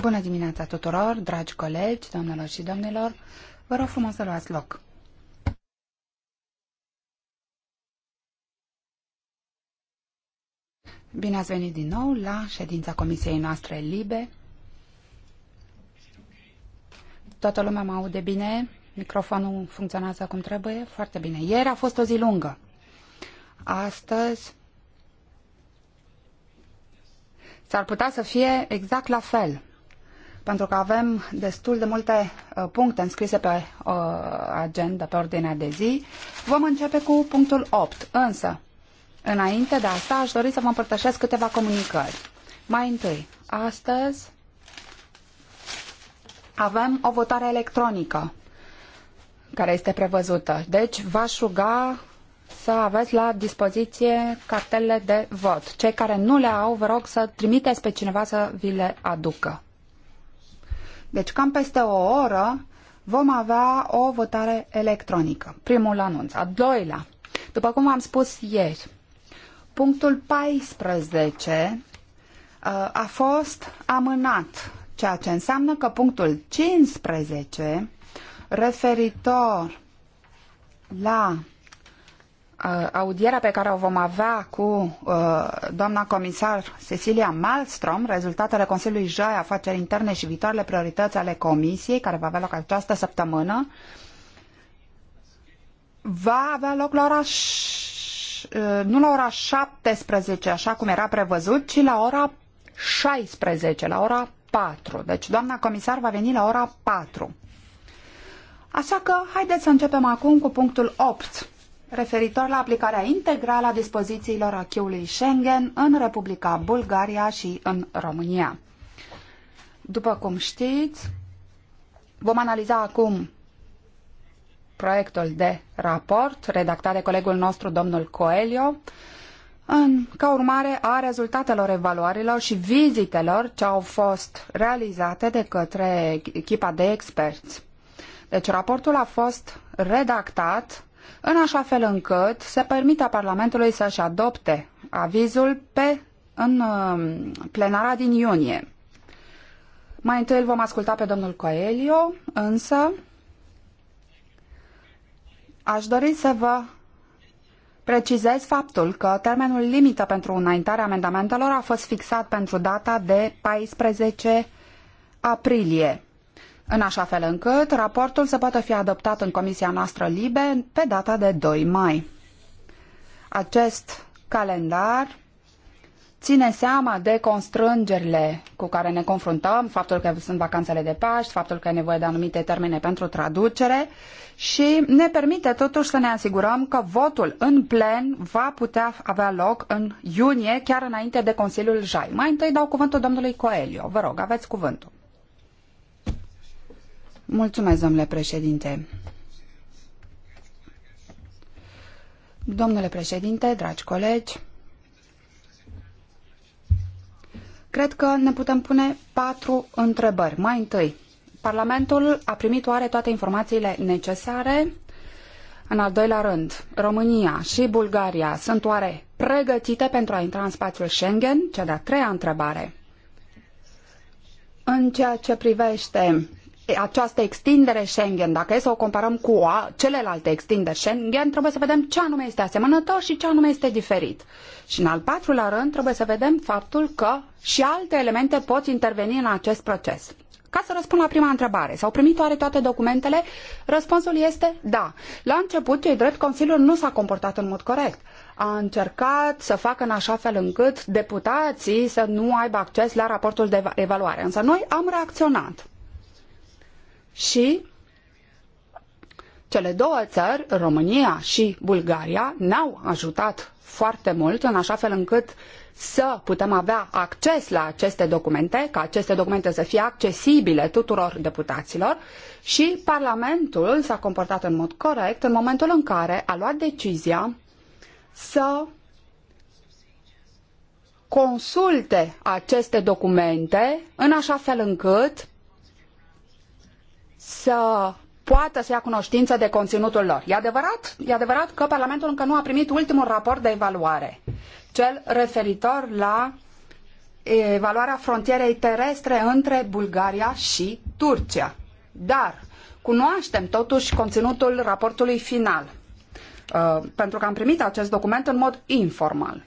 Bună dimineața tuturor, dragi colegi, doamnelor și domnilor. Vă rog frumos să luați loc. Bine ați venit din nou la ședința comisiei noastre LIBE. Toată lumea mă aude bine, microfonul funcționează cum trebuie, foarte bine. Ieri a fost o zi lungă. Astăzi s-ar putea să fie exact la fel. Pentru că avem destul de multe uh, puncte înscrise pe uh, agenda, pe ordinea de zi, vom începe cu punctul 8. Însă, înainte de asta, aș dori să vă împărtășesc câteva comunicări. Mai întâi, astăzi avem o votare electronică care este prevăzută. Deci, v-aș ruga să aveți la dispoziție cartelele de vot. Cei care nu le au, vă rog să trimiteți pe cineva să vi le aducă. Deci cam peste o oră vom avea o votare electronică. Primul anunț. A doilea. După cum am spus ieri, punctul 14 uh, a fost amânat, ceea ce înseamnă că punctul 15 referitor la Uh, audierea pe care o vom avea cu uh, doamna comisar Cecilia Malmström, rezultatele Consiliului Jai Afaceri Interne și viitoarele priorități ale Comisiei, care va avea loc această săptămână, va avea loc la ora uh, nu la ora 17, așa cum era prevăzut, ci la ora 16, la ora 4. Deci doamna comisar va veni la ora 4. Așa că haideți să începem acum cu punctul 8 referitor la aplicarea integrală a dispozițiilor acheului Schengen în Republica Bulgaria și în România. După cum știți, vom analiza acum proiectul de raport redactat de colegul nostru, domnul Coelho, în, ca urmare a rezultatelor evaluărilor și vizitelor ce au fost realizate de către echipa de experți. Deci raportul a fost redactat în așa fel încât să permită Parlamentului să-și adopte avizul pe, în um, plenara din iunie. Mai întâi îl vom asculta pe domnul Coelio, însă aș dori să vă Precizez faptul că termenul limită pentru înaintarea amendamentelor a fost fixat pentru data de 14 aprilie în așa fel încât raportul să poată fi adoptat în comisia noastră LIBE pe data de 2 mai. Acest calendar ține seama de constrângerile cu care ne confruntăm, faptul că sunt vacanțele de Paști, faptul că e nevoie de anumite termene pentru traducere și ne permite totuși să ne asigurăm că votul în plen va putea avea loc în iunie, chiar înainte de Consiliul JAI. Mai întâi dau cuvântul domnului Coelio. Vă rog, aveți cuvântul. Mulțumesc, domnule președinte. Domnule președinte, dragi colegi, cred că ne putem pune patru întrebări. Mai întâi, Parlamentul a primit oare toate informațiile necesare? În al doilea rând, România și Bulgaria sunt oare pregătite pentru a intra în spațiul Schengen? Cea de-a treia întrebare. În ceea ce privește această extindere Schengen, dacă e să o comparăm cu celelalte extinderi Schengen, trebuie să vedem ce anume este asemănător și ce anume este diferit. Și în al patrulea rând trebuie să vedem faptul că și alte elemente pot interveni în acest proces. Ca să răspund la prima întrebare, s-au primit oare toate documentele? Răspunsul este da. La început, cei drept, Consiliul nu s-a comportat în mod corect a încercat să facă în așa fel încât deputații să nu aibă acces la raportul de evaluare. Însă noi am reacționat și cele două țări, România și Bulgaria, ne-au ajutat foarte mult în așa fel încât să putem avea acces la aceste documente, ca aceste documente să fie accesibile tuturor deputaților și Parlamentul s-a comportat în mod corect în momentul în care a luat decizia să consulte aceste documente în așa fel încât să poată să ia cunoștință de conținutul lor. E adevărat, e adevărat că Parlamentul încă nu a primit ultimul raport de evaluare, cel referitor la evaluarea frontierei terestre între Bulgaria și Turcia. Dar cunoaștem totuși conținutul raportului final, uh, pentru că am primit acest document în mod informal.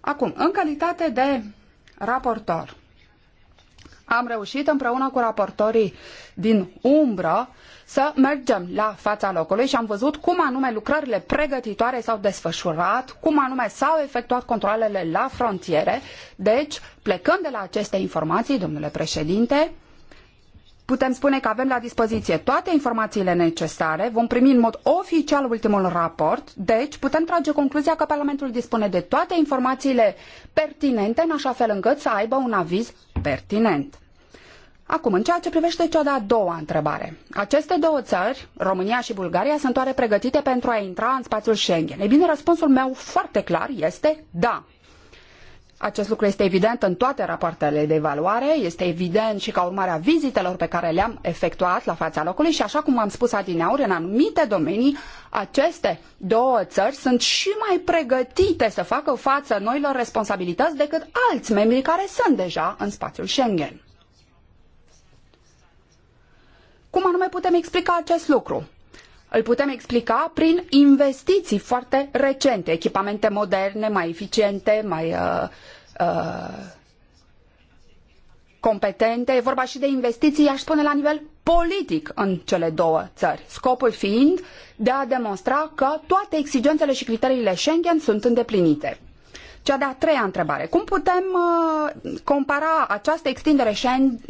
Acum, în calitate de raportor, am reușit împreună cu raportorii din umbră să mergem la fața locului și am văzut cum anume lucrările pregătitoare s-au desfășurat, cum anume s-au efectuat controlele la frontiere. Deci, plecând de la aceste informații, domnule președinte, putem spune că avem la dispoziție toate informațiile necesare, vom primi în mod oficial ultimul raport, deci putem trage concluzia că Parlamentul dispune de toate informațiile pertinente în așa fel încât să aibă un aviz pertinent. Acum, în ceea ce privește cea de-a doua întrebare. Aceste două țări, România și Bulgaria, sunt oare pregătite pentru a intra în spațiul Schengen? Ei bine, răspunsul meu foarte clar este da. Acest lucru este evident în toate rapoartele de evaluare, este evident și ca urmare a vizitelor pe care le-am efectuat la fața locului și așa cum am spus adineauri, în anumite domenii, aceste două țări sunt și mai pregătite să facă față noilor responsabilități decât alți membri care sunt deja în spațiul Schengen. Cum anume putem explica acest lucru? îl putem explica prin investiții foarte recente, echipamente moderne, mai eficiente, mai uh, uh, competente. E vorba și de investiții, aș spune, la nivel politic în cele două țări. Scopul fiind de a demonstra că toate exigențele și criteriile Schengen sunt îndeplinite. Cea de-a treia întrebare. Cum putem uh, compara această extindere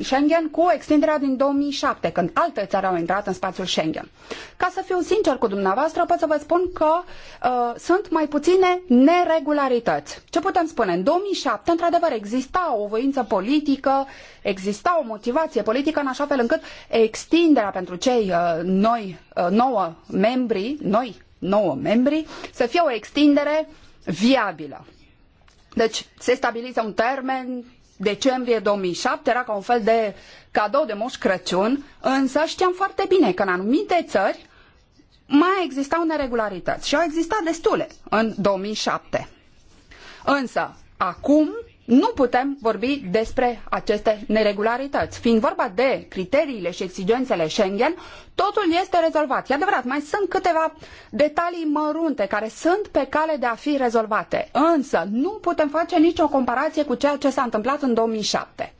Schengen cu extinderea din 2007, când alte țări au intrat în spațiul Schengen? Ca să fiu sincer cu dumneavoastră, pot să vă spun că uh, sunt mai puține neregularități. Ce putem spune? În 2007, într-adevăr, exista o voință politică, exista o motivație politică în așa fel încât extinderea pentru cei uh, noi, uh, nouă membri, noi nouă membri, să fie o extindere viabilă. Deci se stabilise un termen decembrie 2007, era ca un fel de cadou de moș Crăciun, însă știam foarte bine că în anumite țări mai existau neregularități și au existat destule în 2007. Însă, acum nu putem vorbi despre aceste neregularități. Fiind vorba de criteriile și exigențele Schengen, totul este rezolvat. E adevărat, mai sunt câteva detalii mărunte care sunt pe cale de a fi rezolvate, însă nu putem face nicio comparație cu ceea ce s-a întâmplat în 2007.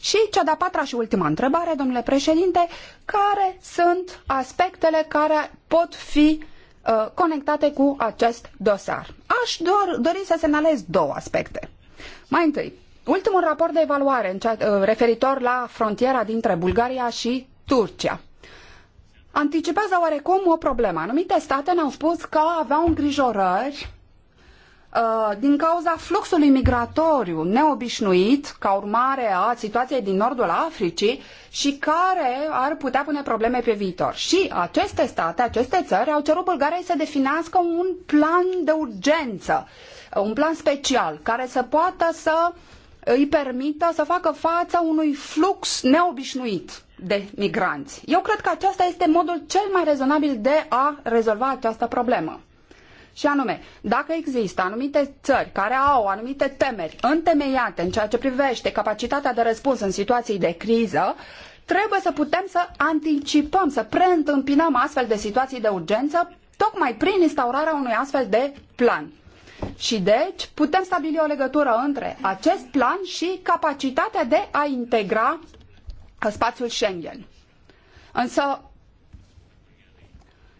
Și cea de-a patra și ultima întrebare, domnule președinte, care sunt aspectele care pot fi uh, conectate cu acest dosar? Aș dor, dori să semnalez două aspecte. Mai întâi, ultimul raport de evaluare uh, referitor la frontiera dintre Bulgaria și Turcia anticipează oarecum o problemă. Anumite state ne-au spus că aveau îngrijorări uh, din cauza fluxului migratoriu neobișnuit ca urmare a situației din nordul Africii și care ar putea pune probleme pe viitor. Și aceste state, aceste țări au cerut Bulgariei să definească un plan de urgență uh, un plan special care să poată să îi permită să facă față unui flux neobișnuit de migranți. Eu cred că acesta este modul cel mai rezonabil de a rezolva această problemă. Și anume, dacă există anumite țări care au anumite temeri întemeiate în ceea ce privește capacitatea de răspuns în situații de criză, trebuie să putem să anticipăm, să preîntâmpinăm astfel de situații de urgență, tocmai prin instaurarea unui astfel de plan. Și deci putem stabili o legătură între acest plan și capacitatea de a integra spațiul Schengen. Însă,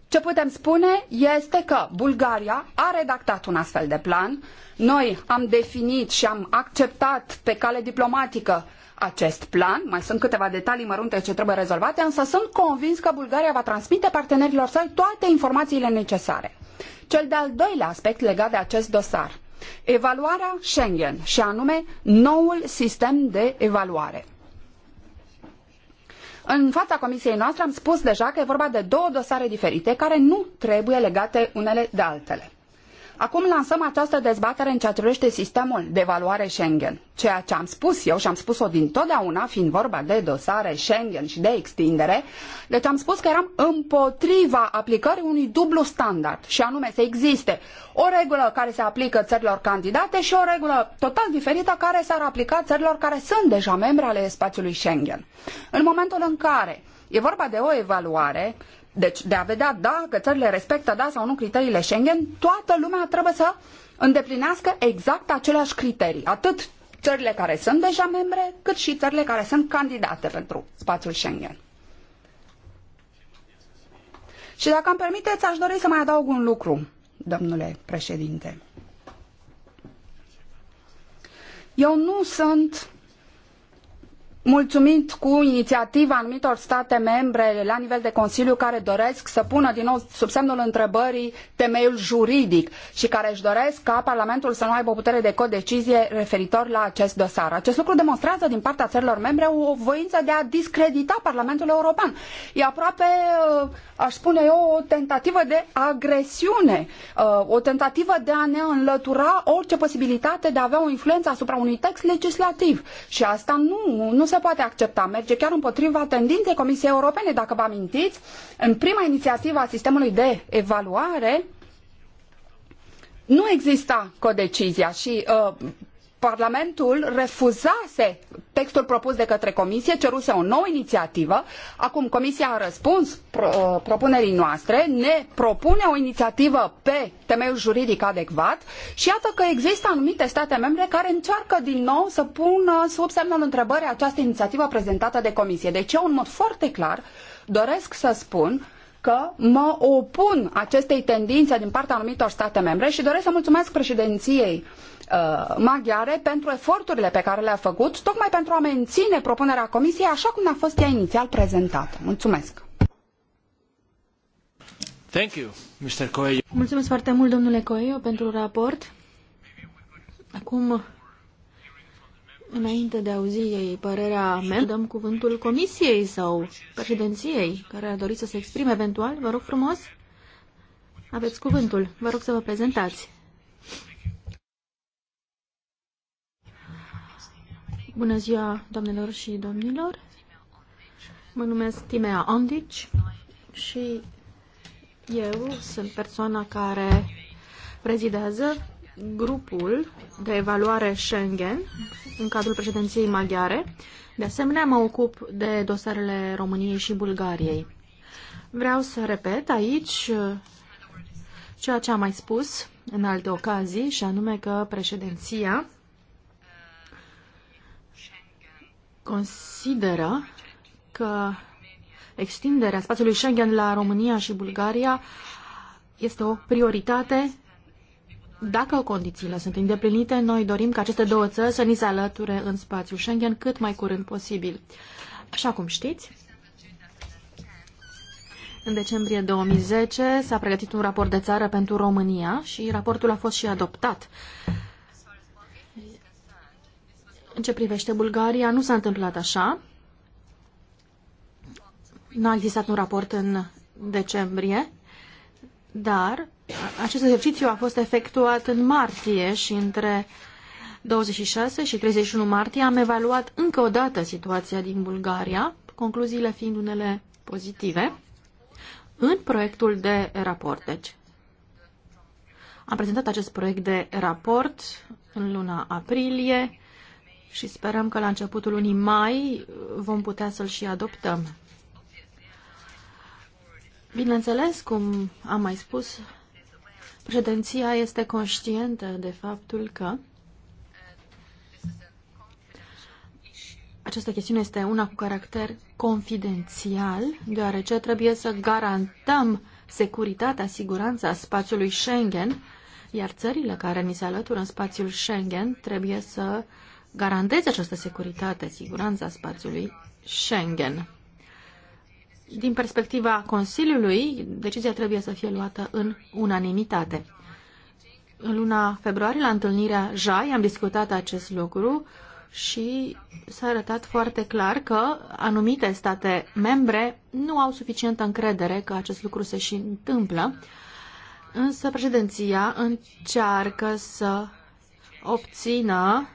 ce putem spune este că Bulgaria a redactat un astfel de plan. Noi am definit și am acceptat pe cale diplomatică acest plan. Mai sunt câteva detalii mărunte ce trebuie rezolvate, însă sunt convins că Bulgaria va transmite partenerilor săi toate informațiile necesare. Cel de-al doilea aspect legat de acest dosar. Evaluarea Schengen și anume noul sistem de evaluare. În fața comisiei noastre am spus deja că e vorba de două dosare diferite care nu trebuie legate unele de altele. Acum lansăm această dezbatere în ceea ce privește sistemul de evaluare Schengen. Ceea ce am spus eu și am spus-o dintotdeauna, fiind vorba de dosare Schengen și de extindere, deci am spus că eram împotriva aplicării unui dublu standard, și anume să existe o regulă care se aplică țărilor candidate și o regulă total diferită care s-ar aplica țărilor care sunt deja membre ale spațiului Schengen. În momentul în care E vorba de o evaluare deci, de a vedea dacă țările respectă, da sau nu, criteriile Schengen, toată lumea trebuie să îndeplinească exact aceleași criterii. Atât țările care sunt deja membre, cât și țările care sunt candidate pentru spațiul Schengen. Și dacă îmi permiteți, aș dori să mai adaug un lucru, domnule președinte. Eu nu sunt mulțumit cu inițiativa anumitor state membre la nivel de Consiliu care doresc să pună din nou sub semnul întrebării temeiul juridic și care își doresc ca Parlamentul să nu aibă o putere de codecizie referitor la acest dosar. Acest lucru demonstrează din partea țărilor membre o voință de a discredita Parlamentul European. E aproape, uh, aș spune eu, o tentativă de agresiune, uh, o tentativă de a ne înlătura orice posibilitate de a avea o influență asupra unui text legislativ. Și asta nu, nu se se poate accepta. Merge chiar împotriva tendinței Comisiei Europene. Dacă vă amintiți, în prima inițiativă a sistemului de evaluare, nu exista codecizia și uh, Parlamentul refuzase textul propus de către Comisie, ceruse o nouă inițiativă. Acum Comisia a răspuns pro, uh, propunerii noastre, ne propune o inițiativă pe temeiul juridic adecvat și iată că există anumite state membre care încearcă din nou să pună sub semnul întrebării această inițiativă prezentată de Comisie. Deci eu, în mod foarte clar, doresc să spun că mă opun acestei tendințe din partea anumitor state membre și doresc să mulțumesc președinției uh, Uh, maghiare pentru eforturile pe care le-a făcut, tocmai pentru a menține propunerea Comisiei așa cum a fost ea inițial prezentată. Mulțumesc! Thank you, Mr. Coelho. Mulțumesc foarte mult, domnule Coelho, pentru raport. Acum, înainte de a auzi părerea mea, dăm cuvântul Comisiei sau președinției care a dorit să se exprime eventual. Vă rog frumos, aveți cuvântul. Vă rog să vă prezentați. Bună ziua, domnilor și domnilor. Mă numesc Timea Ondic și eu sunt persoana care prezidează grupul de evaluare Schengen în cadrul președinției maghiare. De asemenea, mă ocup de dosarele României și Bulgariei. Vreau să repet aici ceea ce am mai spus în alte ocazii, și anume că președinția consideră că extinderea spațiului Schengen la România și Bulgaria este o prioritate. Dacă condițiile sunt îndeplinite, noi dorim ca aceste două țări să ni se alăture în spațiul Schengen cât mai curând posibil. Așa cum știți, în decembrie 2010 s-a pregătit un raport de țară pentru România și raportul a fost și adoptat. Uh, în ce privește Bulgaria, nu s-a întâmplat așa. n a existat un raport în decembrie, dar acest exercițiu a fost efectuat în martie și între 26 și 31 martie am evaluat încă o dată situația din Bulgaria, concluziile fiind unele pozitive, în proiectul de raport. Deci, am prezentat acest proiect de raport în luna aprilie și sperăm că la începutul lunii mai uh, vom putea să-l și adoptăm. Bineînțeles, cum am mai spus, președinția este conștientă de faptul că această chestiune este una cu caracter confidențial, deoarece trebuie să garantăm securitatea, siguranța spațiului Schengen, iar țările care ni se alătură în spațiul Schengen trebuie să uh, garanteze această securitate, siguranța spațiului Schengen. Din perspectiva Consiliului, decizia trebuie să fie luată în unanimitate. În luna februarie, la întâlnirea JAI, am discutat acest lucru și s-a arătat foarte clar că anumite state membre nu au suficientă încredere că acest lucru se și întâmplă, însă președinția încearcă să obțină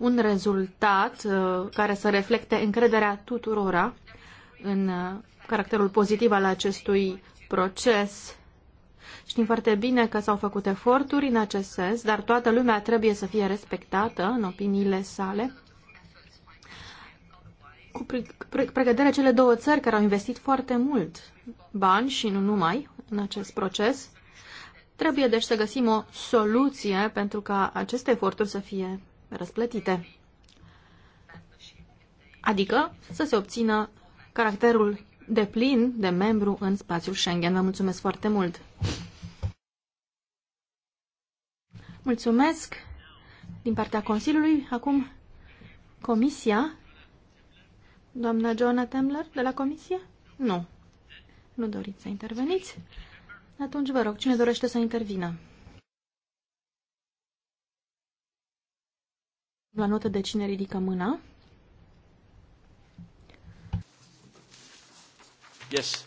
un rezultat uh, care să reflecte încrederea tuturora în uh, caracterul pozitiv al acestui proces. Știm foarte bine că s-au făcut eforturi în acest sens, dar toată lumea trebuie să fie respectată în opiniile sale. Cu pregădere cele două țări care au investit foarte mult bani și nu numai în acest proces, trebuie deci să găsim o soluție pentru ca aceste eforturi să fie răsplătite. Adică să se obțină caracterul de plin de membru în spațiul Schengen. Vă mulțumesc foarte mult! Mulțumesc din partea Consiliului. Acum Comisia. Doamna Joana Temler de la Comisie? Nu. Nu doriți să interveniți? Atunci vă rog, cine dorește să intervină? la notă de cine ridică mâna. Yes,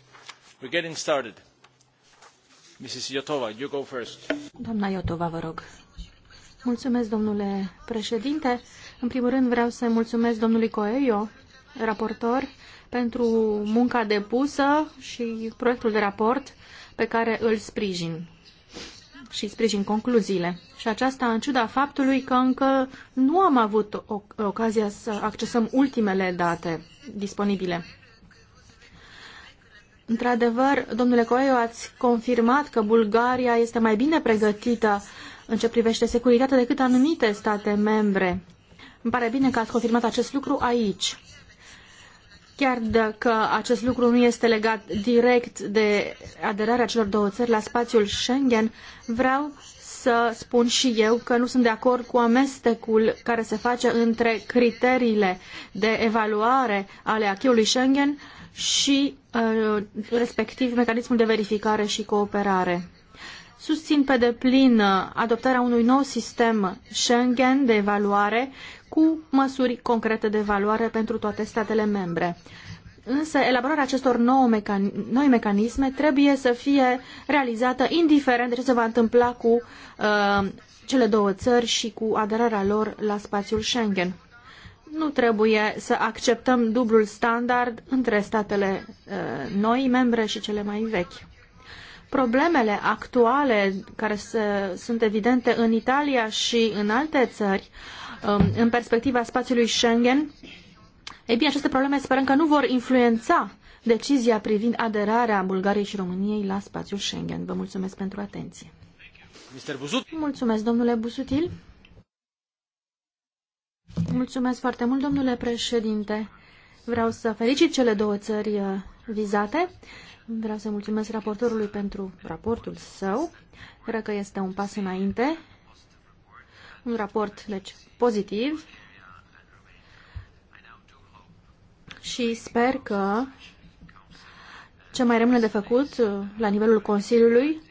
we're getting started. Mrs. Iotova, you go first. Doamna Iotova, vă rog. Mulțumesc, domnule președinte. În primul rând vreau să mulțumesc domnului Coelho, raportor, pentru munca depusă și proiectul de raport pe care îl sprijin și sprijin concluziile. Și aceasta în ciuda faptului că încă nu am avut ocazia să accesăm ultimele date disponibile. Într-adevăr, domnule Coeiu, ați confirmat că Bulgaria este mai bine pregătită în ce privește securitatea decât anumite state membre. Îmi pare bine că ați confirmat acest lucru aici chiar dacă acest lucru nu este legat direct de aderarea celor două țări la spațiul Schengen, vreau să spun și eu că nu sunt de acord cu amestecul care se face între criteriile de evaluare ale acquis Schengen și uh, respectiv mecanismul de verificare și cooperare. Susțin pe deplin adoptarea unui nou sistem Schengen de evaluare cu măsuri concrete de evaluare pentru toate statele membre. Însă elaborarea acestor nou mecan noi mecanisme trebuie să fie realizată indiferent de ce se va întâmpla cu uh, cele două țări și cu aderarea lor la spațiul Schengen. Nu trebuie să acceptăm dublul standard între statele uh, noi membre și cele mai vechi. Problemele actuale care se, sunt evidente în Italia și în alte țări uh, Um, în perspectiva spațiului Schengen, ei bine, aceste probleme sperăm că nu vor influența decizia privind aderarea Bulgariei și României la spațiul Schengen. Vă mulțumesc pentru atenție. Mulțumesc, domnule Busutil. Mulțumesc foarte mult, domnule președinte. Vreau să felicit cele două țări uh, vizate. Vreau să mulțumesc raportorului pentru raportul său. Cred că este un pas înainte un raport deci, pozitiv și sper că ce mai rămâne de făcut uh, la nivelul Consiliului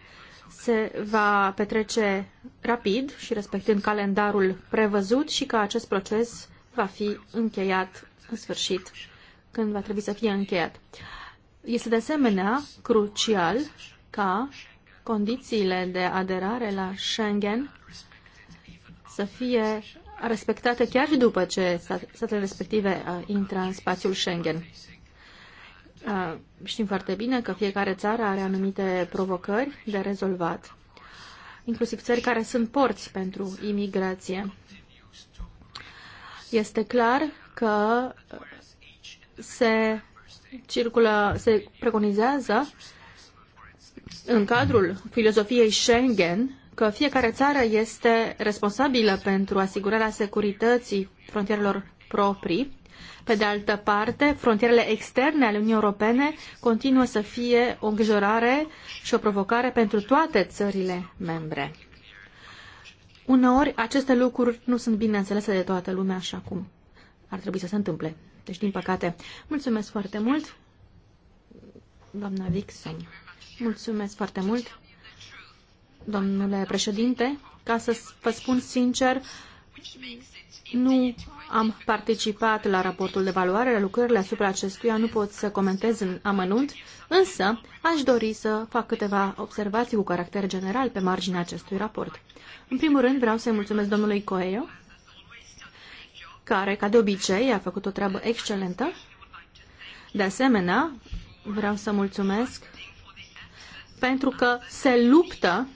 se va petrece rapid și respectând calendarul prevăzut și că acest proces va fi încheiat în sfârșit, când va trebui să fie încheiat. Este de asemenea crucial ca condițiile de aderare la Schengen să fie respectate chiar și după ce statele respective uh, intră în spațiul Schengen. Uh, știm foarte bine că fiecare țară are anumite provocări de rezolvat, inclusiv țări care sunt porți pentru imigrație. Este clar că se circulă, se preconizează în cadrul filozofiei Schengen că fiecare țară este responsabilă pentru asigurarea securității frontierelor proprii. Pe de altă parte, frontierele externe ale Uniunii Europene continuă să fie o îngrijorare și o provocare pentru toate țările membre. Uneori, aceste lucruri nu sunt bine înțelese de toată lumea așa cum ar trebui să se întâmple. Deci, din păcate, mulțumesc foarte mult, doamna Vixen. Mulțumesc foarte mult domnule președinte. Ca să vă spun sincer, nu am participat la raportul de valoare, la lucrările asupra acestuia, nu pot să comentez în amănunt, însă aș dori să fac câteva observații cu caracter general pe marginea acestui raport. În primul rând vreau să-i mulțumesc domnului Coelho, care, ca de obicei, a făcut o treabă excelentă. De asemenea, vreau să mulțumesc pentru că se luptă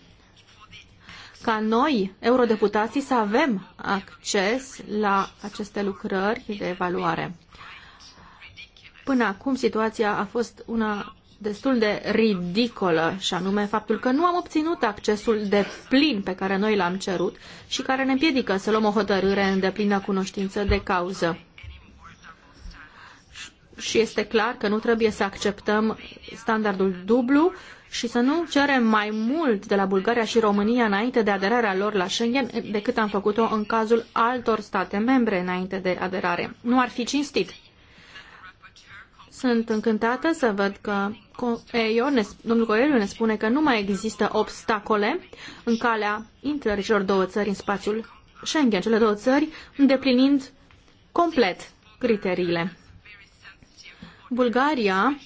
ca noi, eurodeputații, să avem acces la aceste lucrări de evaluare. Până acum situația a fost una destul de ridicolă, și anume faptul că nu am obținut accesul de plin pe care noi l-am cerut și care ne împiedică să luăm o hotărâre în deplină cunoștință de cauză. Și este clar că nu trebuie să acceptăm standardul dublu și să nu cerem mai mult de la Bulgaria și România înainte de aderarea lor la Schengen decât am făcut-o în cazul altor state membre înainte de aderare. Nu ar fi cinstit. Sunt încântată să văd că Coelho domnul Coelho ne spune că nu mai există obstacole în calea intrării celor două țări în spațiul Schengen, cele două țări îndeplinind complet criteriile. Bulgaria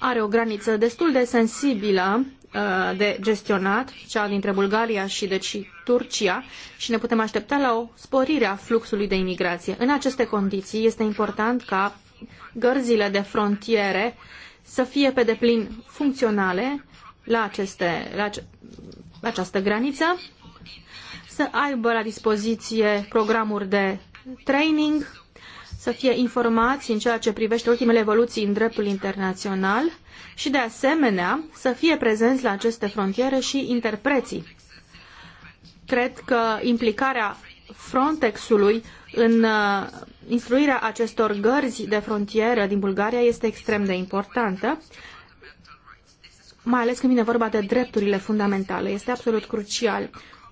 are o graniță destul de sensibilă uh, de gestionat, cea dintre Bulgaria și deci Turcia, și ne putem aștepta la o sporire a fluxului de imigrație. În aceste condiții este important ca gărzile de frontiere să fie pe deplin funcționale la, aceste, la, ace, la această graniță, să aibă la dispoziție programuri de training să fie informați în ceea ce privește ultimele evoluții în dreptul internațional și, de asemenea, să fie prezenți la aceste frontiere și interpreții. Cred că implicarea Frontexului în uh, instruirea acestor gărzi de frontieră din Bulgaria este extrem de importantă, mai ales când vine vorba de drepturile fundamentale. Este absolut crucial.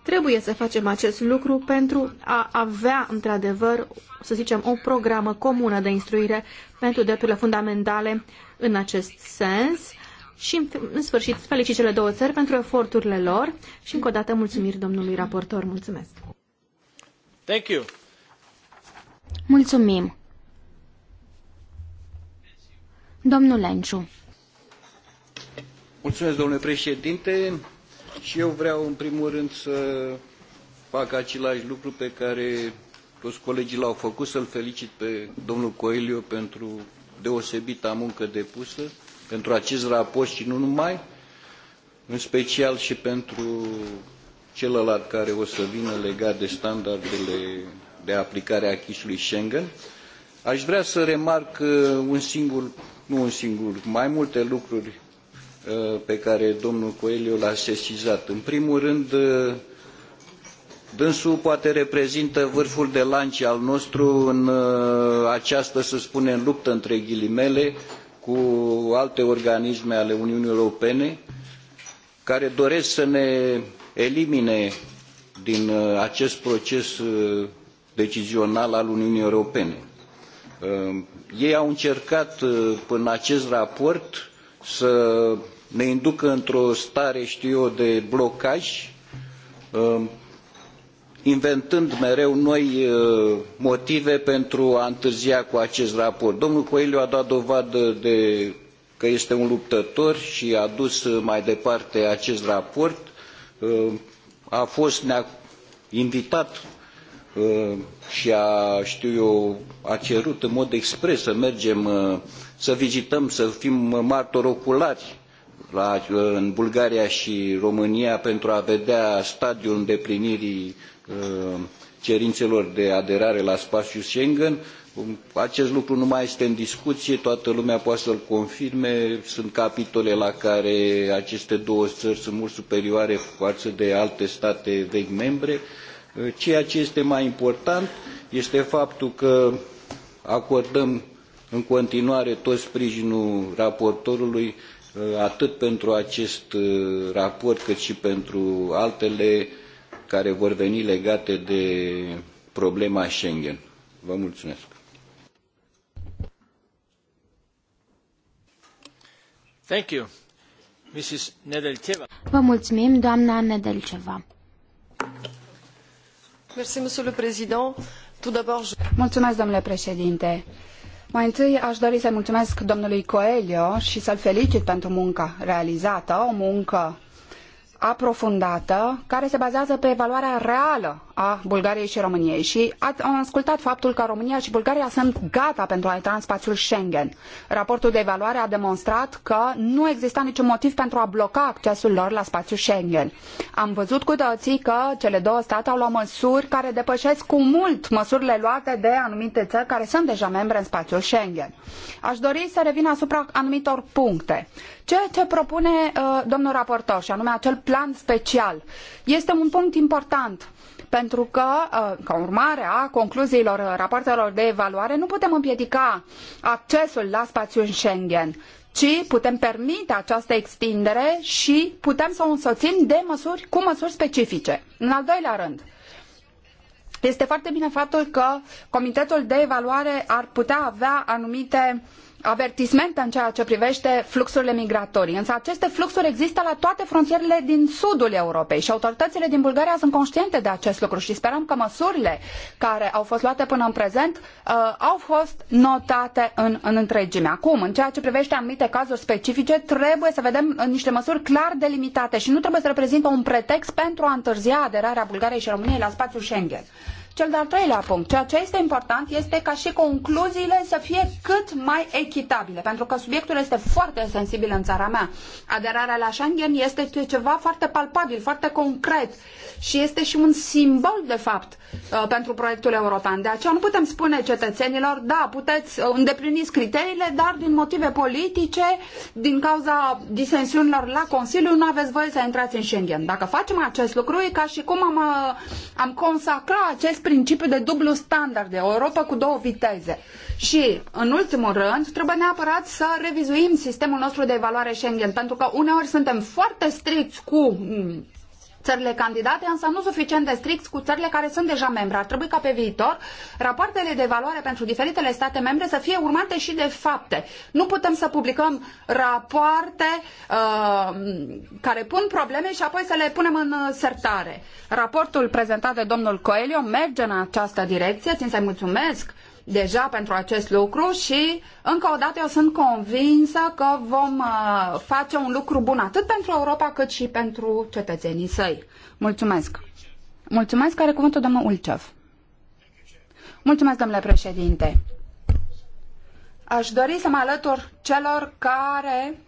Trebuie să facem acest lucru pentru a avea, într-adevăr, să zicem, o programă comună de instruire pentru drepturile fundamentale în acest sens. Și, în sfârșit, felicit cele două țări pentru eforturile lor și, încă o dată, mulțumiri domnului raportor. Mulțumesc! Thank you. Mulțumim! Domnul Lenciu. Mulțumesc, domnule președinte. Și eu vreau, în primul rând, să fac același lucru pe care toți colegii l-au făcut, să-l felicit pe domnul Coelho pentru deosebita muncă depusă, pentru acest raport și nu numai, în special și pentru celălalt care o să vină legat de standardele de aplicare a achisului Schengen. Aș vrea să remarc un singur, nu un singur, mai multe lucruri Uh, pe care domnul Coelho l-a sesizat. În primul rând, uh, dânsul poate reprezintă vârful de lanci al nostru în uh, această, să spunem, luptă între ghilimele cu alte organisme ale Uniunii Europene care doresc să ne elimine din acest proces decizional al Uniunii Europene. Ei au încercat prin acest raport să ne inducă într-o stare, știu eu, de blocaj, um, inventând mereu noi uh, motive pentru a întârzia cu acest raport. Domnul Coelho a dat dovadă de că este un luptător și a dus uh, mai departe acest raport. Uh, a fost ne-a invitat și a, știu eu, a cerut în mod expres să mergem, să vizităm, să fim martori oculari la, în Bulgaria și România pentru a vedea stadiul îndeplinirii uh, cerințelor de aderare la spațiul Schengen. Um, acest lucru nu mai este în discuție, toată lumea poate să-l confirme. Sunt capitole la care aceste două țări sunt mult superioare față de alte state vechi membre. Uh, ceea ce este mai important este faptul că acordăm în continuare tot sprijinul raportorului Uh, atât pentru acest uh, raport, cât și pentru altele care vor veni legate de problema Schengen. Vă mulțumesc. Thank you. Mrs. Nedelceva. Vă mulțumim, doamna Nedelceva. Mulțumesc, domnule președinte. Mai întâi aș dori să mulțumesc domnului Coelho și să-l felicit pentru munca realizată, o muncă aprofundată care se bazează pe evaluarea reală a Bulgariei și României și am ascultat faptul că România și Bulgaria sunt gata pentru a intra în spațiul Schengen. Raportul de evaluare a demonstrat că nu exista niciun motiv pentru a bloca accesul lor la spațiul Schengen. Am văzut cu toții că cele două state au luat măsuri care depășesc cu mult măsurile luate de anumite țări care sunt deja membre în spațiul Schengen. Aș dori să revin asupra anumitor puncte. Ceea ce propune uh, domnul raportor, și anume acel plan special, este un punct important pentru că, uh, ca urmare a concluziilor uh, rapoartelor de evaluare, nu putem împiedica accesul la spațiul Schengen, ci putem permite această extindere și putem să o însoțim de măsuri, cu măsuri specifice. În al doilea rând, este foarte bine faptul că Comitetul de Evaluare ar putea avea anumite uh, avertismente în ceea ce privește fluxurile migratorii. Însă aceste fluxuri există la toate frontierele din sudul Europei și autoritățile din Bulgaria sunt conștiente de acest lucru și sperăm că măsurile care au fost luate până în prezent uh, au fost notate în, în întregime. Acum, în ceea ce privește anumite cazuri specifice, trebuie să vedem uh, niște măsuri clar delimitate și nu trebuie să reprezintă un pretext pentru a întârzia aderarea Bulgariei și României la spațiul Schengen cel de-al treilea punct. Ceea ce este important este ca și concluziile să fie cât mai echitabile, pentru că subiectul este foarte sensibil în țara mea. Aderarea la Schengen este ceva foarte palpabil, foarte concret și este și un simbol, de fapt, uh, pentru proiectul european. De aceea nu putem spune cetățenilor, da, puteți uh, îndeplini criteriile, dar din motive politice, din cauza disensiunilor la Consiliu, nu aveți voie să intrați în Schengen. Dacă facem acest lucru, e ca și cum am, uh, am consacra acest principiu de dublu standard, de Europa cu două viteze. Și, în ultimul rând, trebuie neapărat să revizuim sistemul nostru de evaluare Schengen, pentru că uneori suntem foarte stricți cu mm, țările candidate, însă nu suficient de strict cu țările care sunt deja membre. Ar trebui ca pe viitor rapoartele de evaluare pentru diferitele state membre să fie urmate și de fapte. Nu putem să publicăm rapoarte uh, care pun probleme și apoi să le punem în uh, sertare. Raportul prezentat de domnul Coelho merge în această direcție. Țin să-i mulțumesc uh, deja pentru acest lucru și încă o dată eu sunt convinsă că vom uh, face un lucru bun atât pentru Europa cât și pentru cetățenii săi. Mulțumesc! Mulțumesc, care cuvântul domnul Ulcev. Mulțumesc, domnule președinte. Aș dori să mă alătur celor care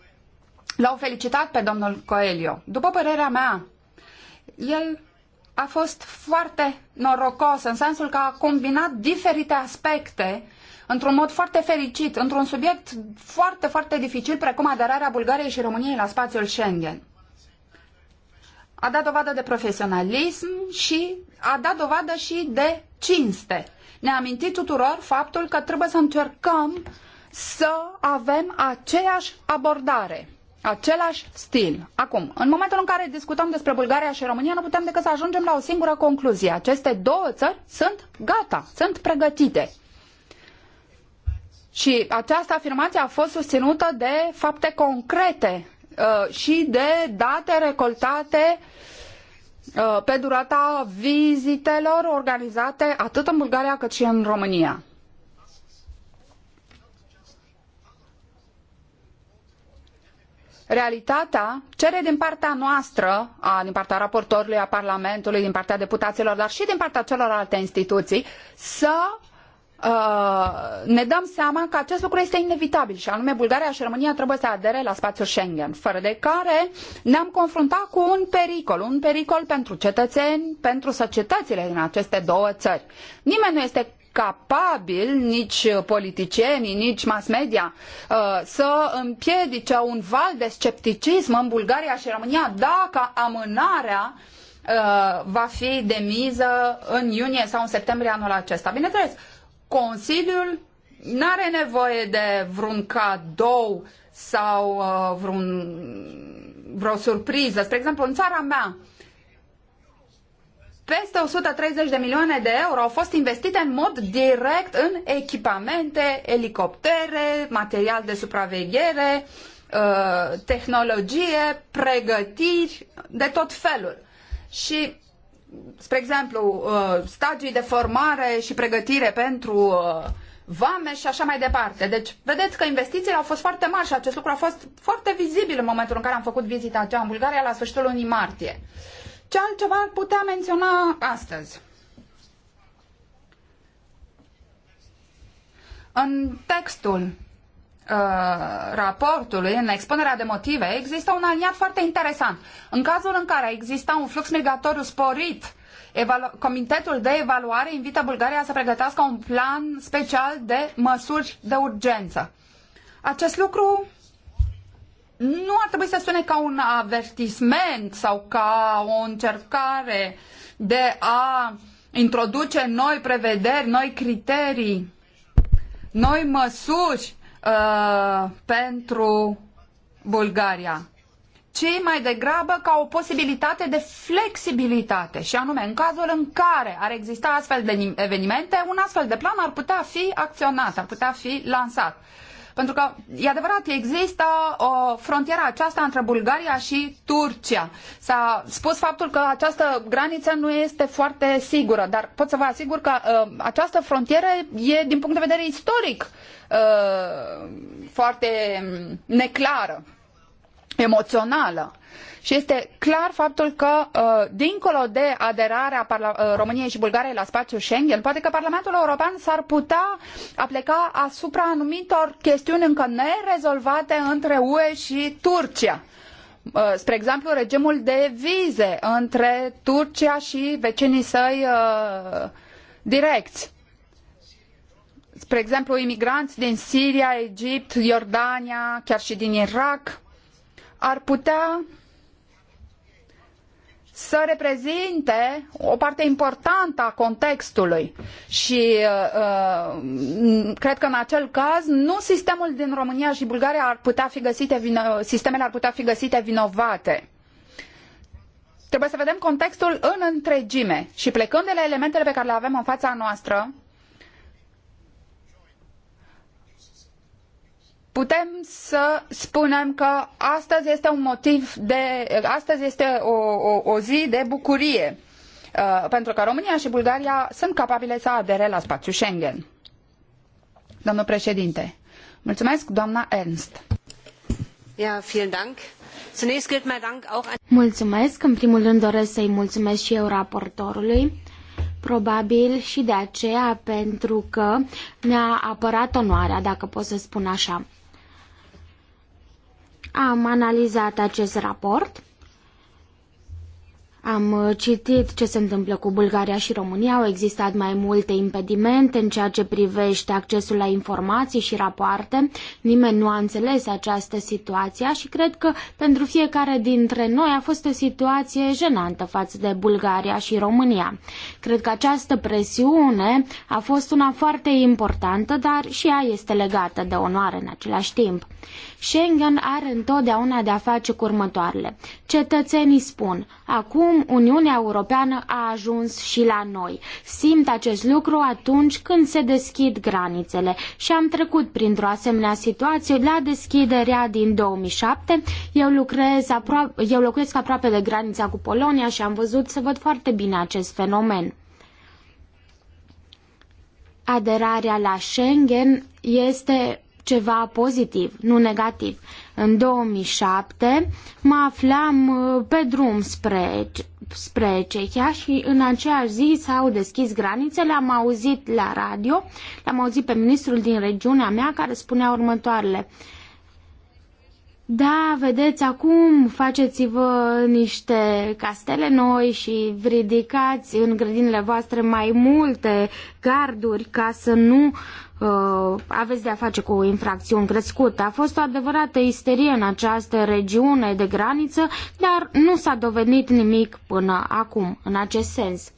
l-au felicitat pe domnul Coelho. După părerea mea, el a fost foarte norocos în sensul că a combinat diferite aspecte într-un mod foarte fericit, într-un subiect foarte, foarte dificil, precum aderarea Bulgariei și României la spațiul Schengen. A dat dovadă de profesionalism și a dat dovadă și de cinste. Ne-a amintit tuturor faptul că trebuie să încercăm să avem aceeași abordare același stil. Acum, în momentul în care discutăm despre Bulgaria și România, nu putem decât să ajungem la o singură concluzie. Aceste două țări sunt gata, sunt pregătite. Și această afirmație a fost susținută de fapte concrete uh, și de date recoltate uh, pe durata vizitelor organizate atât în Bulgaria cât și în România. realitatea cere din partea noastră, a, din partea raportorului, a Parlamentului, din partea deputaților, dar și din partea celorlalte instituții, să Uh, ne dăm seama că acest lucru este inevitabil și anume Bulgaria și România trebuie să adere la spațiul Schengen, fără de care ne-am confruntat cu un pericol, un pericol pentru cetățeni, pentru societățile din aceste două țări. Nimeni nu este capabili, nici politicienii, nici mass media, uh, să împiedice un val de scepticism în Bulgaria și România dacă amânarea uh, va fi de miză în iunie sau în septembrie anul acesta. Bineînțeles, Consiliul nu are nevoie de vreun cadou sau uh, vreun, vreo surpriză. Spre exemplu, în țara mea, peste 130 de milioane de euro au fost investite în mod direct în echipamente, elicoptere, material de supraveghere, uh, tehnologie, pregătiri de tot felul. Și, spre exemplu, uh, stagii de formare și pregătire pentru uh, vame și așa mai departe. Deci, vedeți că investițiile au fost foarte mari și acest lucru a fost foarte vizibil în momentul în care am făcut vizita aceea în Bulgaria la sfârșitul lunii martie. Uh, ce altceva ar putea menționa astăzi? În textul uh, raportului, în expunerea de motive, există un aliniat foarte interesant. În cazul în care exista un flux migratoriu sporit Evalu Comitetul de Evaluare invită Bulgaria să pregătească un plan special de măsuri de urgență. Acest lucru nu ar trebui să sune ca un avertisment sau ca o încercare de a introduce noi prevederi, noi criterii, noi măsuri uh, pentru Bulgaria, ci mai degrabă ca o posibilitate de flexibilitate și anume în cazul în care ar exista astfel de evenimente, un astfel de plan ar putea fi acționat, ar putea fi lansat. Uh, pentru că, e adevărat, există o frontieră aceasta între Bulgaria și Turcia. S-a spus faptul că această graniță nu este foarte sigură, dar pot să vă asigur că uh, această frontieră e, din punct de vedere istoric, uh, foarte neclară emoțională. Și este clar faptul că, uh, dincolo de aderarea uh, României și Bulgariei la spațiul Schengen, poate că Parlamentul European s-ar putea apleca asupra anumitor chestiuni încă nerezolvate între UE și Turcia uh, spre exemplu, regimul de vize între Turcia și vecinii săi direcți. Spre exemplu, imigranți din Siria, Egipt, Iordania, chiar și din Irak ar putea să reprezinte o parte importantă a contextului și uh, uh, cred că în acel caz nu sistemul din România și Bulgaria ar putea fi găsite vino, sistemele ar putea fi găsite vinovate. Trebuie să vedem contextul în întregime și plecând de la elementele pe care le avem în fața noastră, putem să spunem că astăzi este un motiv de. astăzi este o, o, o zi de bucurie, uh, pentru că România și Bulgaria sunt capabile să adere la spațiul Schengen. Domnul președinte, mulțumesc, doamna Ernst. Ja, vielen Dank. Zunächst gilt mein Dank auch an Mulțumesc, în primul rând doresc să-i mulțumesc și eu raportorului probabil și de aceea pentru că mi-a apărat onoarea, dacă pot să spun așa. Am analizat acest raport. Am uh, citit ce se întâmplă cu Bulgaria și România, au existat mai multe impedimente în ceea ce privește accesul la informații și rapoarte. Nimeni nu a înțeles această situație și cred că pentru fiecare dintre noi a fost o situație jenantă față de Bulgaria și România. Cred că această presiune a fost una foarte importantă, dar și ea este legată de onoare în același timp. Schengen are întotdeauna de a face cu următoarele. Cetățenii spun, acum Uniunea Europeană a ajuns și la noi. Simt acest lucru atunci când se deschid granițele și am trecut printr-o asemenea situație la deschiderea din 2007. Eu, lucrez eu locuiesc aproape de granița cu Polonia și am văzut să văd foarte bine acest fenomen aderarea la Schengen este ceva pozitiv, nu negativ. În 2007 mă aflam uh, pe drum spre, spre Cehia și în aceeași zi s-au deschis granițele, am auzit la radio, l-am auzit pe ministrul din regiunea mea care spunea următoarele. Da, vedeți, acum faceți-vă niște castele noi și ridicați în grădinile voastre mai multe garduri ca să nu uh, uh, aveți de a face cu infracțiuni crescute. A fost o adevărată isterie în această regiune de graniță, dar nu s-a dovedit nimic până acum în acest sens.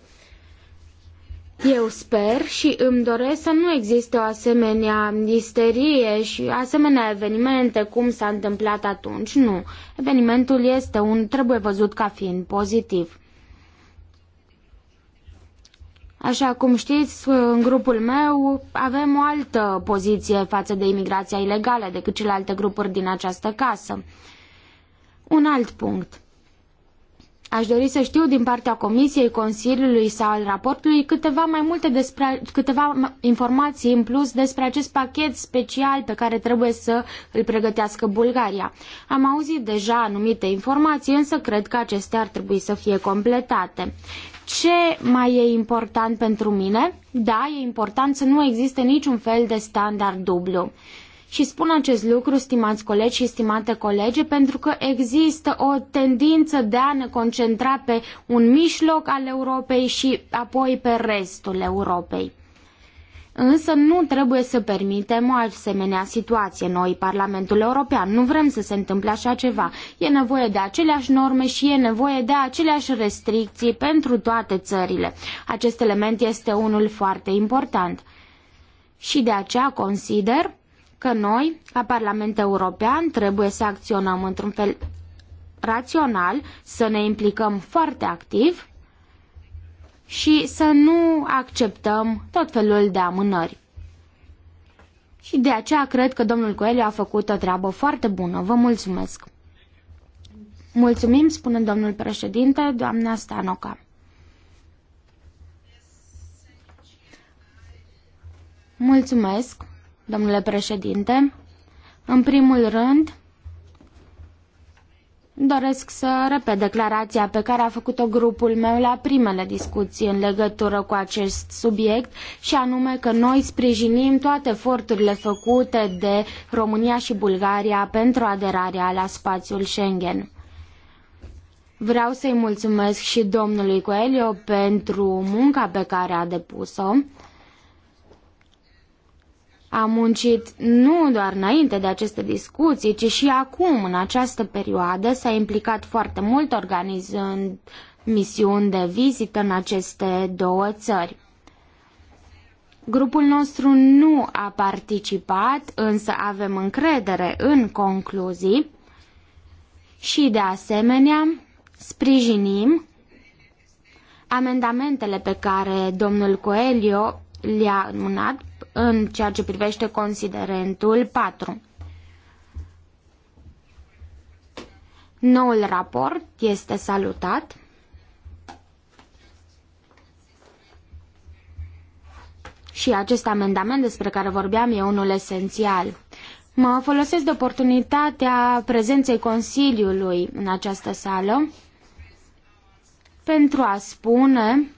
Eu sper și îmi doresc să nu existe o asemenea isterie și asemenea evenimente cum s-a întâmplat atunci. Nu. Evenimentul este un trebuie văzut ca fiind pozitiv. Așa cum știți, în grupul meu avem o altă poziție față de imigrația ilegală decât celelalte grupuri din această casă. Un alt punct. Aș dori să știu din partea Comisiei, Consiliului sau al raportului câteva mai multe despre, câteva informații în plus despre acest pachet special pe care trebuie să îl pregătească Bulgaria. Am auzit deja anumite informații, însă cred că acestea ar trebui să fie completate. Ce mai e important pentru mine? Da, e important să nu existe niciun fel de standard dublu. Și spun acest lucru, stimați colegi și stimate colege, pentru că există o tendință de a ne concentra pe un mijloc al Europei și apoi pe restul Europei. Însă nu trebuie să permitem o asemenea situație noi, Parlamentul European. Nu vrem să se întâmple așa ceva. E nevoie de aceleași norme și e nevoie de aceleași restricții pentru toate țările. Acest element este unul foarte important. Și de aceea consider că noi, ca Parlament European, trebuie să acționăm într-un fel rațional, să ne implicăm foarte activ și să nu acceptăm tot felul de amânări. Și de aceea cred că domnul Coelho a făcut o treabă foarte bună. Vă mulțumesc! Mulțumim, spune domnul președinte, doamna Stanoca. Mulțumesc, domnule președinte. În primul rând, Doresc să repet declarația pe care a făcut-o grupul meu la primele discuții în legătură cu acest subiect și anume că noi sprijinim toate eforturile făcute de România și Bulgaria pentru aderarea la spațiul Schengen. Vreau să-i mulțumesc și domnului Coelho pentru munca pe care a depus-o a muncit nu doar înainte de aceste discuții, ci și acum, în această perioadă, s-a implicat foarte mult organizând misiuni de vizită în aceste două țări. Grupul nostru nu a participat, însă avem încredere în concluzii și, de asemenea, sprijinim amendamentele pe care domnul Coelho le-a înmânat în ceea ce privește considerentul 4. Noul raport este salutat. Și acest amendament despre care vorbeam e unul esențial. Mă folosesc de oportunitatea prezenței Consiliului în această sală pentru a spune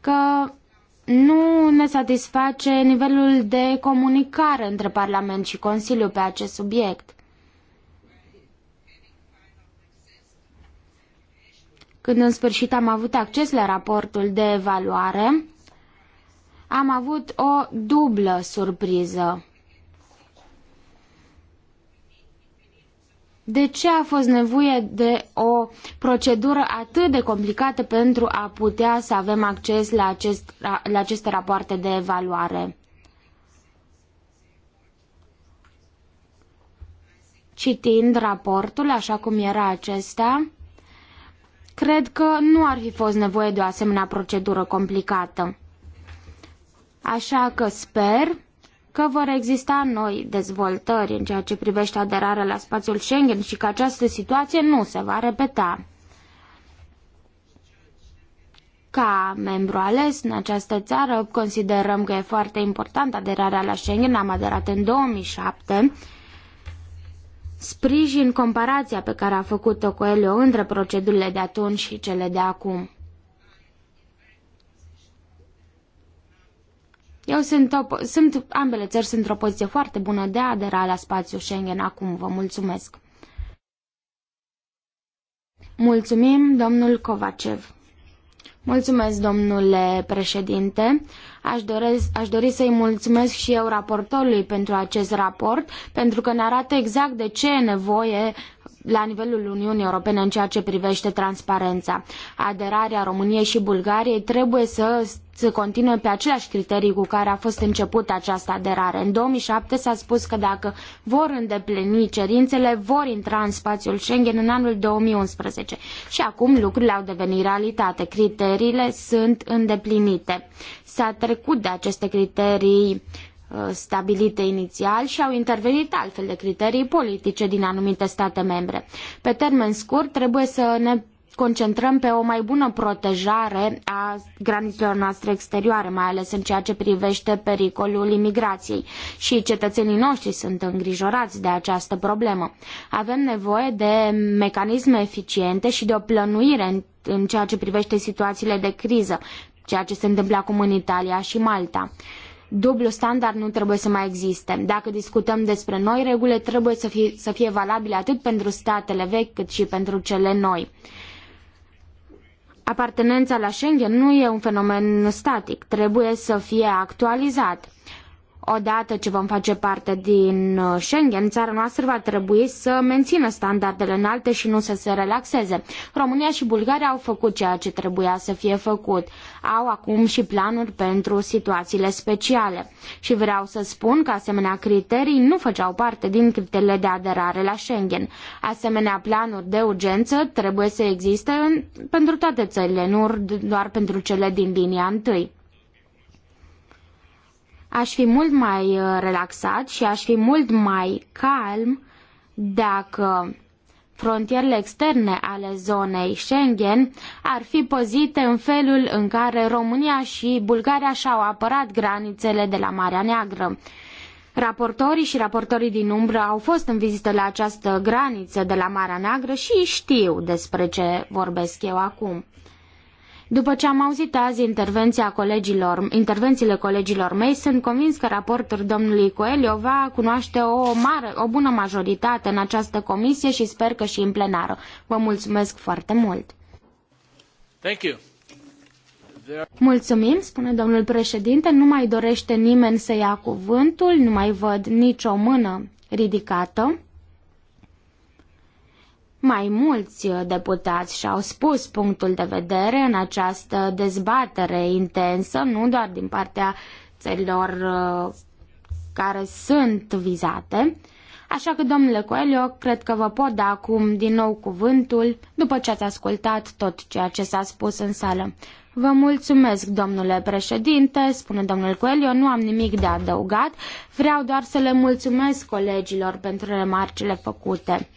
că nu ne satisface nivelul de comunicare între Parlament și Consiliu pe acest subiect. Când în sfârșit am avut acces la raportul de evaluare, am avut o dublă surpriză. De ce a fost nevoie de o procedură atât de complicată pentru a putea să avem acces la, acest, la aceste rapoarte de evaluare? Citind raportul așa cum era acesta, cred că nu ar fi fost nevoie de o asemenea procedură complicată. Așa că sper că vor exista noi dezvoltări în ceea ce privește aderarea la spațiul Schengen și că această situație nu se va repeta. Ca membru ales în această țară, considerăm că e foarte important aderarea la Schengen. Am aderat în 2007 sprijin comparația pe care a făcut-o Coelho între procedurile de atunci și cele de acum. Eu sunt, op- sunt, ambele țări sunt într-o poziție foarte bună de a adera la spațiul Schengen acum. Vă mulțumesc. Mulțumim, domnul Kovacev. Mulțumesc, domnule președinte. Aș, doresc, aș dori să-i mulțumesc și eu raportorului pentru acest raport, pentru că ne arată exact de ce e nevoie la nivelul Uniunii Europene în ceea ce privește transparența. Aderarea României și Bulgariei trebuie să să continue pe aceleași criterii cu care a fost începută această aderare. În 2007 s-a spus că dacă vor îndeplini cerințele, vor intra în spațiul Schengen în anul 2011. Și acum lucrurile au devenit realitate. Criteriile sunt îndeplinite. S-a trecut de aceste criterii uh, Uh, stabilite inițial și au intervenit altfel de criterii politice din anumite state membre. Pe termen scurt, trebuie să ne concentrăm pe o mai bună protejare a granițelor noastre exterioare, mai ales în ceea ce privește pericolul imigrației. Și cetățenii noștri sunt îngrijorați de această problemă. Avem nevoie de mecanisme eficiente și de o plănuire în, în ceea ce privește situațiile de criză, ceea ce se întâmplă acum în Italia și Malta dublu standard nu trebuie să mai existe. Dacă discutăm despre noi regulile trebuie să fie, să fie valabile atât pentru statele vechi cât și pentru cele noi. Apartenența la Schengen nu e un fenomen static, trebuie să fie actualizat. Odată ce vom face parte din uh, Schengen, țara noastră va trebui să mențină standardele înalte și nu să se relaxeze. România și Bulgaria au făcut ceea ce trebuia să fie făcut. Au acum și planuri pentru situațiile speciale. Și vreau să spun că asemenea criterii nu făceau parte din criteriile de aderare la Schengen. Asemenea planuri de urgență trebuie să existe pentru toate țările, nu doar pentru cele din linia întâi. Aș fi mult mai uh, relaxat și aș fi mult mai calm dacă frontierele externe ale zonei Schengen ar fi păzite în felul în care România și Bulgaria și-au apărat granițele de la Marea Neagră. Raportorii și raportorii din umbră au fost în vizită la această graniță de la Marea Neagră și știu despre ce vorbesc eu acum. După ce am auzit azi intervenția colegilor, intervențiile colegilor mei, sunt convins că raportul domnului Coelho va cunoaște o, mare, o bună majoritate în această comisie și sper că și în plenară. Vă mulțumesc foarte mult! Thank you. Mulțumim, spune domnul președinte, nu mai dorește nimeni să ia cuvântul, nu mai văd nicio mână ridicată. Mai mulți uh, deputați și-au spus punctul de vedere în această dezbatere intensă, nu doar din partea țărilor uh, care sunt vizate. Așa că, domnule Coelho, cred că vă pot da acum din nou cuvântul, după ce ați ascultat tot ceea ce s-a spus în sală. Vă mulțumesc, domnule președinte, spune domnul Coelho, nu am nimic de adăugat, vreau doar să le mulțumesc colegilor pentru remarcile făcute.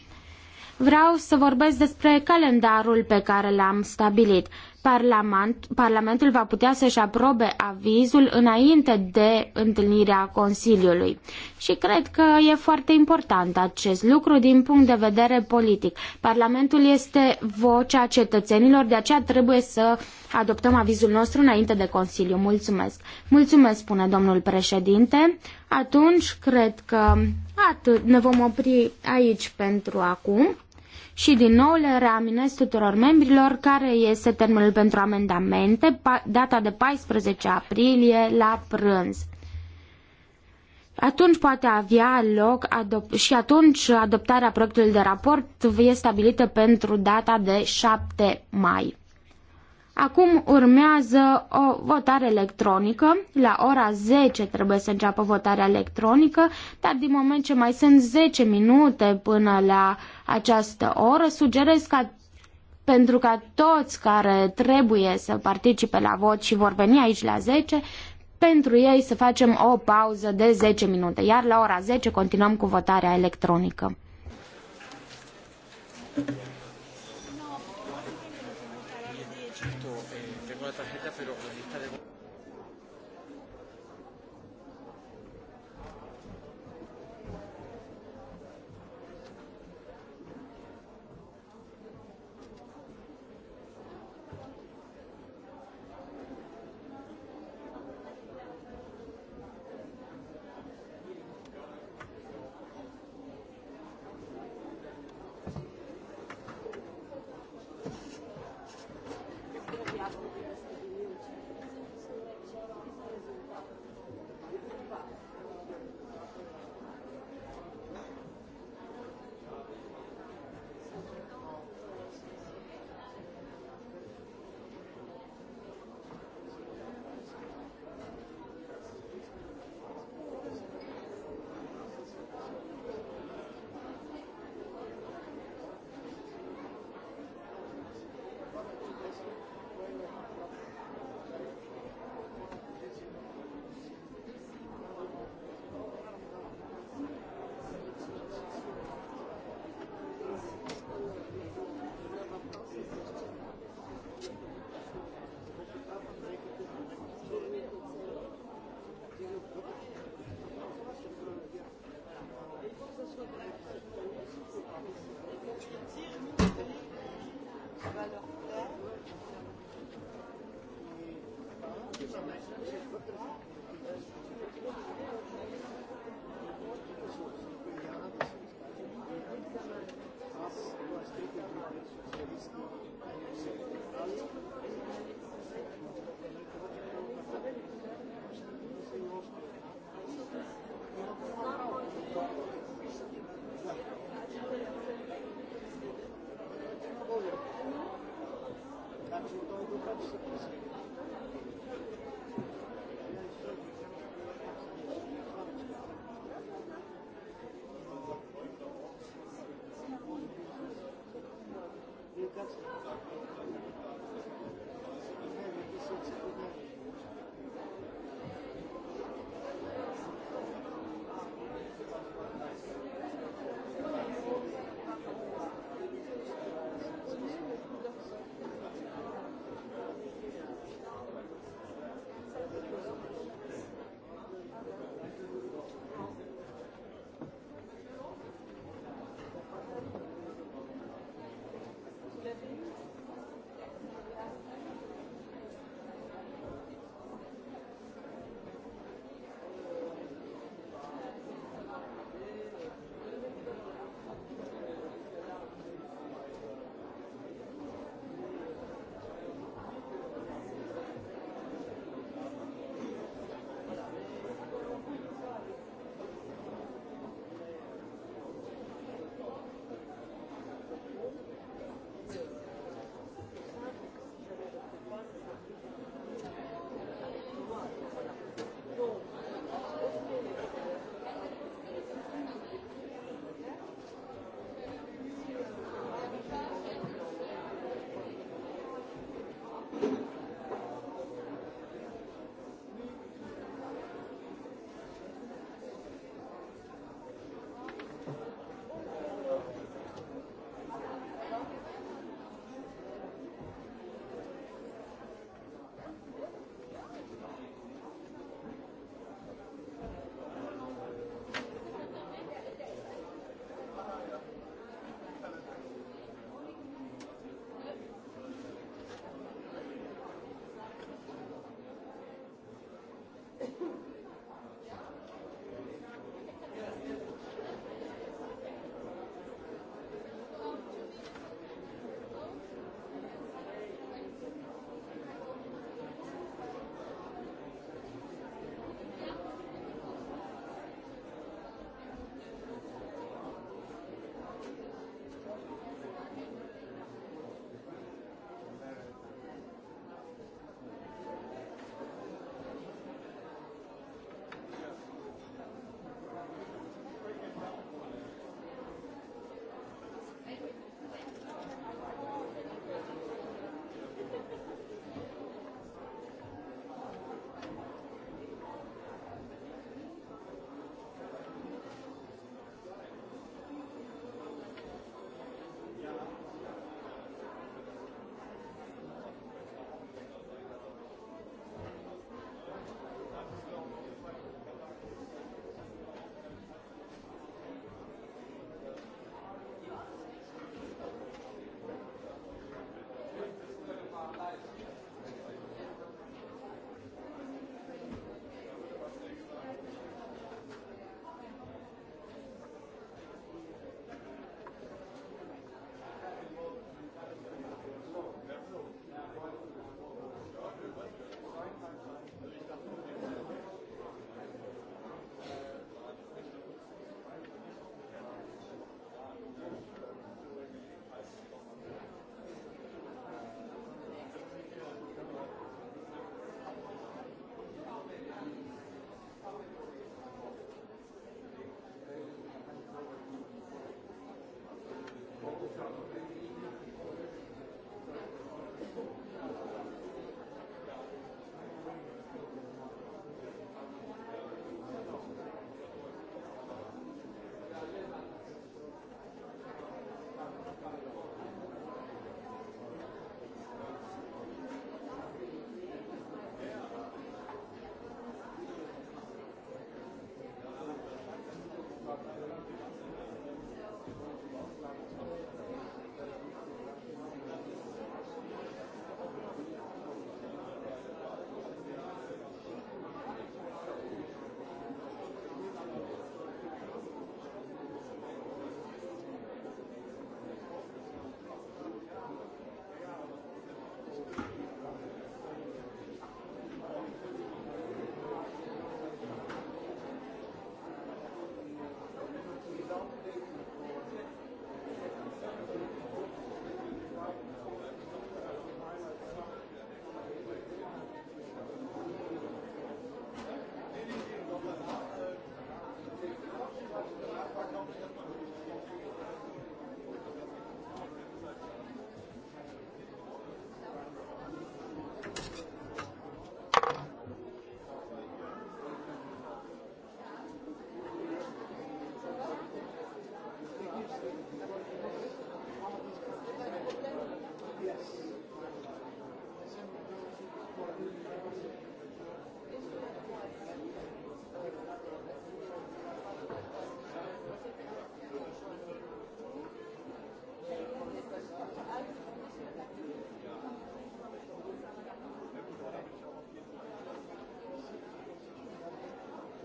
Vreau să vorbesc despre calendarul pe care l-am stabilit. Parlament, Parlamentul va putea să-și aprobe avizul înainte de întâlnirea Consiliului. Și cred că e foarte important acest lucru din punct de vedere politic. Parlamentul este vocea cetățenilor, de aceea trebuie să adoptăm avizul nostru înainte de Consiliu. Mulțumesc. Mulțumesc, spune domnul președinte. Atunci, cred că atât. Ne vom opri aici pentru acum. Și din nou le reaminez tuturor membrilor care este termenul pentru amendamente, data de 14 aprilie la prânz. Atunci poate avea loc și atunci adoptarea proiectului de raport este stabilită pentru data de 7 mai. Acum urmează o votare electronică. La ora 10 trebuie să înceapă votarea electronică, dar din moment ce mai sunt 10 minute până la această oră, sugerez ca pentru ca toți care trebuie să participe la vot și vor veni aici la 10, pentru ei să facem o pauză de 10 minute, iar la ora 10 continuăm cu votarea electronică.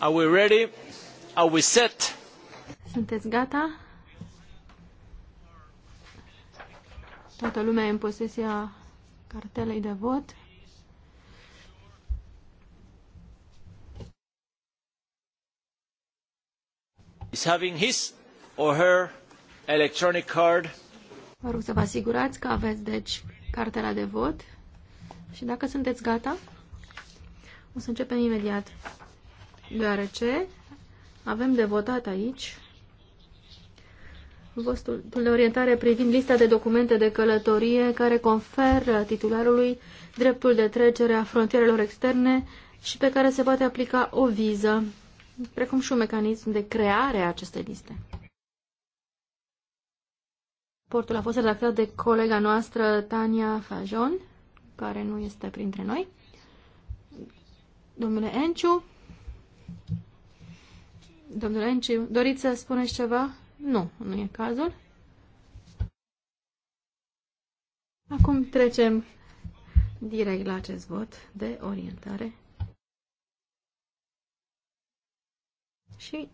Are we ready? Are we set? Sunteți gata? Toată lumea e în posesia cartelei de vot. Is having his or her electronic card. Vă rog să vă asigurați că aveți, deci, cartela de vot. Și dacă sunteți gata, o să începem imediat deoarece avem de votat aici Vostul de orientare privind lista de documente de călătorie care conferă titularului dreptul de trecere a frontierelor externe și pe care se poate aplica o viză, precum și un mecanism de creare a acestei liste. Portul a fost redactat de colega noastră Tania Fajon, care nu este printre noi. Domnule Enciu, Domnule Enci, doriți să spuneți ceva? Nu, nu e cazul. Acum trecem direct la acest vot de orientare. Și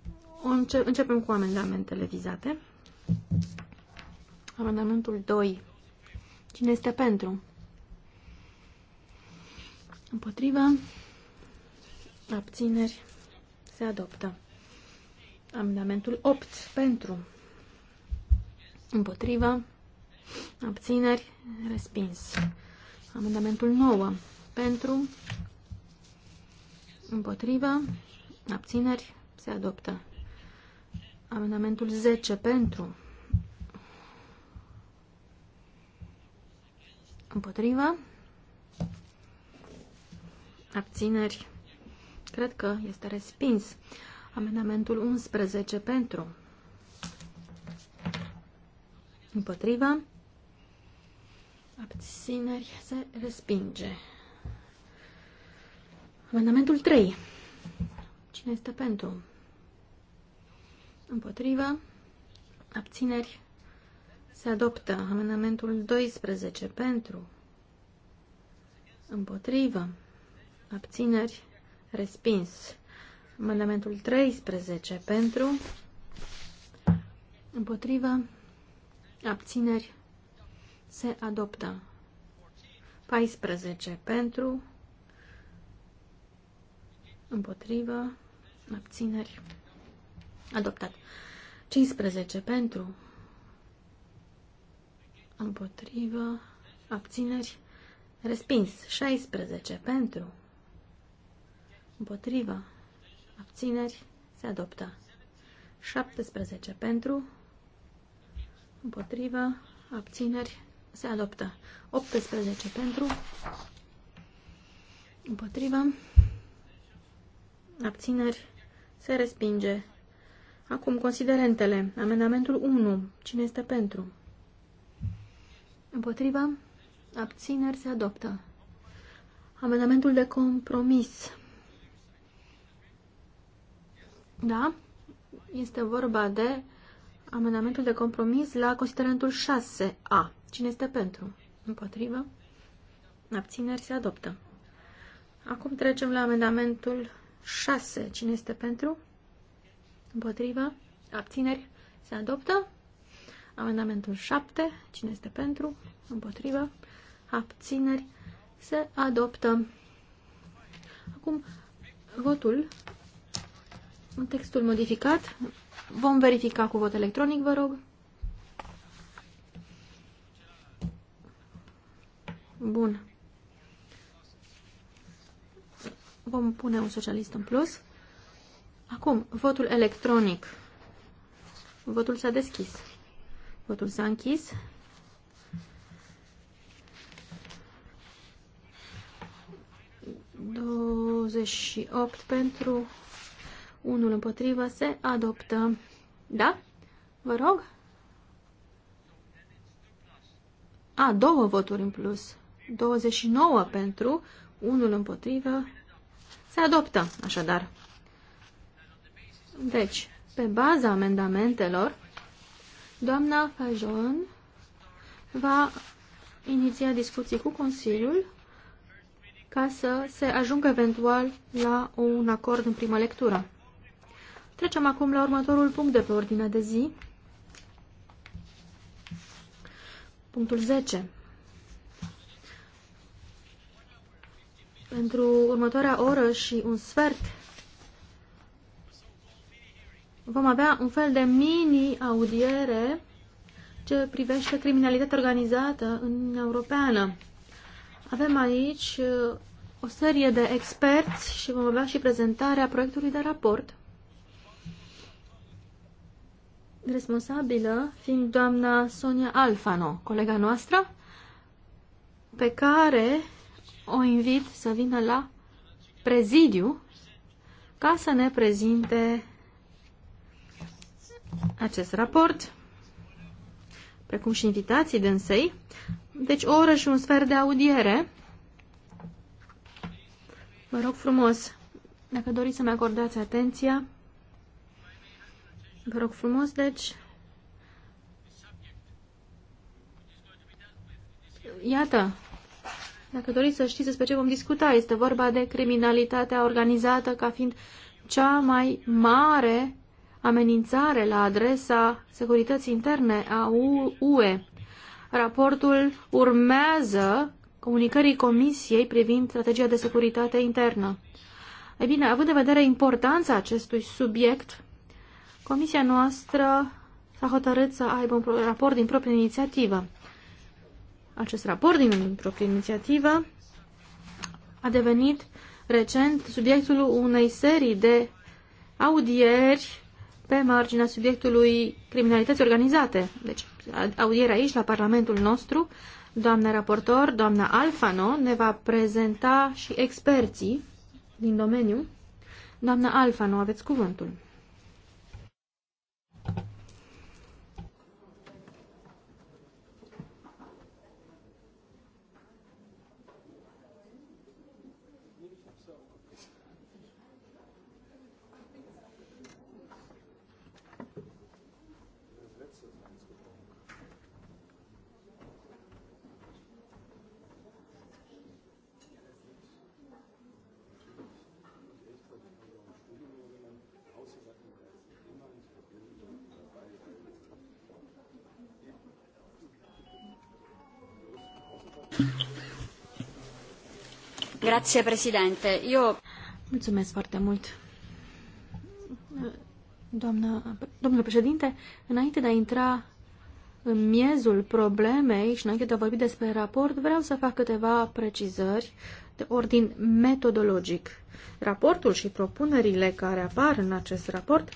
începem cu amendamentele vizate. Amendamentul 2. Cine este pentru? Împotrivă. Abțineri se adoptă. Amendamentul 8 pentru, împotriva, abțineri, respins. Amendamentul 9 pentru, împotriva, abțineri, se adoptă. Amendamentul 10 pentru, împotriva, abțineri, Cred că este respins. Amendamentul 11 pentru. Împotriva. Abțineri se respinge. Amendamentul 3. Cine este pentru? Împotriva. Abțineri se adoptă. Amendamentul 12 pentru. Împotriva. Abțineri Respins. Amendamentul 13 pentru, împotrivă, abțineri, se adoptă. 14 pentru, împotrivă, abțineri, adoptat. 15 pentru, împotrivă, abțineri, respins. 16 pentru, Împotriva. Abțineri. Se adoptă. 17 pentru. Împotriva. Abțineri. Se adoptă. 18 pentru. Împotriva. Abțineri. Se respinge. Acum, considerentele. Amendamentul 1. Cine este pentru? Împotriva. Abțineri se adoptă. Amendamentul de compromis. Da? Este vorba de amendamentul de compromis la considerentul 6A. Cine este pentru? Împotrivă? Abțineri se adoptă. Acum trecem la amendamentul 6. Cine este pentru? Împotrivă? Abțineri se adoptă. Amendamentul 7. Cine este pentru? Împotrivă? Abțineri se adoptă. Acum votul textul modificat. Vom verifica cu vot electronic, vă rog. Bun. Vom pune un socialist în plus. Acum, votul electronic. Votul s-a deschis. Votul s-a închis. Douăzeci și opt pentru unul împotrivă, se adoptă. Da? Vă rog? A, două voturi în plus. 29 pentru, unul împotrivă. Se adoptă, așadar. Deci, pe baza amendamentelor, doamna Fajon va iniția discuții cu Consiliul ca să se ajungă eventual la un acord în prima lectură. Trecem acum la următorul punct de pe ordinea de zi. Punctul 10. Pentru următoarea oră și un sfert vom avea un fel de mini-audiere ce privește criminalitatea organizată în Europeană. Avem aici uh, o serie de experți și vom avea și prezentarea proiectului de raport responsabilă fiind doamna Sonia Alfano, colega noastră, pe care o invit să vină la prezidiu ca să ne prezinte acest raport, precum și invitații dânsei. Deci o oră și un sfert de audiere. Vă rog frumos, dacă doriți să-mi acordați atenția, Vă rog frumos, deci. Iată, dacă doriți să știți despre ce vom discuta, este vorba de criminalitatea organizată ca fiind cea mai mare amenințare la adresa securității interne a UE. Raportul urmează comunicării Comisiei privind strategia de securitate internă. Ei bine, având în vedere importanța acestui subiect, Comisia noastră s-a hotărât să aibă un raport din proprie inițiativă. Acest raport din proprie inițiativă a devenit recent subiectul unei serii de audieri pe marginea subiectului criminalității organizate. Deci, audieri aici, la Parlamentul nostru, doamna raportor, doamna Alfano, ne va prezenta și experții din domeniu. Doamna Alfano, aveți cuvântul. Grazie, Presidente. Mulțumesc foarte mult. Doamna, domnule președinte, înainte de a intra în miezul problemei și înainte de a vorbi despre raport, vreau să fac câteva precizări de ordin metodologic. Raportul și propunerile care apar în acest raport,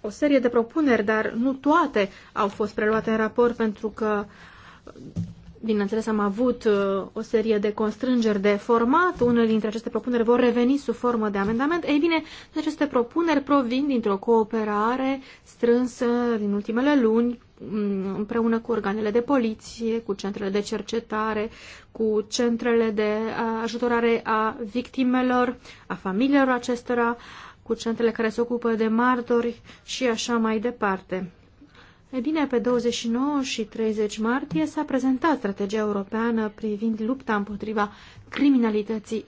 o serie de propuneri, dar nu toate au fost preluate în raport pentru că bineînțeles, am avut uh, o serie de constrângeri de format. Unele dintre aceste propuneri vor reveni sub formă de amendament. Ei bine, aceste propuneri provin dintr-o cooperare strânsă din ultimele luni mm, împreună cu organele de poliție, cu centrele de cercetare, cu centrele de ajutorare a victimelor, a familiilor acestora, cu centrele care se ocupă de martori și așa mai departe. E bine, pe 29 și 30 martie s-a prezentat strategia europeană privind lupta împotriva criminalității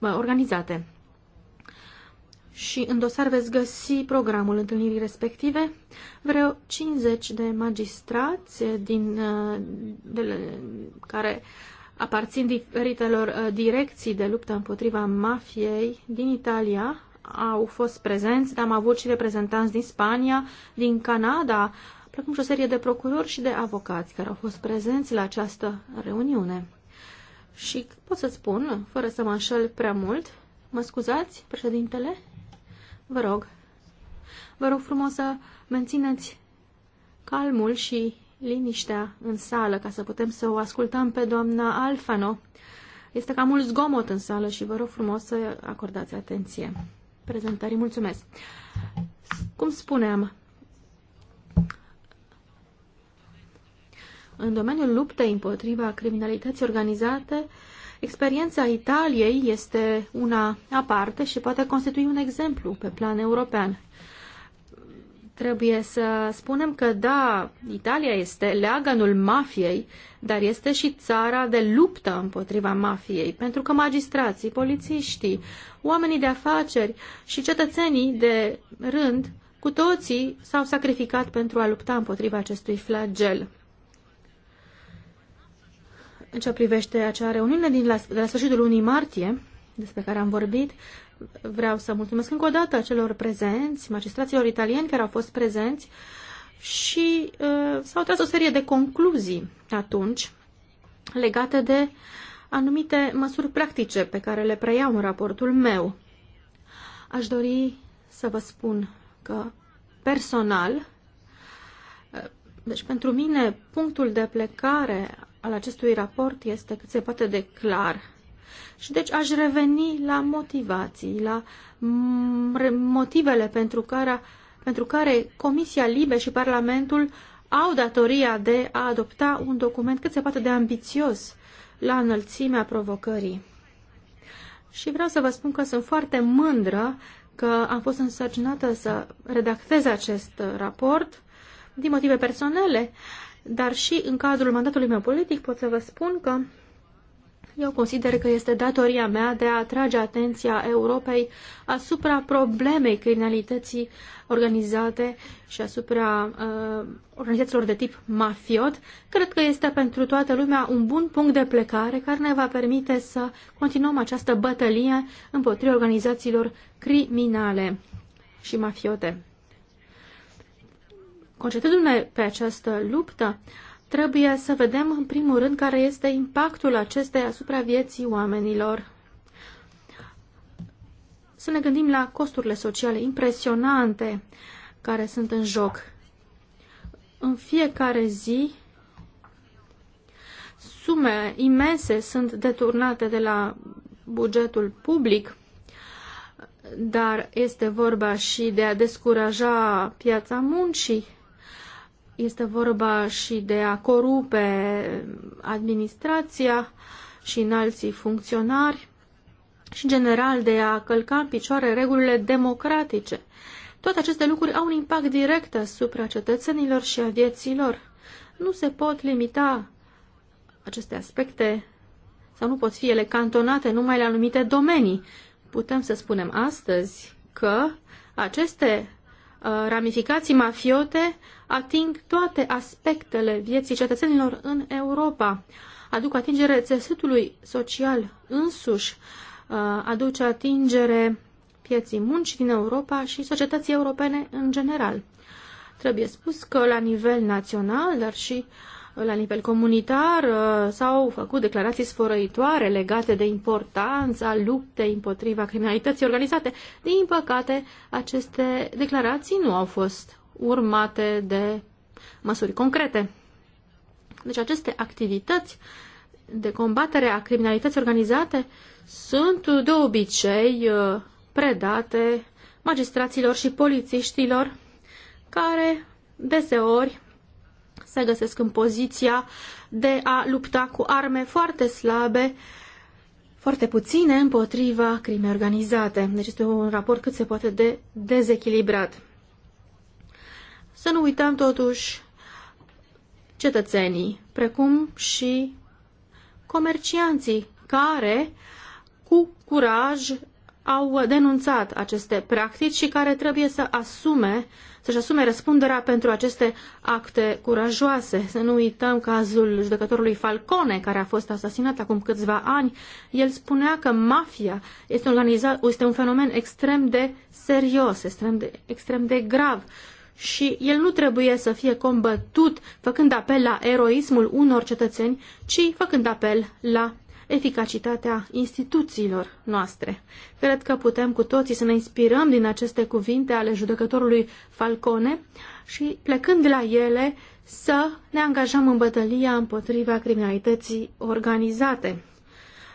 organizate. Și în dosar veți găsi programul întâlnirii respective. Vreo 50 de magistrați din, uh, de, care aparțin diferitelor uh, direcții de luptă împotriva mafiei din Italia au fost prezenți, dar am avut și reprezentanți din Spania, din Canada, precum și o serie de procurori și de avocați care au fost prezenți la această reuniune. Și pot să spun, fără să mă înșel prea mult, mă scuzați, președintele? Vă rog. Vă rog frumos să mențineți calmul și liniștea în sală ca să putem să o ascultăm pe doamna Alfano. Este cam mult zgomot în sală și vă rog frumos să acordați atenție. Prezentării, mulțumesc. Cum spuneam, În domeniul luptei împotriva criminalității organizate, experiența Italiei este una aparte și poate constitui un exemplu pe plan european. Trebuie să spunem că, da, Italia este leagănul mafiei, dar este și țara de luptă împotriva mafiei, pentru că magistrații, polițiștii, oamenii de afaceri și cetățenii de rând, cu toții s-au sacrificat pentru a lupta împotriva acestui flagel. În ce privește acea reuniune din la, de la sfârșitul lunii martie, despre care am vorbit, vreau să mulțumesc încă o dată celor prezenți, magistraților italieni care au fost prezenți și uh, s-au tras o serie de concluzii atunci legate de anumite măsuri practice pe care le preiau în raportul meu. Aș dori să vă spun că personal, uh, deci pentru mine punctul de plecare al acestui raport este cât se poate de clar. Și deci aș reveni la motivații, la mm, motivele pentru care, pentru care Comisia Libe și Parlamentul au datoria de a adopta un document cât se poate de ambițios la înălțimea provocării. Și vreau să vă spun că sunt foarte mândră că am fost însărcinată să redactez acest raport din motive personale, dar și în cadrul mandatului meu politic pot să vă spun că eu consider că este datoria mea de a atrage atenția Europei asupra problemei criminalității organizate și asupra uh, organizațiilor de tip mafiot. Cred că este pentru toată lumea un bun punct de plecare care ne va permite să continuăm această bătălie împotriva organizațiilor criminale și mafiote concentrându-ne pe această luptă, trebuie să vedem în primul rând care este impactul acestei asupra vieții oamenilor. Să ne gândim la costurile sociale impresionante care sunt în joc. În fiecare zi, sume imense sunt deturnate de la bugetul public, dar este vorba și de a descuraja piața muncii este vorba și de a corupe administrația și înalții funcționari și, în general, de a călca în picioare regulile democratice. Toate aceste lucruri au un impact direct asupra cetățenilor și a vieților. Nu se pot limita aceste aspecte sau nu pot fi ele cantonate numai la anumite domenii. Putem să spunem astăzi că aceste Uh, ramificații mafiote ating toate aspectele vieții cetățenilor în Europa. Aduc atingere țesutului social însuși, uh, aduce atingere pieții muncii din Europa și societății europene în general. Trebuie spus că la nivel național, dar și uh, la nivel comunitar uh, s-au făcut declarații sfărăitoare legate de importanța luptei împotriva criminalității organizate. Din păcate, aceste declarații nu au fost urmate de măsuri concrete. Deci aceste activități de combatere a criminalității organizate sunt de obicei uh, predate magistraților și polițiștilor care deseori se găsesc în poziția de a lupta cu arme foarte slabe, foarte puține împotriva crimei organizate. Deci este un raport cât se poate de dezechilibrat. Să nu uităm totuși cetățenii, precum și comercianții care cu curaj au denunțat aceste practici și care trebuie să asume uh, să-și asume răspunderea pentru aceste acte curajoase. Să nu uităm cazul judecătorului Falcone, care a fost asasinat acum câțiva ani. El spunea că mafia este, organizat, este un fenomen extrem de serios, extrem de, extrem de grav și el nu trebuie să fie combătut făcând apel la eroismul unor cetățeni, ci făcând apel la eficacitatea instituțiilor noastre. Cred că putem cu toții să ne inspirăm din aceste cuvinte ale judecătorului Falcone și, plecând de la ele, să ne angajăm în bătălia împotriva criminalității organizate.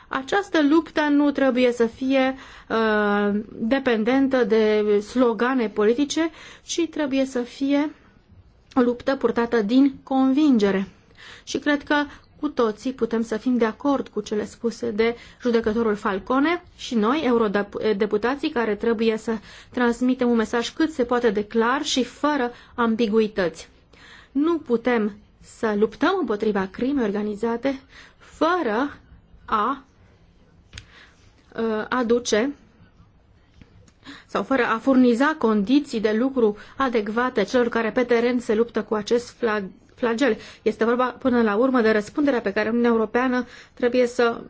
Această luptă nu trebuie să fie uh, dependentă de slogane politice, ci trebuie să fie o luptă purtată din convingere. Și cred că cu toții putem să fim de acord cu cele spuse de judecătorul Falcone și noi, eurodeputații, care trebuie să transmitem un mesaj cât se poate de clar și fără ambiguități. Nu putem să luptăm împotriva crimei organizate fără a uh, aduce sau fără a furniza condiții de lucru adecvate celor care pe teren se luptă cu acest flag, flagel. Este vorba până la urmă de răspunderea pe care Uniunea Europeană trebuie să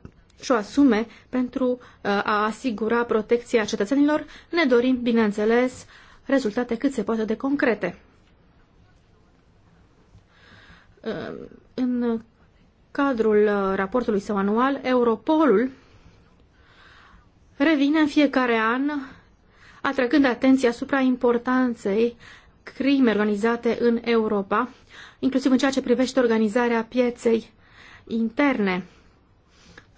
și-o asume pentru uh, a asigura protecția cetățenilor. Ne dorim, bineînțeles, rezultate cât se poate de concrete. Uh, în cadrul uh, raportului său anual, Europolul revine în fiecare an atrăgând atenția asupra importanței crime organizate în Europa, inclusiv în ceea ce privește organizarea pieței interne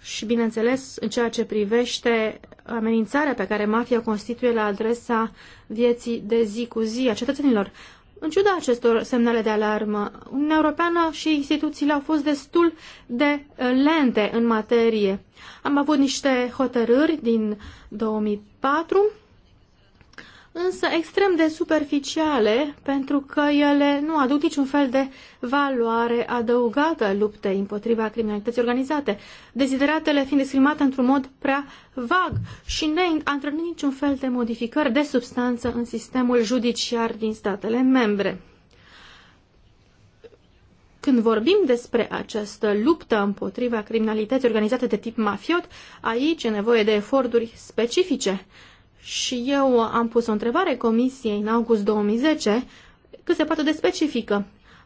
și, bineînțeles, în ceea ce privește amenințarea pe care mafia constituie la adresa vieții de zi cu zi a cetățenilor. În ciuda acestor semnale de alarmă, Uniunea Europeană și instituțiile au fost destul de lente în materie. Am avut niște hotărâri din 2004 însă extrem de superficiale, pentru că ele nu aduc niciun fel de valoare adăugată luptei împotriva criminalității organizate, dezideratele fiind exprimate într-un mod prea vag și neîntrănind niciun fel de modificări de substanță în sistemul judiciar din statele membre. Când vorbim despre această luptă împotriva criminalității organizate de tip mafiot, aici e nevoie de eforturi specifice și eu am pus o întrebare comisiei în august 2010, cât se poate de specifică.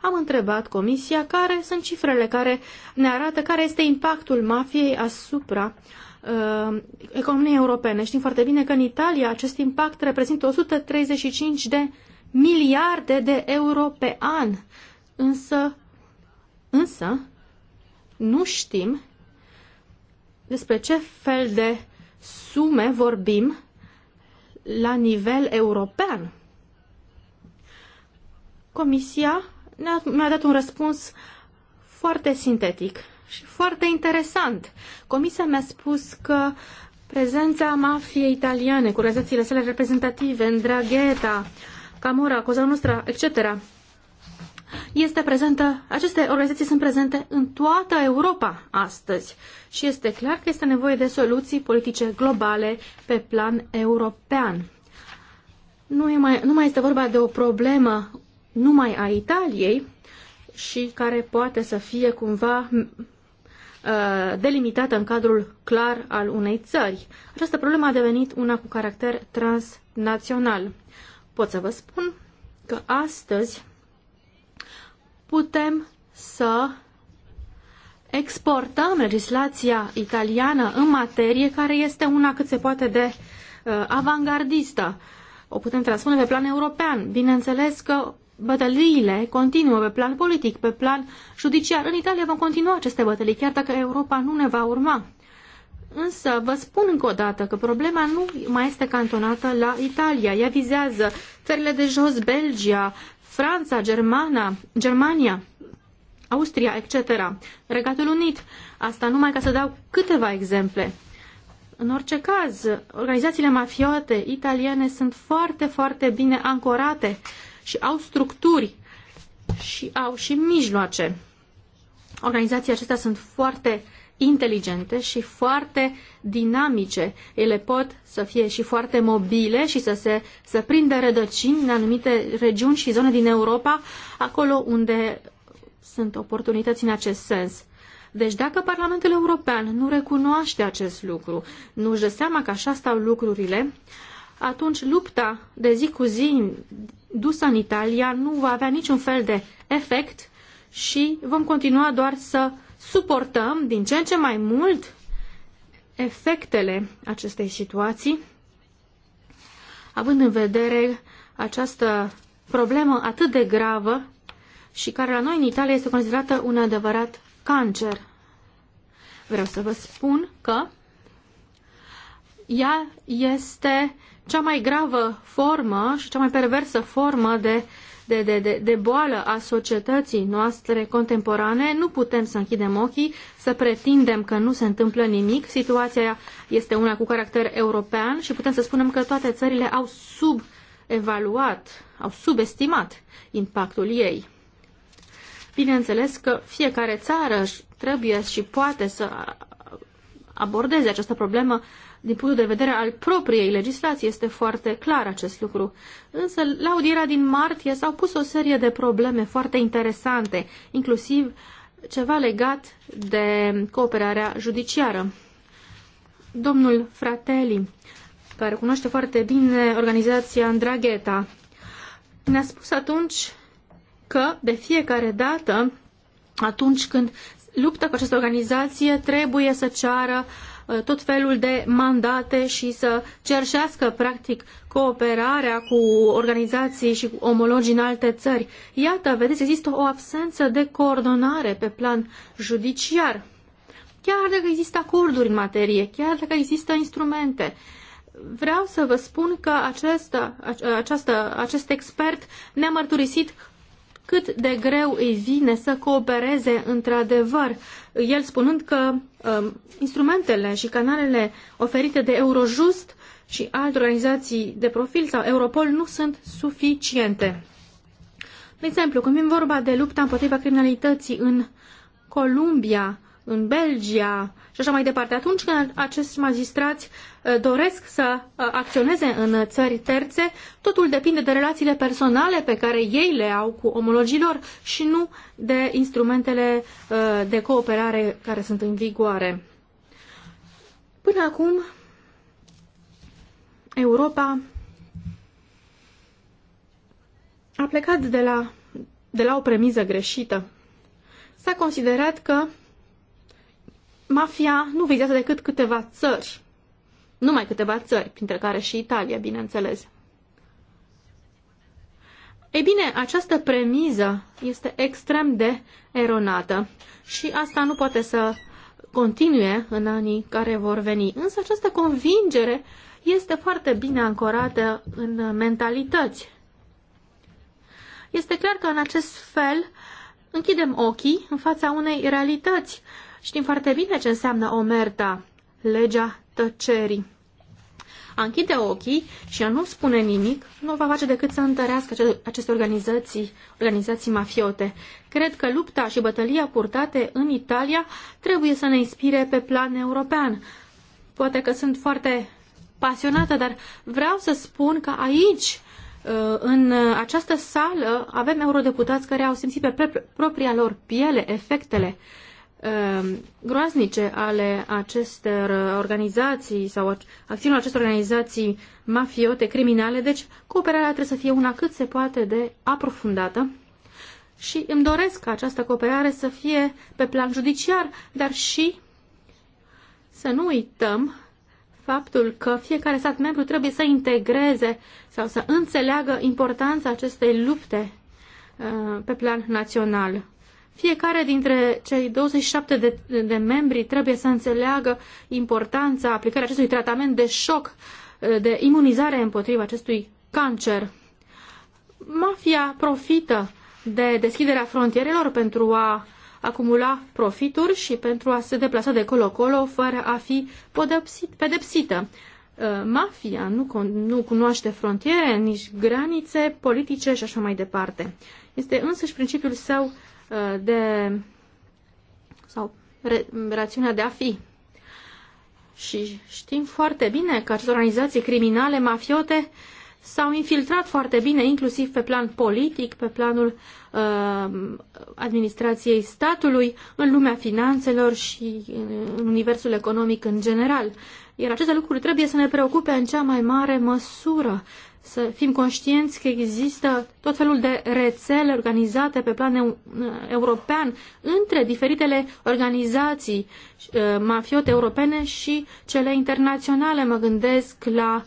Am întrebat comisia care sunt cifrele care ne arată care este impactul mafiei asupra uh, economiei europene. Știm foarte bine că în Italia acest impact reprezintă 135 de miliarde de euro pe an. Însă, însă, nu știm despre ce fel de sume vorbim la nivel european. Comisia mi-a dat un răspuns foarte sintetic și foarte interesant. Comisia mi-a spus că prezența mafiei italiane cu organizațiile sale reprezentative, Ndrangheta, Camora, Cosa Nostra, etc., este prezentă, aceste organizații sunt prezente în toată Europa astăzi și este clar că este nevoie de soluții politice globale pe plan european. Nu, e mai, nu mai este vorba de o problemă numai a Italiei și care poate să fie cumva uh, delimitată în cadrul clar al unei țări. Această problemă a devenit una cu caracter transnațional. Pot să vă spun că astăzi putem să exportăm legislația italiană în materie care este una cât se poate de uh, avangardistă. O putem transpune pe plan european. Bineînțeles că bătăliile continuă pe plan politic, pe plan judiciar. În Italia vom continua aceste bătălii, chiar dacă Europa nu ne va urma. Însă vă spun încă o dată că problema nu mai este cantonată la Italia. Ea vizează țările de jos, Belgia, Franța, Germana, Germania, Austria, etc. Regatul Unit. Asta numai ca să dau câteva exemple. În orice caz, organizațiile mafiote italiene sunt foarte, foarte bine ancorate și au structuri și au și mijloace Organizații acestea sunt foarte inteligente și foarte dinamice. Ele pot să fie și foarte mobile și să se să prindă rădăcini în anumite regiuni și zone din Europa, acolo unde sunt oportunități în acest sens. Deci dacă Parlamentul European nu recunoaște acest lucru, nu își dă seama că așa stau lucrurile, atunci lupta de zi cu zi dusă în Italia nu va avea niciun fel de efect și vom continua doar să suportăm din ce în ce mai mult efectele acestei situații, având în vedere această problemă atât de gravă și care la noi în Italia este considerată un adevărat cancer. Vreau să vă spun că ea este cea mai gravă formă și cea mai perversă formă de de, de, de, de boală a societății noastre contemporane, nu putem să închidem ochii, să pretindem că nu se întâmplă nimic. Situația este una cu caracter european și putem să spunem că toate țările au subevaluat, au subestimat impactul ei. Bineînțeles că fiecare țară trebuie și poate să abordeze această problemă din punctul de vedere al propriei legislații. Este foarte clar acest lucru. Însă, la audierea din martie s-au pus o serie de probleme foarte interesante, inclusiv ceva legat de cooperarea judiciară. Domnul Fratelli, care cunoaște foarte bine organizația Andragheta, ne-a spus atunci că de fiecare dată, atunci când luptă cu această organizație, trebuie să ceară uh, Uh, tot felul de mandate și să cerșească, practic, cooperarea cu organizații și cu omologi în alte țări. Iată, vedeți, există o absență de coordonare pe plan judiciar. Chiar dacă există acorduri în materie, chiar dacă există instrumente, vreau să vă spun că acest, această, acest expert ne-a mărturisit cât de greu îi vine să coopereze într-adevăr, el spunând că um, instrumentele și canalele oferite de Eurojust și alte organizații de profil sau Europol nu sunt suficiente. De exemplu, când vin vorba de lupta împotriva criminalității în Columbia, în Belgia, și așa mai departe. Atunci când acești magistrați uh, doresc să uh, acționeze în țări terțe, totul depinde de relațiile personale pe care ei le au cu omologilor și nu de instrumentele uh, de cooperare care sunt în vigoare. Până acum, Europa a plecat de la, de la o premiză greșită. S-a considerat că mafia nu vizează decât câteva țări, numai câteva țări, printre care și Italia, bineînțeles. Ei bine, această premiză este extrem de eronată și asta nu poate să continue în anii care vor veni. Însă această convingere este foarte bine ancorată în mentalități. Este clar că în acest fel închidem ochii în fața unei realități Știm foarte bine ce înseamnă omerta, legea tăcerii. A închide ochii și a nu spune nimic nu va face decât să întărească aceste organizații, organizații mafiote. Cred că lupta și bătălia purtate în Italia trebuie să ne inspire pe plan european. Poate că sunt foarte pasionată, dar vreau să spun că aici uh, în această sală avem eurodeputați care au simțit pe propria lor piele efectele Um, groaznice ale acestor organizații sau acțiunilor acestor organizații mafiote, criminale. Deci, cooperarea trebuie să fie una cât se poate de aprofundată și îmi doresc ca această cooperare să fie pe plan judiciar, dar și să nu uităm faptul că fiecare stat membru trebuie să integreze sau să înțeleagă importanța acestei lupte uh, pe plan național. Fiecare dintre cei 27 de, de membri trebuie să înțeleagă importanța aplicării acestui tratament de șoc, de imunizare împotriva acestui cancer. Mafia profită de deschiderea frontierelor pentru a acumula profituri și pentru a se deplasa de colo-colo fără a fi podepsit, pedepsită. Uh, mafia nu, nu cunoaște frontiere, nici granițe politice și așa mai departe. Este însăși principiul său Uh, de sau re, rațiunea de a fi. Și știm foarte bine că aceste organizații criminale, mafiote, s-au infiltrat foarte bine, inclusiv pe plan politic, pe planul uh, administrației statului, în lumea finanțelor și în universul economic în general. Iar aceste lucruri trebuie să ne preocupe în cea mai mare măsură să fim conștienți că există tot felul de rețele organizate pe plan european între diferitele organizații uh, mafiote europene și cele internaționale. Mă gândesc la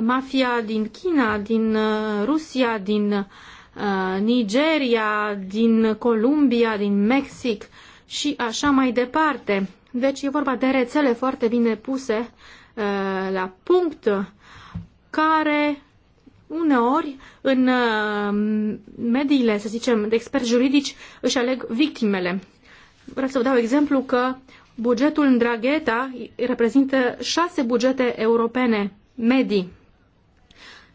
mafia din China, din uh, Rusia, din uh, Nigeria, din Columbia, din Mexic și așa mai departe. Deci e vorba de rețele foarte bine puse la punct care uneori, în uh, mediile, să zicem, de experți juridici, își aleg victimele. Vreau să vă dau exemplu că bugetul în Dragheta reprezintă șase bugete europene medii.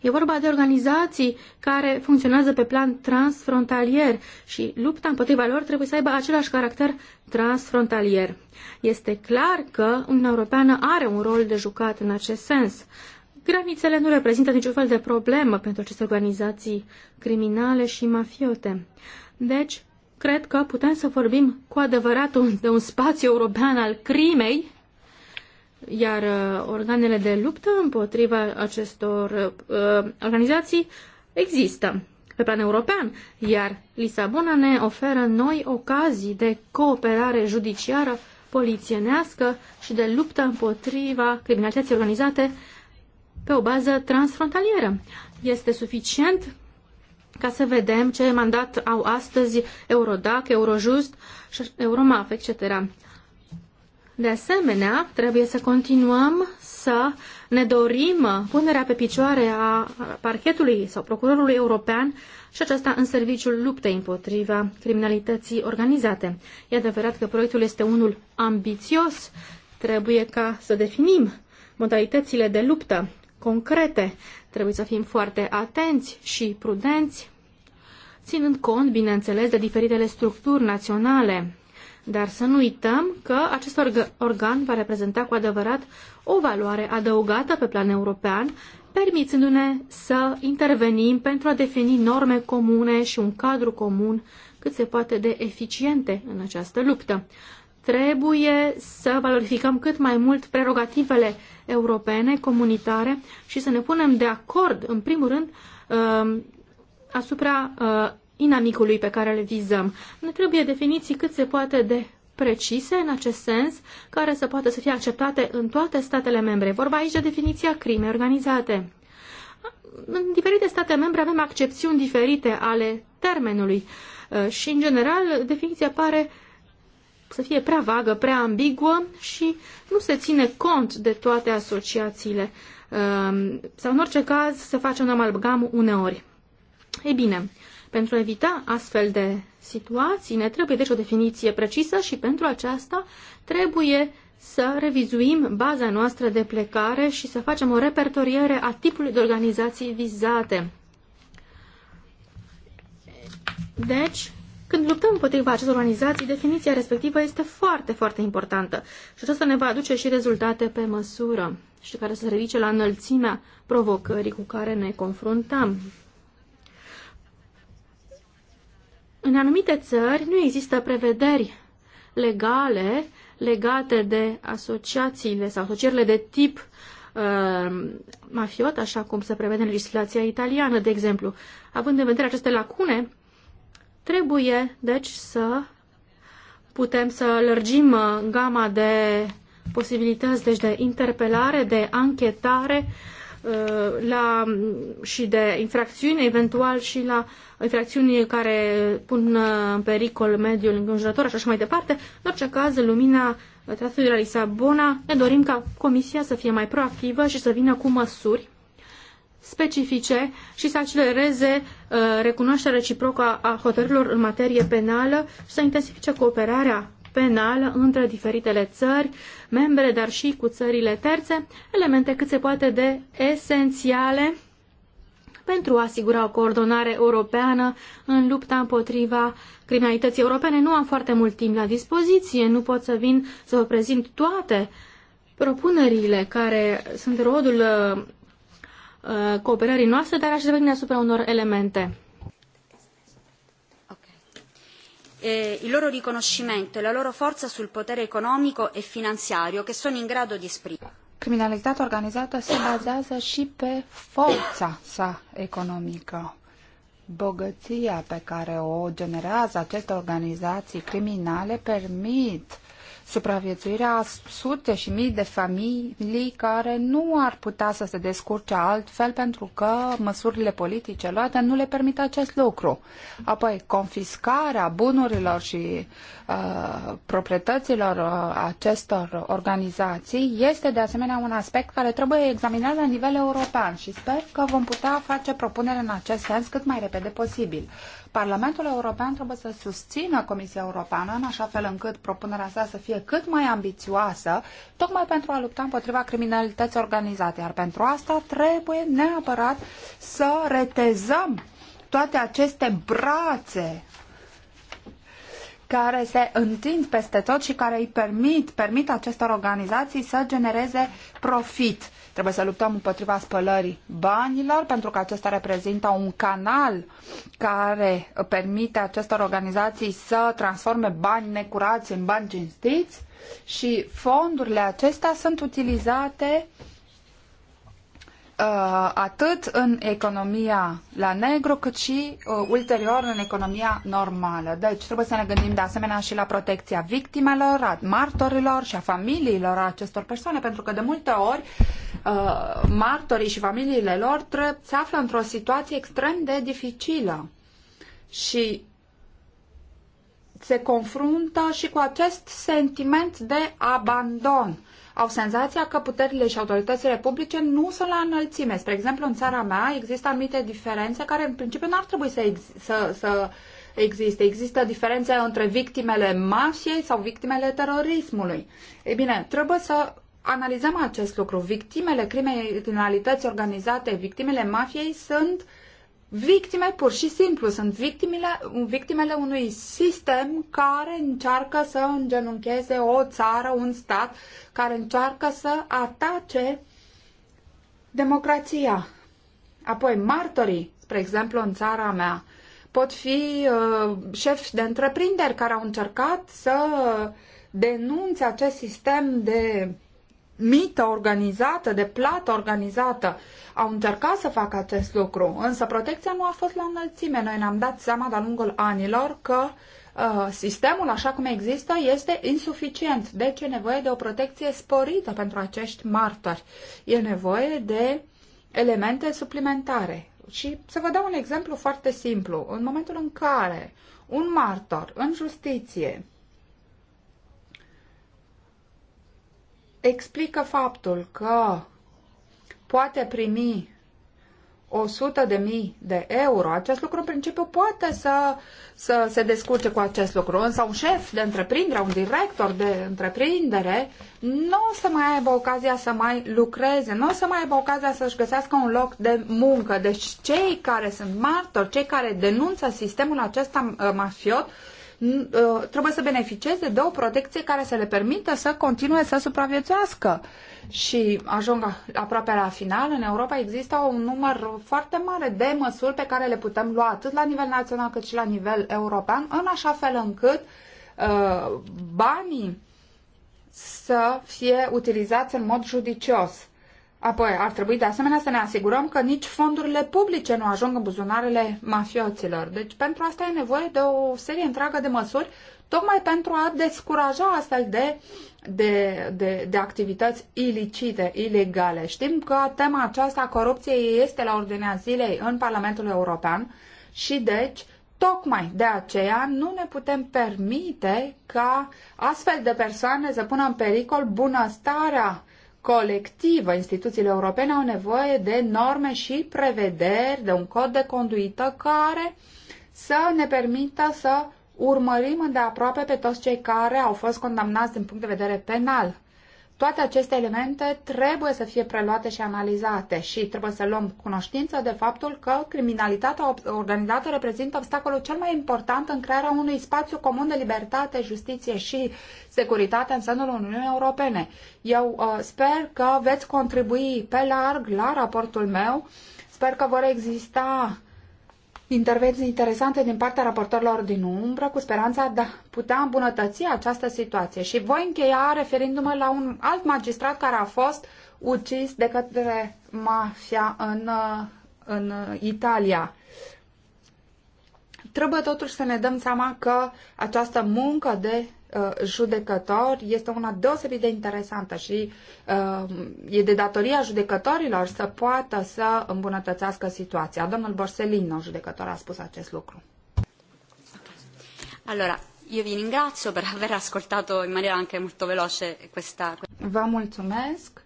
E vorba de organizații care funcționează pe plan transfrontalier și lupta împotriva lor trebuie să aibă același caracter transfrontalier. Este clar că Uniunea Europeană are un rol de jucat în acest sens. Granițele nu reprezintă niciun fel de problemă pentru aceste organizații criminale și mafiote. Deci, cred că putem să vorbim cu adevărat un, de un spațiu european al crimei, iar uh, organele de luptă împotriva acestor uh, organizații există pe plan european, iar Lisabona ne oferă noi ocazii de cooperare judiciară, polițienească și de luptă împotriva criminalității organizate uh, pe o bază transfrontalieră. Este suficient ca să vedem ce mandat au astăzi Eurodac, Eurojust, și Euromaf, etc. De asemenea, trebuie să continuăm să ne dorim punerea pe picioare a parchetului sau procurorului european și aceasta în serviciul luptei împotriva criminalității organizate. E adevărat că proiectul este unul ambițios, trebuie ca să definim modalitățile de luptă concrete. Trebuie să fim foarte atenți și prudenți, ținând cont, bineînțeles, de diferitele structuri naționale. Dar să nu uităm că acest organ va reprezenta cu adevărat o valoare adăugată pe plan european, permițându-ne să intervenim pentru a defini norme comune și un cadru comun cât se poate de eficiente în această luptă. Trebuie să valorificăm cât mai mult prerogativele europene, comunitare și să ne punem de acord, în primul rând, um, asupra uh, inamicului pe care le vizăm. Ne trebuie definiții cât se poate de precise în acest sens, care să poată să fie acceptate în toate statele membre. Vorba aici de definiția crimei organizate. În diferite state membre avem accepțiuni diferite ale termenului uh, și, în general, definiția pare să fie prea vagă, prea ambiguă și nu se ține cont de toate asociațiile ehm, sau în orice caz se face un amalgam uneori. Ei bine, pentru a evita astfel de situații ne trebuie deci o definiție precisă și pentru aceasta trebuie să revizuim baza noastră de plecare și să facem o repertoriere a tipului de organizații vizate. Deci, când luptăm împotriva acestor organizații, definiția respectivă este foarte, foarte importantă și aceasta ne va aduce și rezultate pe măsură și care să se ridice la înălțimea provocării cu care ne confruntăm. În anumite țări nu există prevederi legale legate de asociațiile sau asocierile de tip uh, mafiot, așa cum se prevede în legislația italiană, de exemplu. Având în vedere aceste lacune, Trebuie, deci, să putem să lărgim uh, gama de posibilități deci de interpelare, de anchetare uh, la, și de infracțiuni, eventual și la infracțiuni care pun uh, în pericol mediul înconjurător, așa și mai departe. În orice caz, lumina Tratatului de la Lisabona, ne dorim ca Comisia să fie mai proactivă și să vină cu măsuri specifice și să accelereze uh, recunoașterea reciprocă a hotărârilor în materie penală și să intensifice cooperarea penală între diferitele țări membre, dar și cu țările terțe, elemente cât se poate de esențiale pentru a asigura o coordonare europeană în lupta împotriva criminalității europene. Nu am foarte mult timp la dispoziție, nu pot să vin să vă prezint toate propunerile care sunt rodul uh, Uh, cooperării noastre, dar aș reveni asupra unor elemente. Eh, il loro riconoscimento e la loro forza sul potere economico e finanziario che sono in grado di esprimere. Criminalitatea organizată se bazează și pe forța sa economică. Bogăția pe care o generează aceste organizații criminale permit supraviețuirea a sute și mii de familii care nu ar putea să se descurce altfel pentru că măsurile politice luate nu le permit acest lucru. Apoi, confiscarea bunurilor și uh, proprietăților uh, acestor organizații este de asemenea un aspect care trebuie examinat la nivel european și sper că vom putea face propunere în acest sens cât mai repede posibil. Parlamentul European trebuie să susțină Comisia Europeană în așa fel încât propunerea sa să fie cât mai ambițioasă, tocmai pentru a lupta împotriva criminalității organizate. Iar pentru asta trebuie neapărat să retezăm toate aceste brațe care se întind peste tot și care îi permit, permit acestor organizații să genereze profit. Trebuie să luptăm împotriva spălării banilor, pentru că acesta reprezintă un canal care permite acestor organizații să transforme bani necurați în bani cinstiți și fondurile acestea sunt utilizate uh, Uh, atât în economia la negru, cât și uh, ulterior în economia normală. Deci trebuie să ne gândim de asemenea și la protecția victimelor, a martorilor și a familiilor a acestor persoane, pentru că de multe ori uh, martorii și familiile lor trebuie, se află într-o situație extrem de dificilă și se confruntă și cu acest sentiment de abandon au senzația că puterile și autoritățile publice nu sunt la înălțime. Spre exemplu, în țara mea există anumite diferențe care în principiu nu ar trebui să, ex- să, să existe. Există diferențe între victimele mafiei sau victimele terorismului. Ei bine, trebuie să analizăm acest lucru. Victimele crimei, criminalității organizate, victimele mafiei sunt uh, victime pur și simplu, sunt victimele, victimele unui sistem care încearcă să îngenuncheze o țară, un stat, care încearcă să atace democrația. Apoi, martorii, spre exemplu, în țara mea, pot fi uh, șefi de întreprinderi care au încercat să denunțe acest sistem de mită organizată, de plată organizată. Au încercat să facă acest lucru, însă protecția nu a fost la înălțime. Noi ne-am dat seama de-a lungul anilor că uh, sistemul așa cum există este insuficient. Deci e nevoie de o protecție sporită pentru acești martori. E nevoie de elemente suplimentare. Și să vă dau un exemplu foarte simplu. În momentul în care un martor în justiție explică faptul că poate primi 100.000 de mii de euro. Acest lucru, în principiu, poate să, să se descurce cu acest lucru, însă un șef de întreprindere, un director de întreprindere, nu o să mai aibă ocazia să mai lucreze, nu o să mai aibă ocazia să-și găsească un loc de muncă. Deci cei care sunt martori, cei care denunță sistemul acesta uh, mafiot, Uh, trebuie să beneficieze de o protecție care să le permită să continue să supraviețuiască. Și ajung aproape la final, în Europa există un număr foarte mare de măsuri pe care le putem lua atât la nivel național cât și la nivel european, în așa fel încât uh, banii să fie utilizați în mod judicios Apoi, ar trebui de asemenea să ne asigurăm că nici fondurile publice nu ajung în buzunarele mafioților. Deci, pentru asta e nevoie de o serie întreagă de măsuri, tocmai pentru a descuraja astfel de, de, de, de activități ilicite, ilegale. Știm că tema aceasta a corupției este la ordinea zilei în Parlamentul European și, deci, Tocmai de aceea nu ne putem permite ca astfel de persoane să pună în pericol bunăstarea colectivă, instituțiile europene au nevoie de norme și prevederi, de un cod de conduită care să ne permită să urmărim îndeaproape pe toți cei care au fost condamnați din punct de vedere penal. Toate aceste elemente trebuie să fie preluate și analizate și trebuie să luăm cunoștință de faptul că criminalitatea organizată reprezintă obstacolul cel mai important în crearea unui spațiu comun de libertate, justiție și securitate în sânul Uniunii Europene. Eu uh, sper că veți contribui pe larg la raportul meu. Sper că vor exista intervenții interesante din partea raportorilor din umbră cu speranța de a putea îmbunătăți această situație. Și voi încheia referindu-mă la un alt magistrat care a fost ucis de către mafia în, în Italia. Trebuie totuși să ne dăm seama că această muncă de Uh, judecători este una deosebit de interesantă și uh, e de datoria judecătorilor să poată să îmbunătățească situația. Domnul Borsellino, judecător, a spus acest lucru. Allora, io vi ringrazio per aver ascoltato in maniera anche molto veloce questa... Vă mulțumesc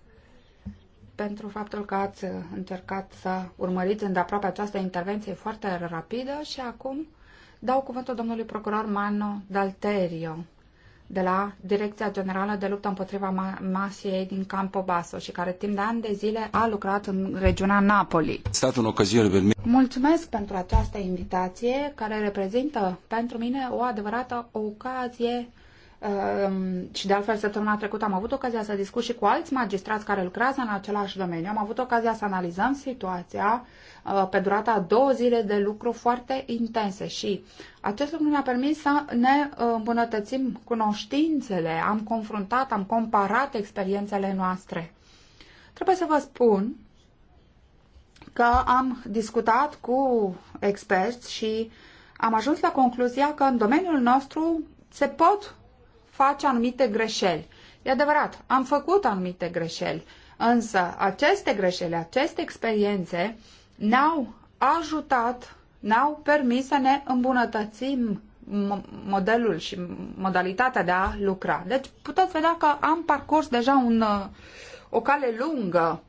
pentru faptul că ați încercat să urmăriți îndeaproape această intervenție foarte rapidă și acum dau cuvântul domnului procuror Mano Dalterio de la Direcția Generală de Luptă împotriva Masiei din Campobasso și care timp de ani de zile a lucrat în regiunea Napoli. Stat în Mulțumesc pentru această invitație care reprezintă pentru mine o adevărată ocazie um, și de altfel săptămâna trecută am avut ocazia să discut și cu alți magistrați care lucrează în același domeniu. Am avut ocazia să analizăm situația Uh, pe durata a două zile de lucru foarte intense și acest lucru ne-a permis să ne uh, îmbunătățim cunoștințele, am confruntat, am comparat experiențele noastre. Trebuie să vă spun că am discutat cu experți și am ajuns la concluzia că în domeniul nostru se pot face anumite greșeli. E adevărat, am făcut anumite greșeli, însă aceste greșeli, aceste experiențe ne-au ajutat, ne-au permis să ne îmbunătățim modelul și modalitatea de a lucra. Deci puteți vedea că am parcurs deja un, uh, o cale lungă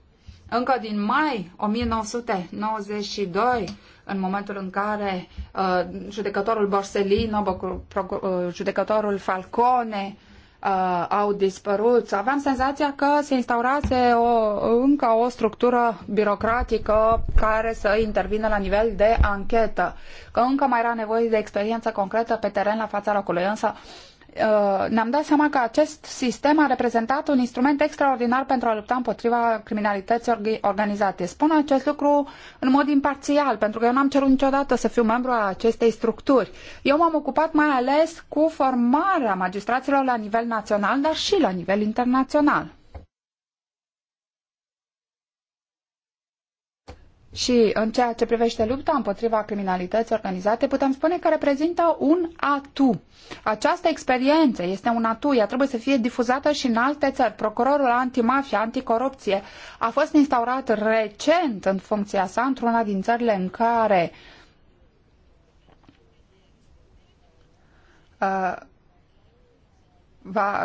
încă din mai 1992, în momentul în care uh, judecătorul Borsellino, uh, judecătorul Falcone, uh, au dispărut. Aveam senzația că se instaurase o, încă o structură birocratică care să intervină la nivel de anchetă, că încă mai era nevoie de experiență concretă pe teren la fața locului. Însă Uh, ne-am dat seama că acest sistem a reprezentat un instrument extraordinar pentru a lupta împotriva criminalității organizate. Spun acest lucru în mod imparțial, pentru că eu n-am cerut niciodată să fiu membru al acestei structuri. Eu m-am ocupat mai ales cu formarea magistraților la nivel național, dar și la nivel internațional. Și în ceea ce privește lupta împotriva criminalității organizate, putem spune că reprezintă un atu. Această experiență este un atu, ea trebuie să fie difuzată și în alte țări. Procurorul antimafia, anticorupție a fost instaurat recent în funcția sa într-una din țările în care uh, va,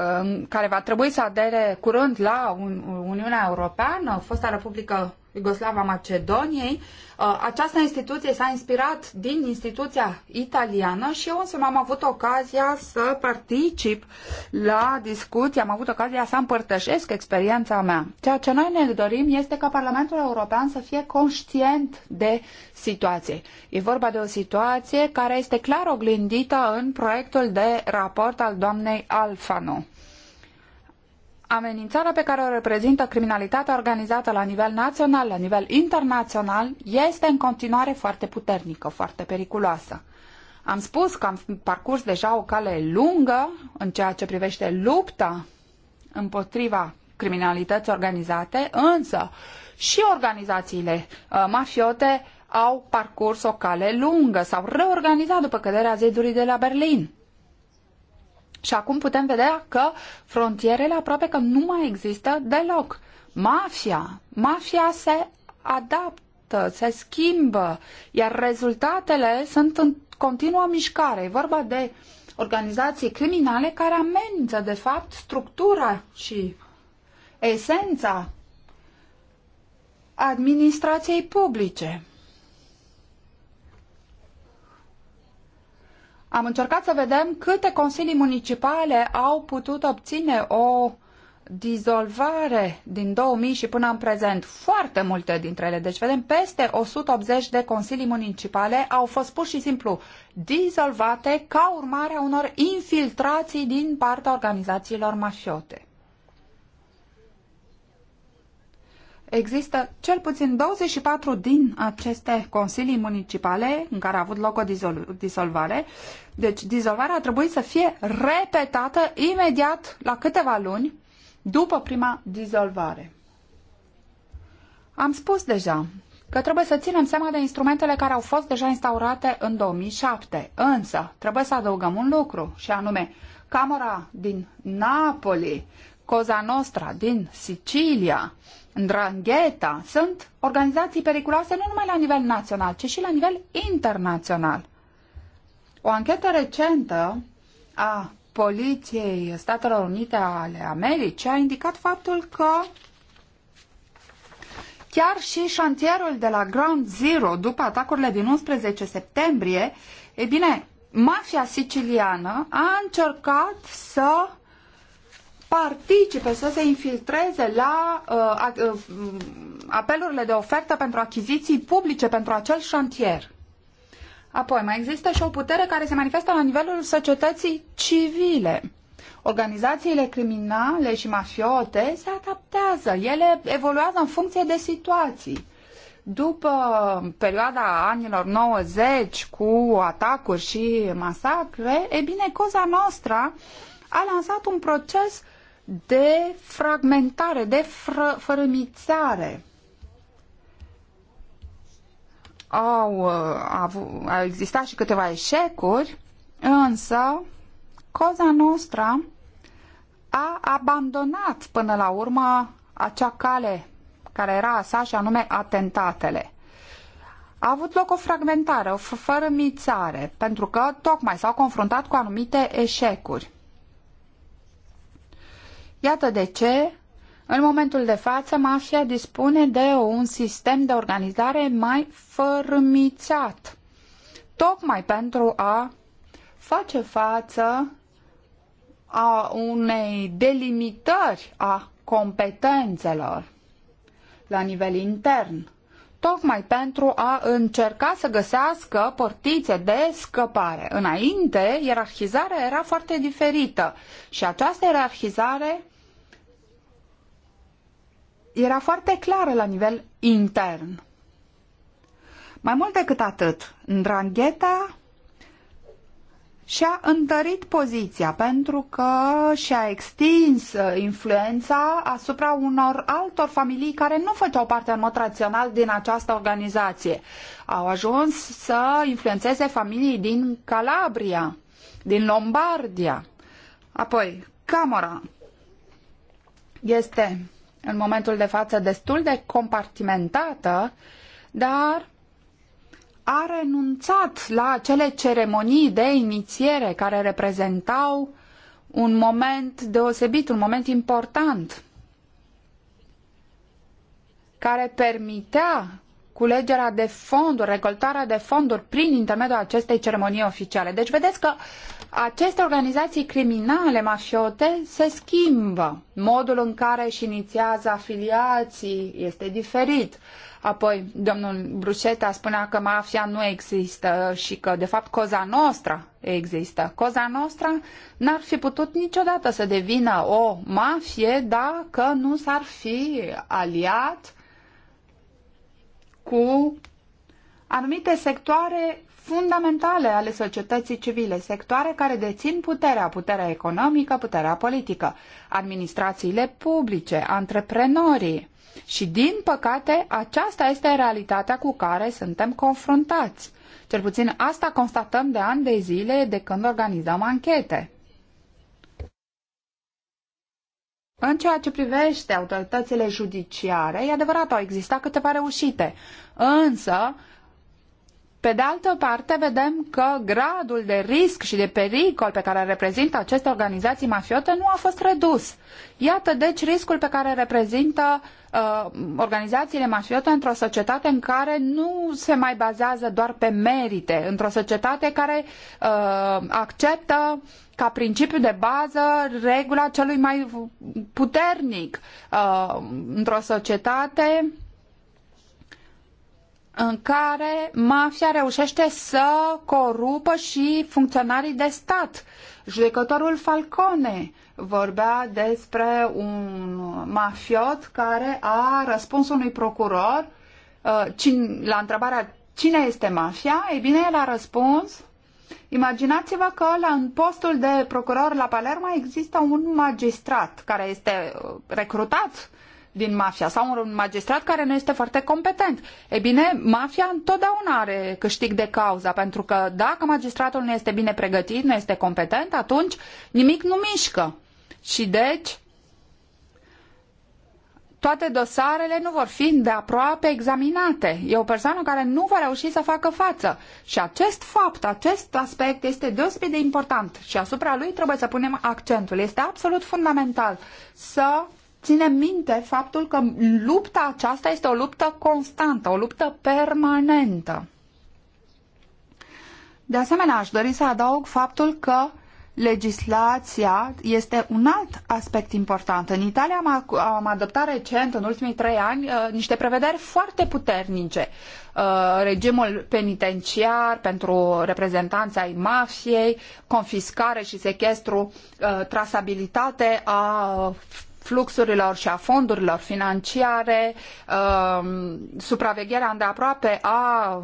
care va trebui să adere curând la Uniunea Europeană, fosta Republică Iugoslava Macedoniei. Uh, această instituție s-a inspirat din instituția italiană și eu însă am avut ocazia să particip la discuții, am avut ocazia să împărtășesc experiența mea. Ceea ce noi ne dorim este ca Parlamentul European să fie conștient de situație. E vorba de o situație care este clar oglindită în proiectul de raport al doamnei Alfano amenințarea pe care o reprezintă criminalitatea organizată la nivel național, la nivel internațional, este în continuare foarte puternică, foarte periculoasă. Am spus că am parcurs deja o cale lungă în ceea ce privește lupta împotriva criminalității organizate, însă și organizațiile uh, mafiote au parcurs o cale lungă, s-au reorganizat după căderea zidului de la Berlin. Și acum putem vedea că frontierele aproape că nu mai există deloc. Mafia, mafia se adaptă, se schimbă, iar rezultatele sunt în continuă mișcare. E vorba de organizații criminale care amenință, de fapt, structura și esența administrației publice. am încercat să vedem câte consilii municipale au putut obține o dizolvare din 2000 și până în prezent. Foarte multe dintre ele, deci vedem peste 180 de consilii municipale au fost pur și simplu dizolvate ca urmare a unor infiltrații din partea organizațiilor mafiote. există cel puțin 24 din aceste consilii municipale în care a avut loc o dizol dizolvare. Deci dizolvarea a trebuit să fie repetată imediat la câteva luni după prima dizolvare. Am spus deja că trebuie să ținem seama de instrumentele care au fost deja instaurate în 2007. Însă, trebuie să adăugăm un lucru, și anume, Camera din Napoli, Cosa Nostra din Sicilia, Ndrangheta sunt organizații periculoase nu numai la nivel național, ci și la nivel internațional. O anchetă recentă a Poliției Statelor Unite ale Americii a indicat faptul că chiar și șantierul de la Ground Zero după atacurile din 11 septembrie, e bine, mafia siciliană a încercat să participe, să se infiltreze la uh, uh, apelurile de ofertă pentru achiziții publice pentru acel șantier. Apoi, mai există și o putere care se manifestă la nivelul societății civile. Organizațiile criminale și mafiote se adaptează, ele evoluează în funcție de situații. După perioada anilor 90 cu atacuri și masacre, e bine, Coza Nostra a lansat un proces de fragmentare, de fr- fărâmițare. Au, uh, au, au existat și câteva eșecuri, însă Coza Nostra a abandonat până la urmă acea cale care era a sa și anume atentatele. A avut loc o fragmentare, o fărâmițare, pentru că tocmai s-au confruntat cu anumite eșecuri. Iată de ce, în momentul de față, mafia dispune de un sistem de organizare mai fărâmițat, tocmai pentru a face față a unei delimitări a competențelor la nivel intern, tocmai pentru a încerca să găsească portițe de scăpare. Înainte, ierarhizarea era foarte diferită și această ierarhizare era foarte clară la nivel intern. Mai mult decât atât, Ndrangheta și-a întărit poziția pentru că și-a extins uh, influența asupra unor altor familii care nu făceau parte în mod tradițional din această organizație. Au ajuns să influențeze familii din Calabria, din Lombardia. Apoi, Camera este în momentul de față destul de compartimentată, dar a renunțat la acele ceremonii de inițiere care reprezentau un moment deosebit, un moment important, care permitea culegerea de fonduri, recoltarea de fonduri prin intermediul acestei ceremonii oficiale. Deci vedeți că aceste organizații criminale mafiote se schimbă. Modul în care își inițiază afiliații este diferit. Apoi, domnul Brușeta spunea că mafia nu există și că, de fapt, Coza noastră există. Coza noastră n-ar fi putut niciodată să devină o mafie dacă nu s-ar fi aliat cu anumite sectoare fundamentale ale societății civile, sectoare care dețin puterea, puterea economică, puterea politică, administrațiile publice, antreprenorii. Și, din păcate, aceasta este realitatea cu care suntem confruntați. Cel puțin asta constatăm de ani de zile de când organizăm anchete. În ceea ce privește autoritățile judiciare, e adevărat, au existat câteva reușite, însă pe de altă parte, vedem că gradul de risc și de pericol pe care îl reprezintă aceste organizații mafiote nu a fost redus. Iată, deci, riscul pe care îl reprezintă uh, organizațiile mafiote într-o societate în care nu se mai bazează doar pe merite, într-o societate care uh, acceptă ca principiu de bază regula celui mai puternic, uh, într-o societate uh, în care mafia reușește să corupă și funcționarii de stat. Judecătorul Falcone vorbea despre un mafiot care a răspuns unui procuror uh, la întrebarea cine este mafia, ei bine, el a răspuns Imaginați-vă că la, în postul de procuror la Palermo există un magistrat care este uh, recrutat uh, din mafia sau un magistrat care nu este foarte competent. E bine, mafia întotdeauna are câștig de cauza, pentru că dacă magistratul nu este bine pregătit, nu este competent, atunci nimic nu mișcă. Și deci, toate dosarele nu vor fi de aproape examinate. E o persoană care nu va reuși să facă față. Și acest fapt, acest aspect este deosebit de important și asupra lui trebuie să punem accentul. Este absolut fundamental să Ține minte faptul că lupta aceasta este o luptă constantă, o luptă permanentă. De asemenea, aș dori să adaug faptul că legislația este un alt aspect important. În Italia am, am adoptat recent, în ultimii trei ani, uh, niște prevederi foarte puternice. Uh, regimul penitenciar pentru reprezentanța ai mafiei, confiscare și sechestru, uh, trasabilitate a fluxurilor și a fondurilor financiare, um, supravegherea îndeaproape a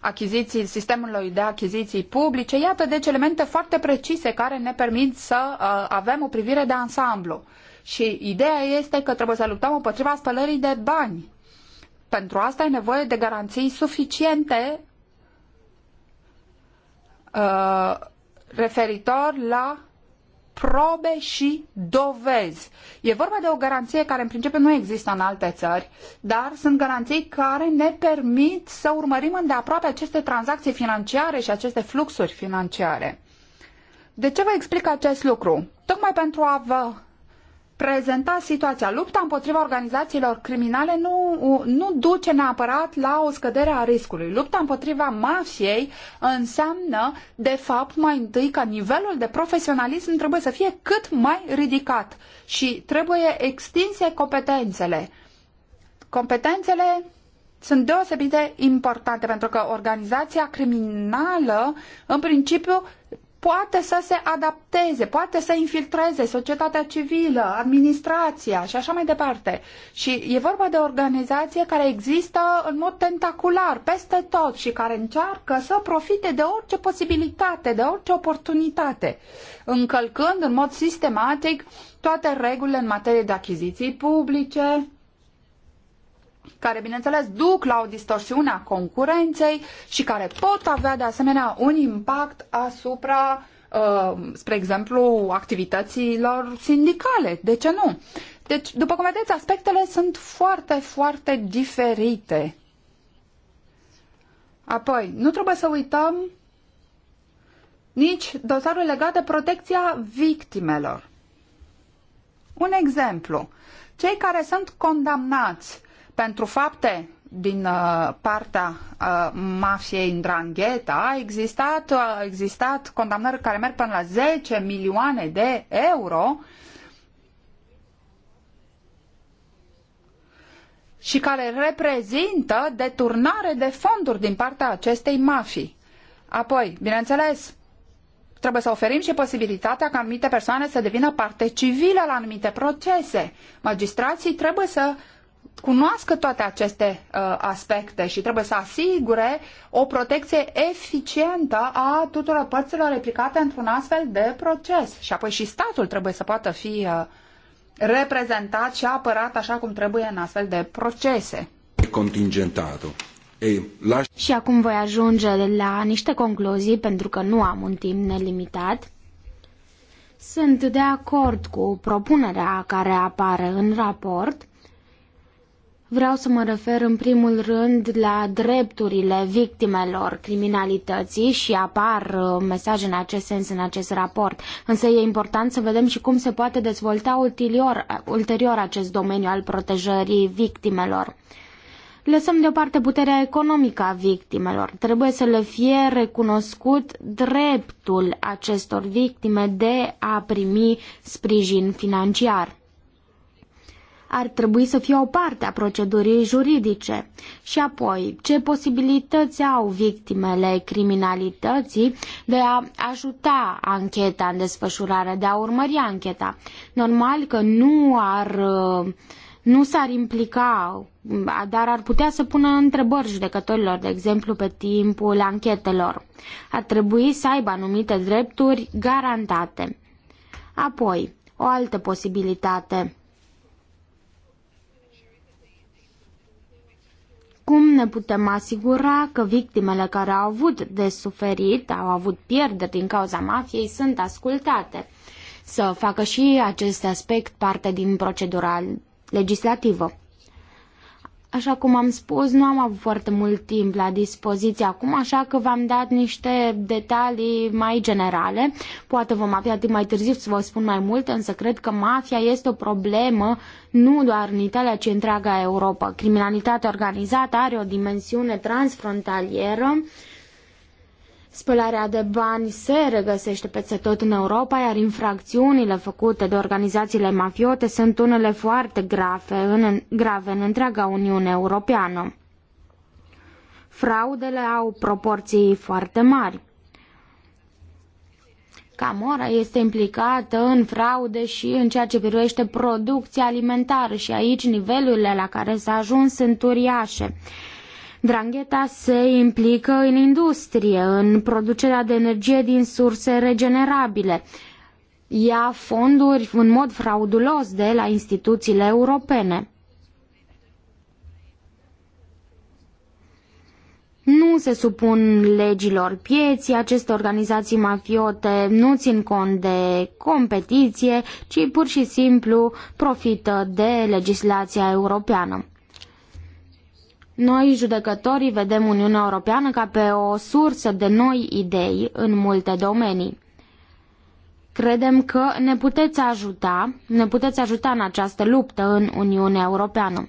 achiziții, sistemului de achiziții publice. Iată, deci, elemente foarte precise care ne permit să uh, avem o privire de ansamblu. Și ideea este că trebuie să luptăm împotriva spălării de bani. Pentru asta e nevoie de garanții suficiente uh, referitor la probe și dovezi. E vorba de o garanție care în principiu nu există în alte țări, dar sunt garanții care ne permit să urmărim îndeaproape aceste tranzacții financiare și aceste fluxuri financiare. De ce vă explic acest lucru? Tocmai pentru a vă prezenta situația. Lupta împotriva organizațiilor criminale nu, nu duce neapărat la o scădere a riscului. Lupta împotriva mafiei înseamnă, de fapt, mai întâi că nivelul de profesionalism trebuie să fie cât mai ridicat și trebuie extinse competențele. Competențele sunt deosebit de importante pentru că organizația criminală, în principiu, poate să se adapteze, poate să infiltreze societatea civilă, administrația și așa mai departe. Și e vorba de o organizație care există în mod tentacular peste tot și care încearcă să profite de orice posibilitate, de orice oportunitate, încălcând în mod sistematic toate regulile în materie de achiziții publice, care, bineînțeles, duc la o distorsiune a concurenței și care pot avea, de asemenea, un impact asupra, uh, spre exemplu, activităților sindicale. De ce nu? Deci, după cum vedeți, aspectele sunt foarte, foarte diferite. Apoi, nu trebuie să uităm nici dosarul legat de protecția victimelor. Un exemplu. Cei care sunt condamnați pentru fapte din uh, partea uh, mafiei Ndrangheta, a existat, uh, a existat condamnări care merg până la 10 milioane de euro și care reprezintă deturnare de fonduri din partea acestei mafii. Apoi, bineînțeles, trebuie să oferim și posibilitatea ca anumite persoane să devină parte civilă la anumite procese. Magistrații trebuie să cunoască toate aceste uh, aspecte și trebuie să asigure o protecție eficientă a tuturor părților implicate într-un astfel de proces. Și apoi și statul trebuie să poată fi uh, reprezentat și apărat așa cum trebuie în astfel de procese. Contingentatul. Ei, la... Și acum voi ajunge la niște concluzii, pentru că nu am un timp nelimitat. Sunt de acord cu propunerea care apare în raport Vreau să mă refer în primul rând la drepturile victimelor criminalității și apar uh, mesaje în acest sens în acest raport, însă e important să vedem și cum se poate dezvolta ulterior, ulterior acest domeniu al protejării victimelor. Lăsăm deoparte puterea economică a victimelor. Trebuie să le fie recunoscut dreptul acestor victime de a primi sprijin financiar ar trebui să fie o parte a procedurii juridice. Și apoi, ce posibilități au victimele criminalității de a ajuta ancheta în desfășurare, de a urmări ancheta? Normal că nu ar nu s-ar implica, dar ar putea să pună întrebări judecătorilor, de exemplu, pe timpul anchetelor. Ar trebui să aibă anumite drepturi garantate. Apoi, o altă posibilitate. Cum ne putem asigura că victimele care au avut de suferit, au avut pierderi din cauza mafiei, sunt ascultate? Să facă și acest aspect parte din procedura legislativă. Așa cum am spus, nu am avut foarte mult timp la dispoziție acum, așa că v-am dat niște detalii mai generale. Poate vom avea timp mai târziu să vă spun mai multe, însă cred că mafia este o problemă nu doar în Italia, ci întreaga Europa. Criminalitatea organizată are o dimensiune transfrontalieră Spălarea de bani se regăsește peste tot în Europa, iar infracțiunile făcute de organizațiile mafiote sunt unele foarte grave în, grave în întreaga Uniune Europeană. Fraudele au proporții foarte mari. Camora este implicată în fraude și în ceea ce privește producția alimentară și aici nivelurile la care s-a ajuns sunt uriașe. Drangheta se implică în industrie, în producerea de energie din surse regenerabile. Ia fonduri în mod fraudulos de la instituțiile europene. nu se supun legilor pieții, aceste organizații mafiote nu țin cont de competiție, ci pur și simplu profită de legislația europeană. Noi, judecătorii, vedem Uniunea Europeană ca pe o sursă de noi idei în multe domenii. Credem că ne puteți ajuta, ne puteți ajuta în această luptă în Uniunea Europeană.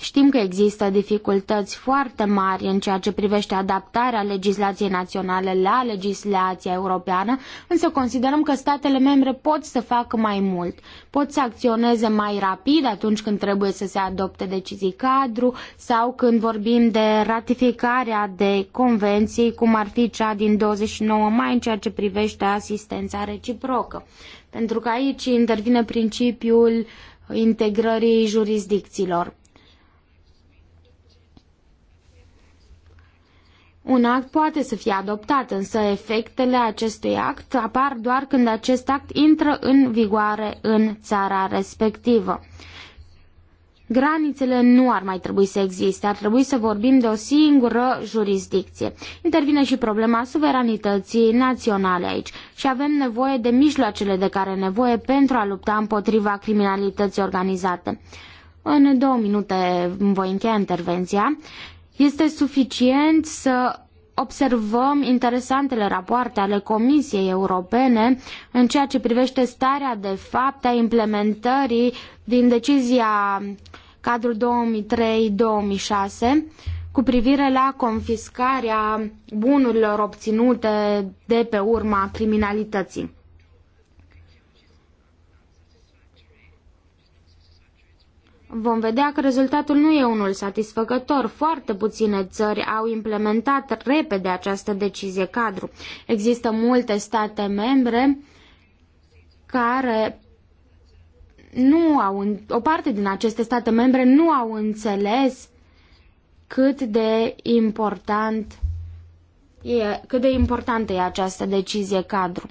Știm că există dificultăți foarte mari în ceea ce privește adaptarea legislației naționale la legislația europeană, însă considerăm că statele membre pot să facă mai mult, pot să acționeze mai rapid atunci când trebuie să se adopte decizii cadru sau când vorbim de ratificarea de convenții, cum ar fi cea din 29 mai în ceea ce privește asistența reciprocă. Pentru că aici intervine principiul integrării jurisdicțiilor. Un act poate să fie adoptat, însă efectele acestui act apar doar când acest act intră în vigoare în țara respectivă. Granițele nu ar mai trebui să existe, ar trebui să vorbim de o singură jurisdicție. Intervine și problema suveranității naționale aici și avem nevoie de mijloacele de care nevoie pentru a lupta împotriva criminalității organizate. În două minute voi încheia intervenția. Este suficient să observăm interesantele rapoarte ale Comisiei Europene în ceea ce privește starea de fapt a implementării din decizia cadrul 2003-2006 cu privire la confiscarea bunurilor obținute de pe urma criminalității. vom vedea că rezultatul nu e unul satisfăcător. Foarte puține țări au implementat repede această decizie cadru. Există multe state membre care nu au, o parte din aceste state membre nu au înțeles cât de important e, cât de importantă e această decizie cadru.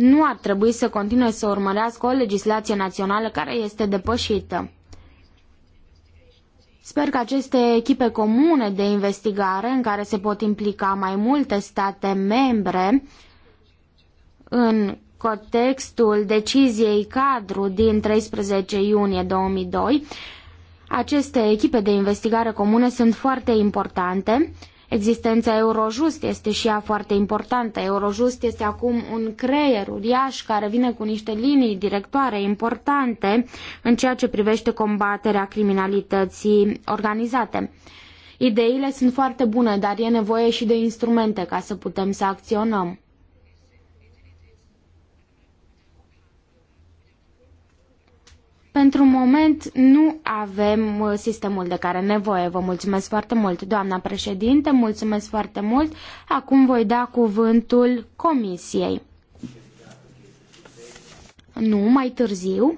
nu ar trebui să continue să urmărească o legislație națională care este depășită. Sper că aceste echipe comune de investigare, în care se pot implica mai multe state membre, în contextul deciziei cadru din 13 iunie 2002, aceste echipe de investigare comune sunt foarte importante Existența Eurojust este și ea foarte importantă. Eurojust este acum un creier uriaș care vine cu niște linii directoare importante în ceea ce privește combaterea criminalității organizate. Ideile sunt foarte bune, dar e nevoie și de instrumente ca să putem să acționăm. Pentru moment nu avem uh, sistemul de care nevoie. Vă mulțumesc foarte mult, doamna președinte, mulțumesc foarte mult. Acum voi da cuvântul comisiei. Nu, mai târziu. Și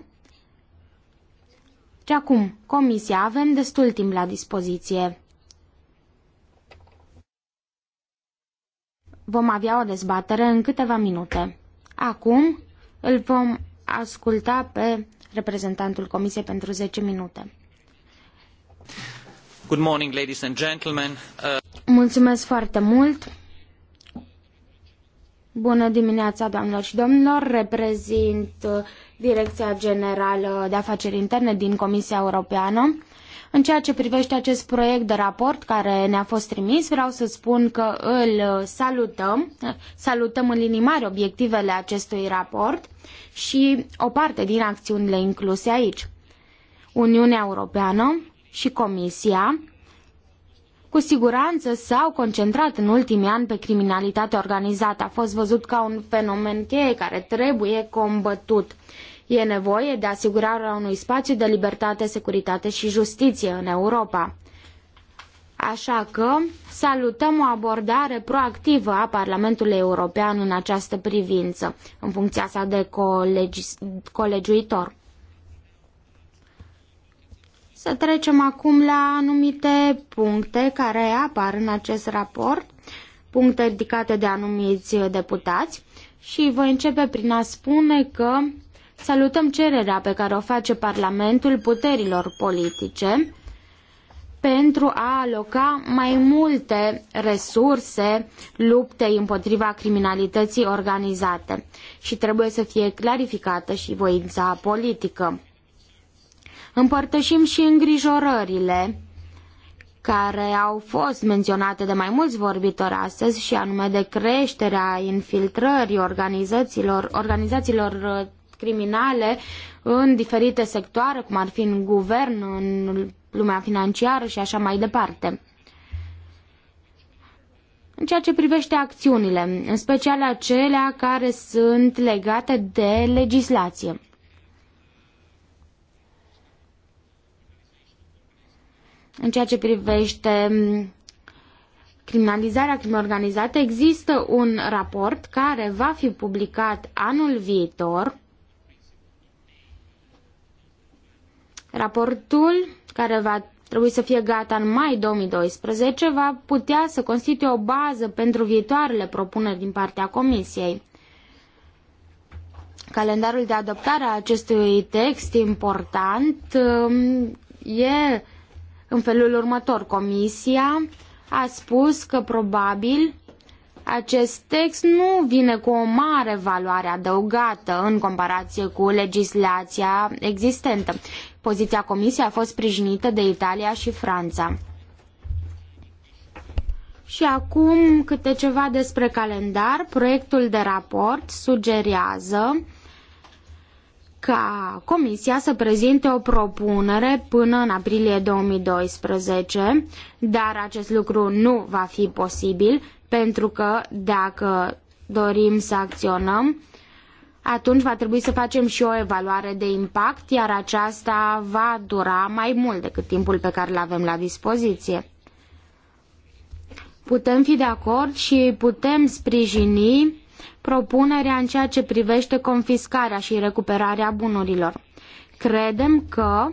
deci acum, comisia, avem destul timp la dispoziție. Vom avea o dezbatere în câteva minute. Acum îl vom asculta pe reprezentantul Comisiei pentru 10 minute. Good morning, ladies and gentlemen. Uh... Mulțumesc foarte mult. Bună dimineața, doamnelor și domnilor. Reprezint uh, Direcția Generală de Afaceri Interne din Comisia Europeană. În ceea ce privește acest proiect de raport care ne-a fost trimis, vreau să spun că îl salutăm, salutăm în linii mari obiectivele acestui raport și o parte din acțiunile incluse aici. Uniunea Europeană și Comisia cu siguranță s-au concentrat în ultimii ani pe criminalitatea organizată. A fost văzut ca un fenomen cheie care trebuie combătut. E nevoie de asigurarea unui spațiu de libertate, securitate și justiție în Europa. Așa că salutăm o abordare proactivă a Parlamentului European în această privință, în funcția sa de colegi, colegiuitor. Să trecem acum la anumite puncte care apar în acest raport, puncte ridicate de anumiți deputați și voi începe prin a spune că Salutăm cererea pe care o face Parlamentul puterilor politice pentru a aloca mai multe resurse luptei împotriva criminalității organizate și trebuie să fie clarificată și voința politică. Împărtășim și îngrijorările care au fost menționate de mai mulți vorbitori astăzi și anume de creșterea infiltrării organizațiilor, organizațiilor criminale în diferite sectoare, cum ar fi în guvern, în lumea financiară și așa mai departe. În ceea ce privește acțiunile, în special acelea care sunt legate de legislație. În ceea ce privește criminalizarea crimei organizate, există un raport care va fi publicat anul viitor Raportul, care va trebui să fie gata în mai 2012, va putea să constituie o bază pentru viitoarele propuneri din partea Comisiei. Calendarul de adoptare a acestui text important um, e în felul următor. Comisia a spus că probabil acest text nu vine cu o mare valoare adăugată în comparație cu legislația existentă. Poziția Comisiei a fost sprijinită de Italia și Franța. Și acum câte ceva despre calendar. Proiectul de raport sugerează ca Comisia să prezinte o propunere până în aprilie 2012, dar acest lucru nu va fi posibil pentru că dacă dorim să acționăm, atunci va trebui să facem și o evaluare de impact, iar aceasta va dura mai mult decât timpul pe care îl avem la dispoziție. Putem fi de acord și putem sprijini propunerea în ceea ce privește confiscarea și recuperarea bunurilor. Credem că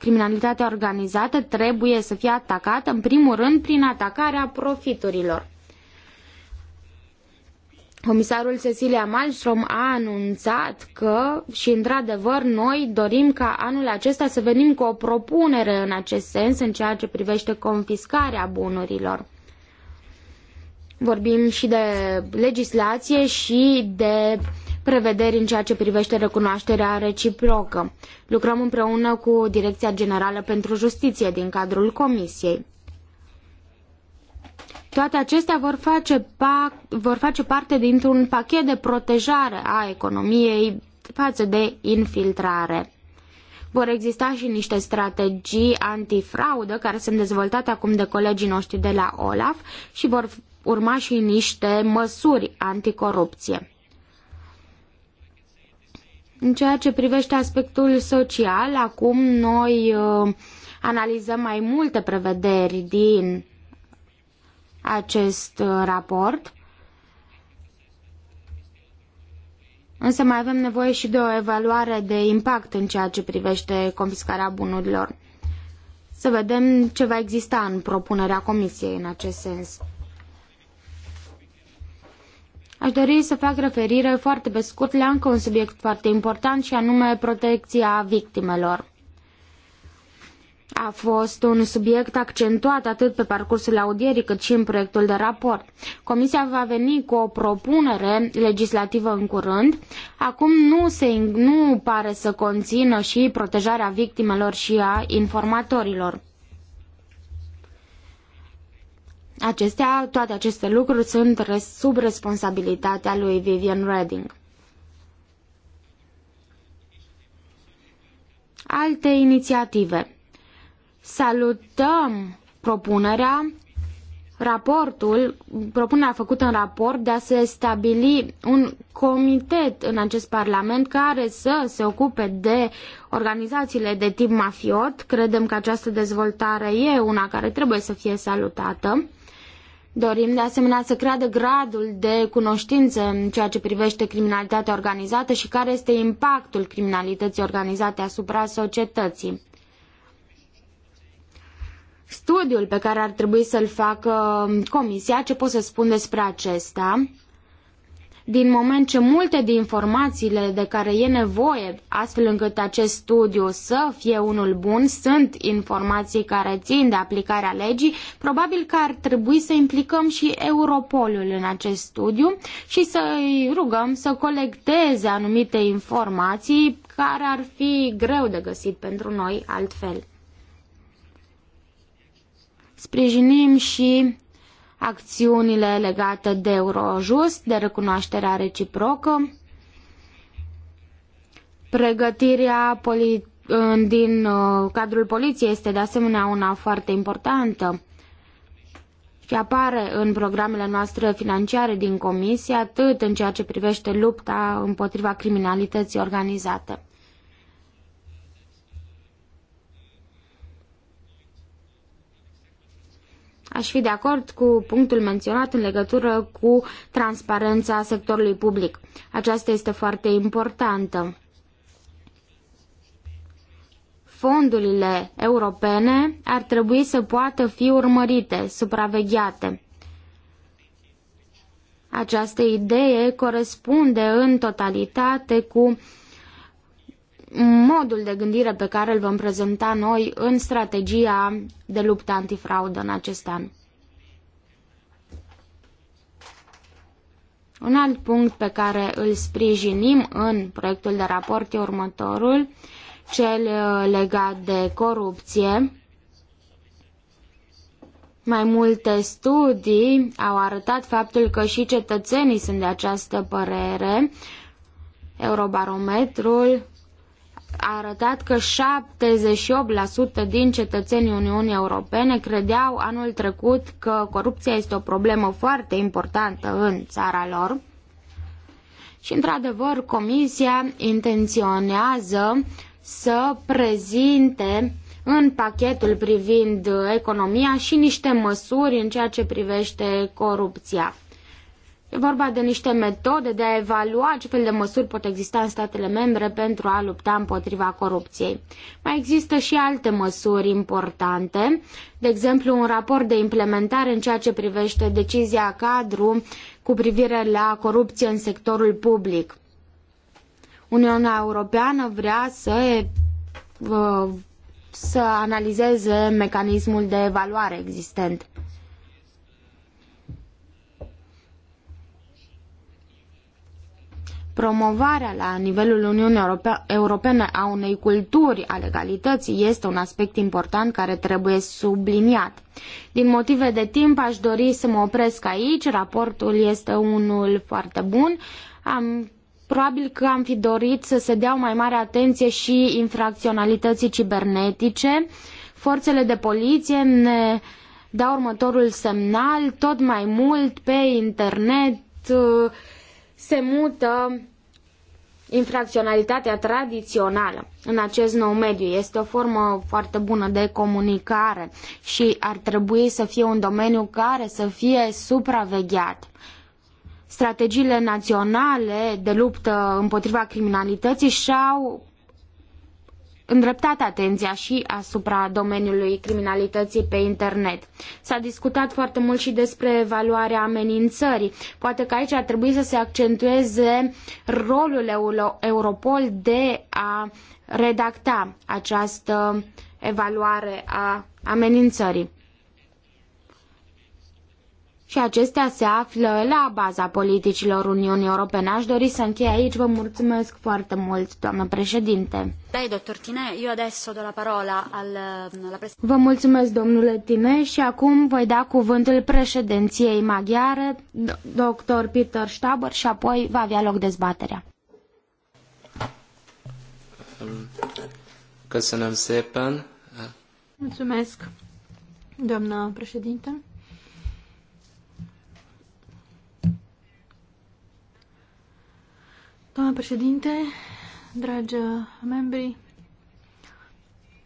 criminalitatea organizată trebuie să fie atacată în primul rând prin atacarea profiturilor. Comisarul Cecilia Malmström a anunțat că, și într-adevăr, noi dorim ca anul acesta să venim cu o propunere în acest sens în ceea ce privește confiscarea bunurilor. Vorbim și de legislație și de prevederi în ceea ce privește recunoașterea reciprocă. Lucrăm împreună cu Direcția Generală pentru Justiție din cadrul Comisiei. Toate acestea vor face, pa, vor face parte dintr-un pachet de protejare a economiei față de infiltrare. Vor exista și niște strategii antifraudă care sunt dezvoltate acum de colegii noștri de la OLAF și vor urma și niște măsuri anticorupție. În ceea ce privește aspectul social, acum noi uh, analizăm mai multe prevederi din acest uh, raport. Însă mai avem nevoie și de o evaluare de impact în ceea ce privește confiscarea bunurilor. Să vedem ce va exista în propunerea Comisiei în acest sens. Aș dori să fac referire foarte pe scurt la încă un subiect foarte important și anume protecția victimelor a fost un subiect accentuat atât pe parcursul audierii cât și în proiectul de raport. Comisia va veni cu o propunere legislativă în curând. Acum nu, se, nu pare să conțină și protejarea victimelor și a informatorilor. Acestea, toate aceste lucruri sunt sub responsabilitatea lui Vivian Redding. Alte inițiative Salutăm propunerea, raportul, propunerea făcută în raport de a se stabili un comitet în acest Parlament care să se ocupe de organizațiile de tip mafiot. Credem că această dezvoltare e una care trebuie să fie salutată. Dorim de asemenea să creadă gradul de cunoștință în ceea ce privește criminalitatea organizată și care este impactul criminalității organizate asupra societății. Studiul pe care ar trebui să-l facă comisia, ce pot să spun despre acesta? Din moment ce multe din informațiile de care e nevoie, astfel încât acest studiu să fie unul bun, sunt informații care țin de aplicarea legii, probabil că ar trebui să implicăm și Europolul în acest studiu și să-i rugăm să colecteze anumite informații care ar fi greu de găsit pentru noi altfel. Sprijinim și acțiunile legate de Eurojust, de recunoașterea reciprocă, pregătirea din uh, cadrul poliției este de asemenea una foarte importantă și apare în programele noastre financiare din comisie, atât în ceea ce privește lupta împotriva criminalității organizate. Aș fi de acord cu punctul menționat în legătură cu transparența sectorului public. Aceasta este foarte importantă. Fondurile europene ar trebui să poată fi urmărite, supravegheate. Această idee corespunde în totalitate cu modul de gândire pe care îl vom prezenta noi în strategia de luptă antifraudă în acest an. Un alt punct pe care îl sprijinim în proiectul de raport e următorul, cel uh, legat de corupție. Mai multe studii au arătat faptul că și cetățenii sunt de această părere. Eurobarometrul a arătat că 78% din cetățenii Uniunii Europene credeau anul trecut că corupția este o problemă foarte importantă în țara lor. Și, într-adevăr, Comisia intenționează să prezinte în pachetul privind economia și niște măsuri în ceea ce privește corupția. E vorba de niște metode de a evalua ce fel de măsuri pot exista în statele membre pentru a lupta împotriva corupției. Mai există și alte măsuri importante, de exemplu un raport de implementare în ceea ce privește decizia cadru cu privire la corupție în sectorul public. Uniunea Europeană vrea să, să analizeze mecanismul de evaluare existent. Promovarea la nivelul Uniunii Europene a unei culturi a legalității este un aspect important care trebuie subliniat. Din motive de timp aș dori să mă opresc aici. Raportul este unul foarte bun. Am probabil că am fi dorit să se dea o mai mare atenție și infracționalității cibernetice. Forțele de poliție ne dau următorul semnal, tot mai mult pe internet uh, se mută infracționalitatea tradițională în acest nou mediu. Este o formă foarte bună de comunicare și ar trebui să fie un domeniu care să fie supravegheat. Strategiile naționale de luptă împotriva criminalității și-au îndreptat atenția și asupra domeniului criminalității pe internet. S-a discutat foarte mult și despre evaluarea amenințării. Poate că aici ar trebui să se accentueze rolul Europol de a redacta această evaluare a amenințării și acestea se află la baza politicilor Uniunii Europene. Aș dori să închei aici. Vă mulțumesc foarte mult, doamnă președinte. Dai, doctor Tine, eu adesso do la parola al, la pres- Vă mulțumesc, domnule Tine, și acum voi da cuvântul președinției maghiare, doctor Peter Staber, și apoi va avea loc dezbaterea. Căsănăm Sepan. Mulțumesc, doamnă președinte. Doamna președinte, dragi membri,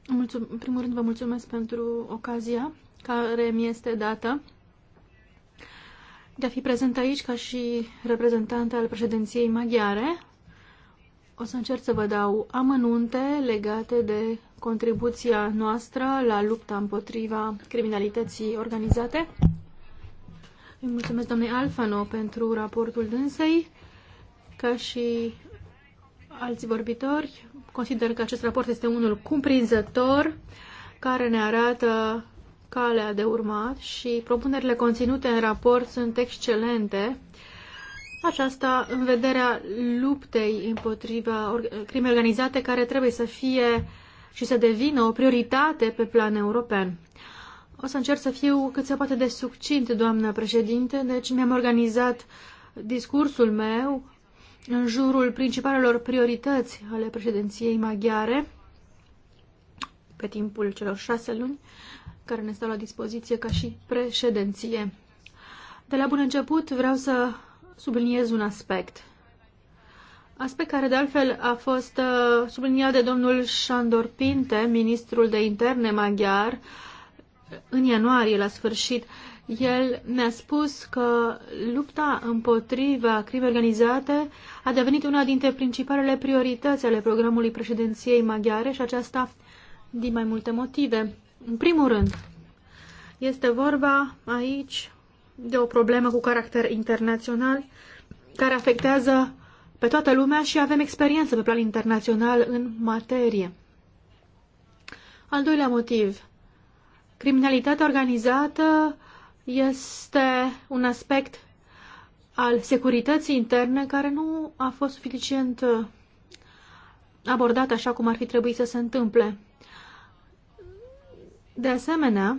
în primul rând vă mulțumesc pentru ocazia care mi este dată de a fi prezent aici ca și reprezentant al președinției maghiare. O să încerc să vă dau amănunte legate de contribuția noastră la lupta împotriva criminalității organizate. Îi mulțumesc doamnei Alfano pentru raportul dânsei ca și alți vorbitori, consider că acest raport este unul cumprinzător care ne arată calea de urmat și propunerile conținute în raport sunt excelente. Aceasta în vederea luptei împotriva crimei organizate care trebuie să fie și să devină o prioritate pe plan european. O să încerc să fiu cât se poate de succint, doamnă președinte, deci mi-am organizat discursul meu în jurul principalelor priorități ale președinției maghiare pe timpul celor șase luni care ne stau la dispoziție ca și președinție. De la bun început vreau să subliniez un aspect. Aspect care de altfel a fost uh, subliniat de domnul Șandor Pinte, ministrul de interne maghiar, în ianuarie la sfârșit el mi-a spus că lupta împotriva crimei organizate a devenit una dintre principalele priorități ale programului președinției maghiare și aceasta din mai multe motive. În primul rând, este vorba aici de o problemă cu caracter internațional care afectează pe toată lumea și avem experiență pe plan internațional în materie. Al doilea motiv, criminalitatea organizată este un aspect al securității interne care nu a fost suficient uh, abordat așa cum ar fi trebuit să se întâmple. De asemenea,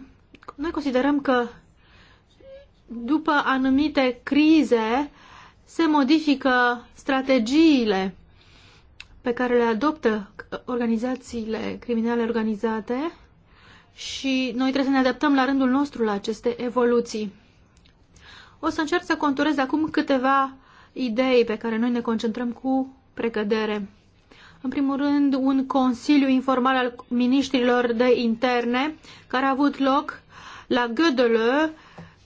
noi considerăm că după anumite crize se modifică strategiile pe care le adoptă organizațiile criminale organizate și noi trebuie să ne adaptăm la rândul nostru la aceste evoluții. O să încerc să conturez acum câteva idei pe care noi ne concentrăm cu precădere. În primul rând, un consiliu informal al ministrilor de interne care a avut loc la Gödelö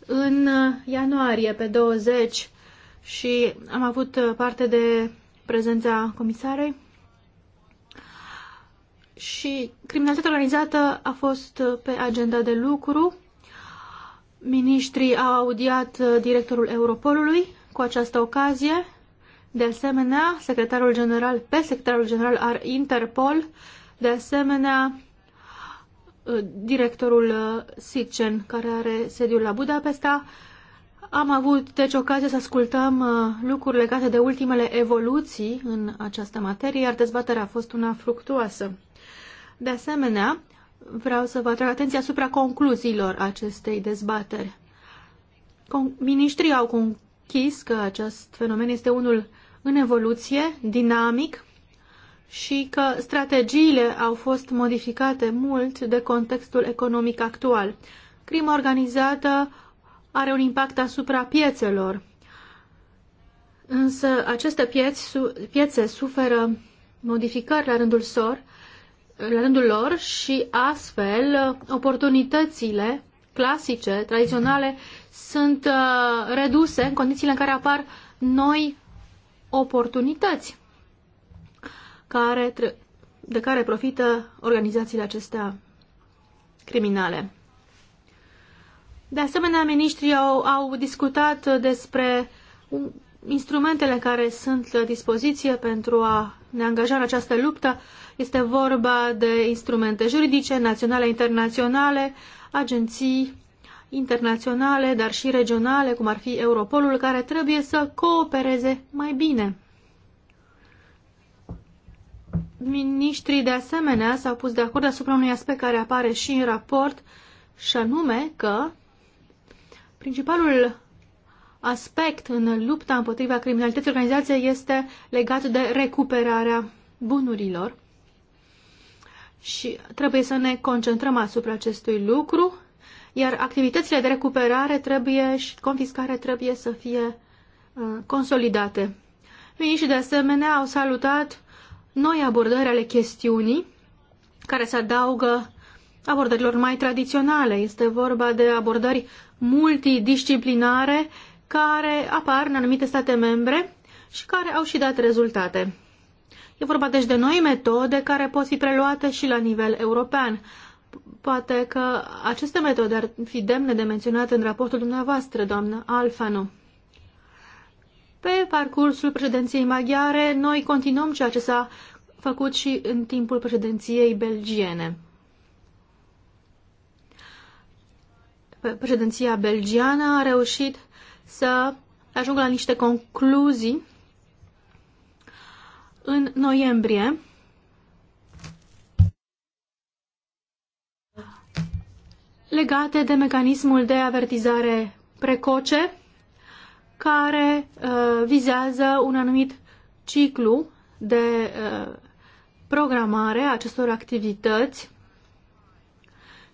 în ianuarie pe 20 și am avut parte de prezența comisarei și criminalitatea organizată a fost uh, pe agenda de lucru. Ministrii au audiat uh, directorul Europolului cu această ocazie. De asemenea, secretarul general, pe secretarul general al Interpol, de asemenea, uh, directorul SICEN, care are sediul la Budapesta. Am avut, deci, ocazia să ascultăm lucruri legate de ultimele evoluții în această materie, iar dezbaterea a fost una fructuoasă. De asemenea, vreau să vă atrag atenția asupra concluziilor acestei dezbateri. Con Ministrii au conchis că acest fenomen este unul în evoluție, dinamic și că strategiile au fost modificate mult de contextul economic actual. Crima organizată are un impact asupra piețelor, însă aceste pieți, piețe suferă modificări la rândul sor, la rândul lor și astfel uh, oportunitățile clasice, tradiționale, sunt uh, reduse în condițiile în care apar noi oportunități care de care profită organizațiile acestea criminale. De asemenea, ministrii au, au discutat despre instrumentele care sunt la dispoziție pentru a ne angaja în această luptă. Este vorba de instrumente juridice naționale, internaționale, agenții internaționale, dar și regionale, cum ar fi Europolul, care trebuie să coopereze mai bine. Ministrii de asemenea s-au pus de acord asupra unui aspect care apare și în raport, și anume că principalul aspect în lupta împotriva criminalității organizației este legat de recuperarea bunurilor și trebuie să ne concentrăm asupra acestui lucru, iar activitățile de recuperare trebuie și confiscare trebuie să fie uh, consolidate. Miniștrii de asemenea au salutat noi abordări ale chestiunii care se adaugă abordărilor mai tradiționale. Este vorba de abordări multidisciplinare care apar în anumite state membre și care au și dat rezultate. E vorba deci de noi metode care pot fi preluate și la nivel european. Poate că aceste metode ar fi demne de menționat în raportul dumneavoastră, doamnă Alfanu. Pe parcursul președinției maghiare, noi continuăm ceea ce s-a făcut și în timpul președinției belgiene. Președinția belgiană a reușit să ajungă la niște concluzii în noiembrie. legate de mecanismul de avertizare precoce care uh, vizează un anumit ciclu de uh, programare a acestor activități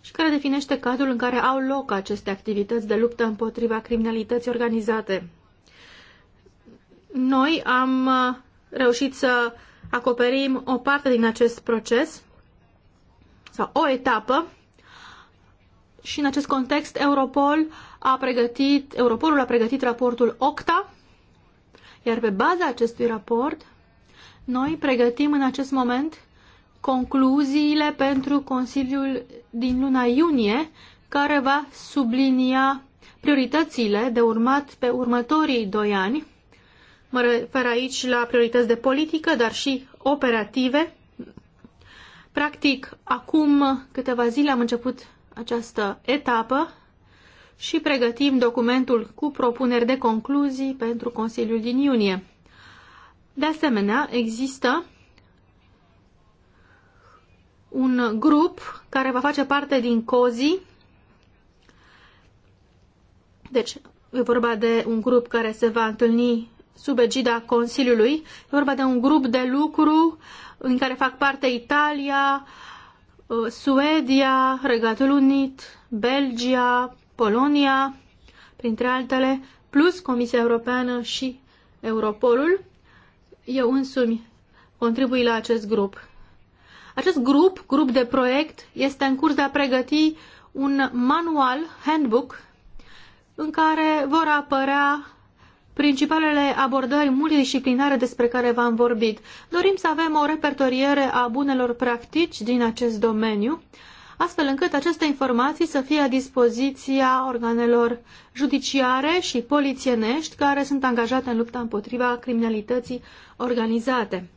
și care definește cadrul în care au loc aceste activități de luptă împotriva criminalității organizate. Noi am uh, reușit să acoperim o parte din acest proces sau o etapă și în acest context Europol a pregătit, Europolul a pregătit raportul OCTA, iar pe baza acestui raport noi pregătim în acest moment concluziile pentru Consiliul din luna iunie, care va sublinia prioritățile de urmat pe următorii doi ani Mă refer aici la priorități de politică, dar și operative. Practic, acum câteva zile am început această etapă și pregătim documentul cu propuneri de concluzii pentru Consiliul din iunie. De asemenea, există un grup care va face parte din COZI. Deci, e vorba de un grup care se va întâlni sub egida Consiliului. E vorba de un grup de lucru în care fac parte Italia, uh, Suedia, Regatul Unit, Belgia, Polonia, printre altele, plus Comisia Europeană și Europolul. Eu însumi contribui la acest grup. Acest grup, grup de proiect, este în curs de a pregăti un manual, handbook, în care vor apărea principalele abordări multidisciplinare despre care v-am vorbit. Dorim să avem o repertoriere a bunelor practici din acest domeniu, astfel încât aceste informații să fie la dispoziția organelor judiciare și polițienești care sunt angajate în lupta împotriva criminalității organizate.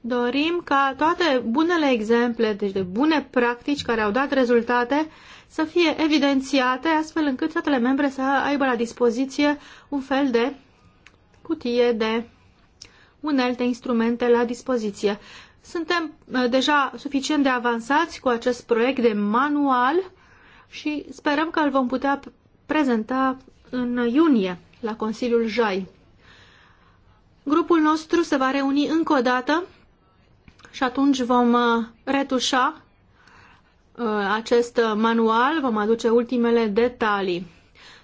Dorim ca toate bunele exemple, deci de bune practici care au dat rezultate, să fie evidențiate astfel încât statele membre să aibă la dispoziție un fel de cutie de unelte, instrumente la dispoziție. Suntem uh, deja suficient de avansați cu acest proiect de manual și sperăm că îl vom putea prezenta în iunie la Consiliul JAI. Grupul nostru se va reuni încă o dată și atunci vom uh, retușa Uh, acest manual, vom aduce ultimele detalii.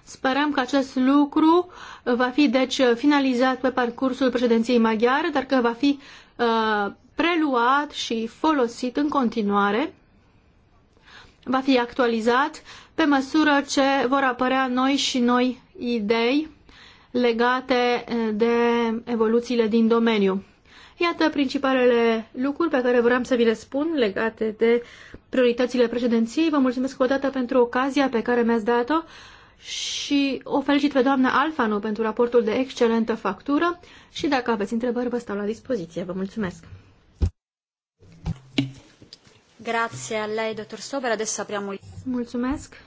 Sperăm că acest lucru uh, va fi deci uh, finalizat pe parcursul președinției maghiare, dar că va fi preluat și folosit în continuare, va fi actualizat pe măsură ce vor apărea noi și noi idei legate de evoluțiile din domeniu. Iată principalele lucruri pe care vreau să vi le spun legate de prioritățile președinției. Vă mulțumesc o dată pentru ocazia pe care mi-ați dat-o și o felicit pe doamna Alfano pentru raportul de excelentă factură și dacă aveți întrebări, vă stau la dispoziție. Vă mulțumesc! Grazie a lei, dottor Sober. Adesso apriamo il... Mulțumesc.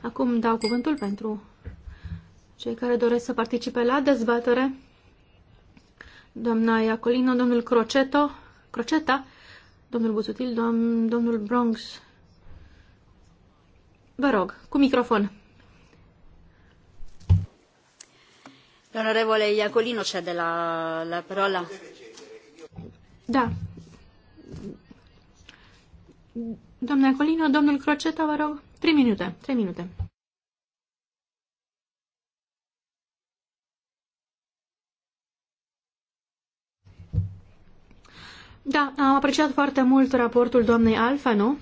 Acum dau cuvântul pentru cei care doresc să participe la dezbatere doamna Iacolino, domnul Croceto, Croceta, domnul Buzutil, dom domnul Bronx. Vă rog, cu microfon. L'onorevole Iacolino cede la, la parola. Da. Doamna Iacolino, domnul Croceta, vă rog, trei minute, trei minute. Da, am apreciat foarte mult raportul doamnei nu?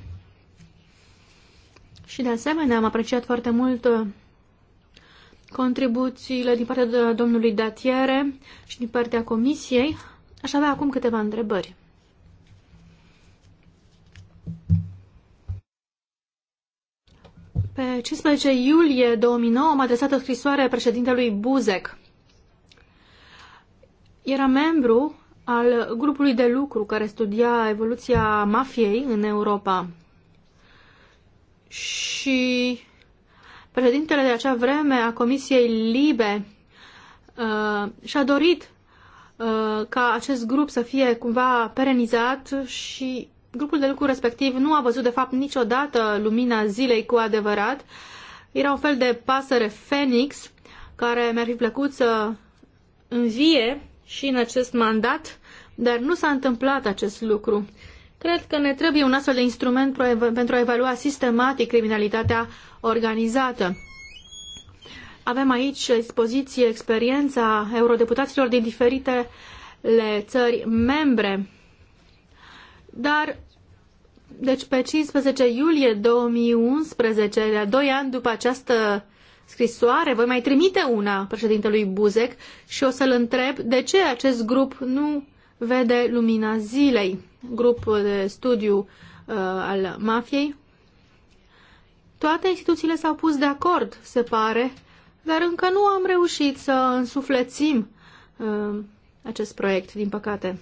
și de asemenea am apreciat foarte mult uh, contribuțiile din partea domnului Datiere și din partea comisiei. Aș avea acum câteva întrebări. Pe 15 iulie 2009 am adresat o scrisoare președintelui Buzek. Era membru al grupului de lucru care studia evoluția mafiei în Europa. Și președintele de acea vreme a Comisiei Libe uh, și-a dorit uh, ca acest grup să fie cumva perenizat și grupul de lucru respectiv nu a văzut de fapt niciodată lumina zilei cu adevărat. Era un fel de pasăre Phoenix care mi-ar fi plăcut să învie și în acest mandat, dar nu s-a întâmplat acest lucru. Cred că ne trebuie un astfel de instrument pentru a evalua sistematic criminalitatea organizată. Avem aici expoziție experiența eurodeputaților din diferitele țări membre. Dar, deci pe 15 iulie 2011, la doi ani după această scrisoare, voi mai trimite una președintelui Buzek și o să-l întreb de ce acest grup nu vede lumina zilei, grup de studiu uh, al mafiei. Toate instituțiile s-au pus de acord, se pare, dar încă nu am reușit să însuflețim uh, acest proiect, din păcate.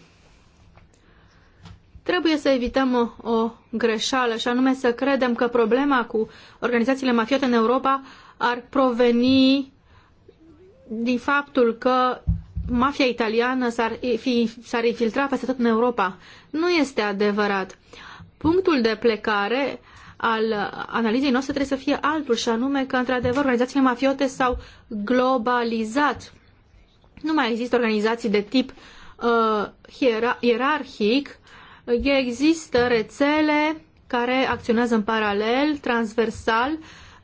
Trebuie să evităm o, o greșeală, și anume să credem că problema cu organizațiile mafiote în Europa uh, ar proveni din faptul că mafia italiană s-ar, fi, s-ar infiltra peste tot în Europa. Nu este adevărat. Punctul de plecare al analizei noastre trebuie să fie altul și anume că, într-adevăr, organizațiile mafiote s-au globalizat. Nu mai există organizații de tip uh, ierarhic, există rețele care acționează în paralel, transversal, uh,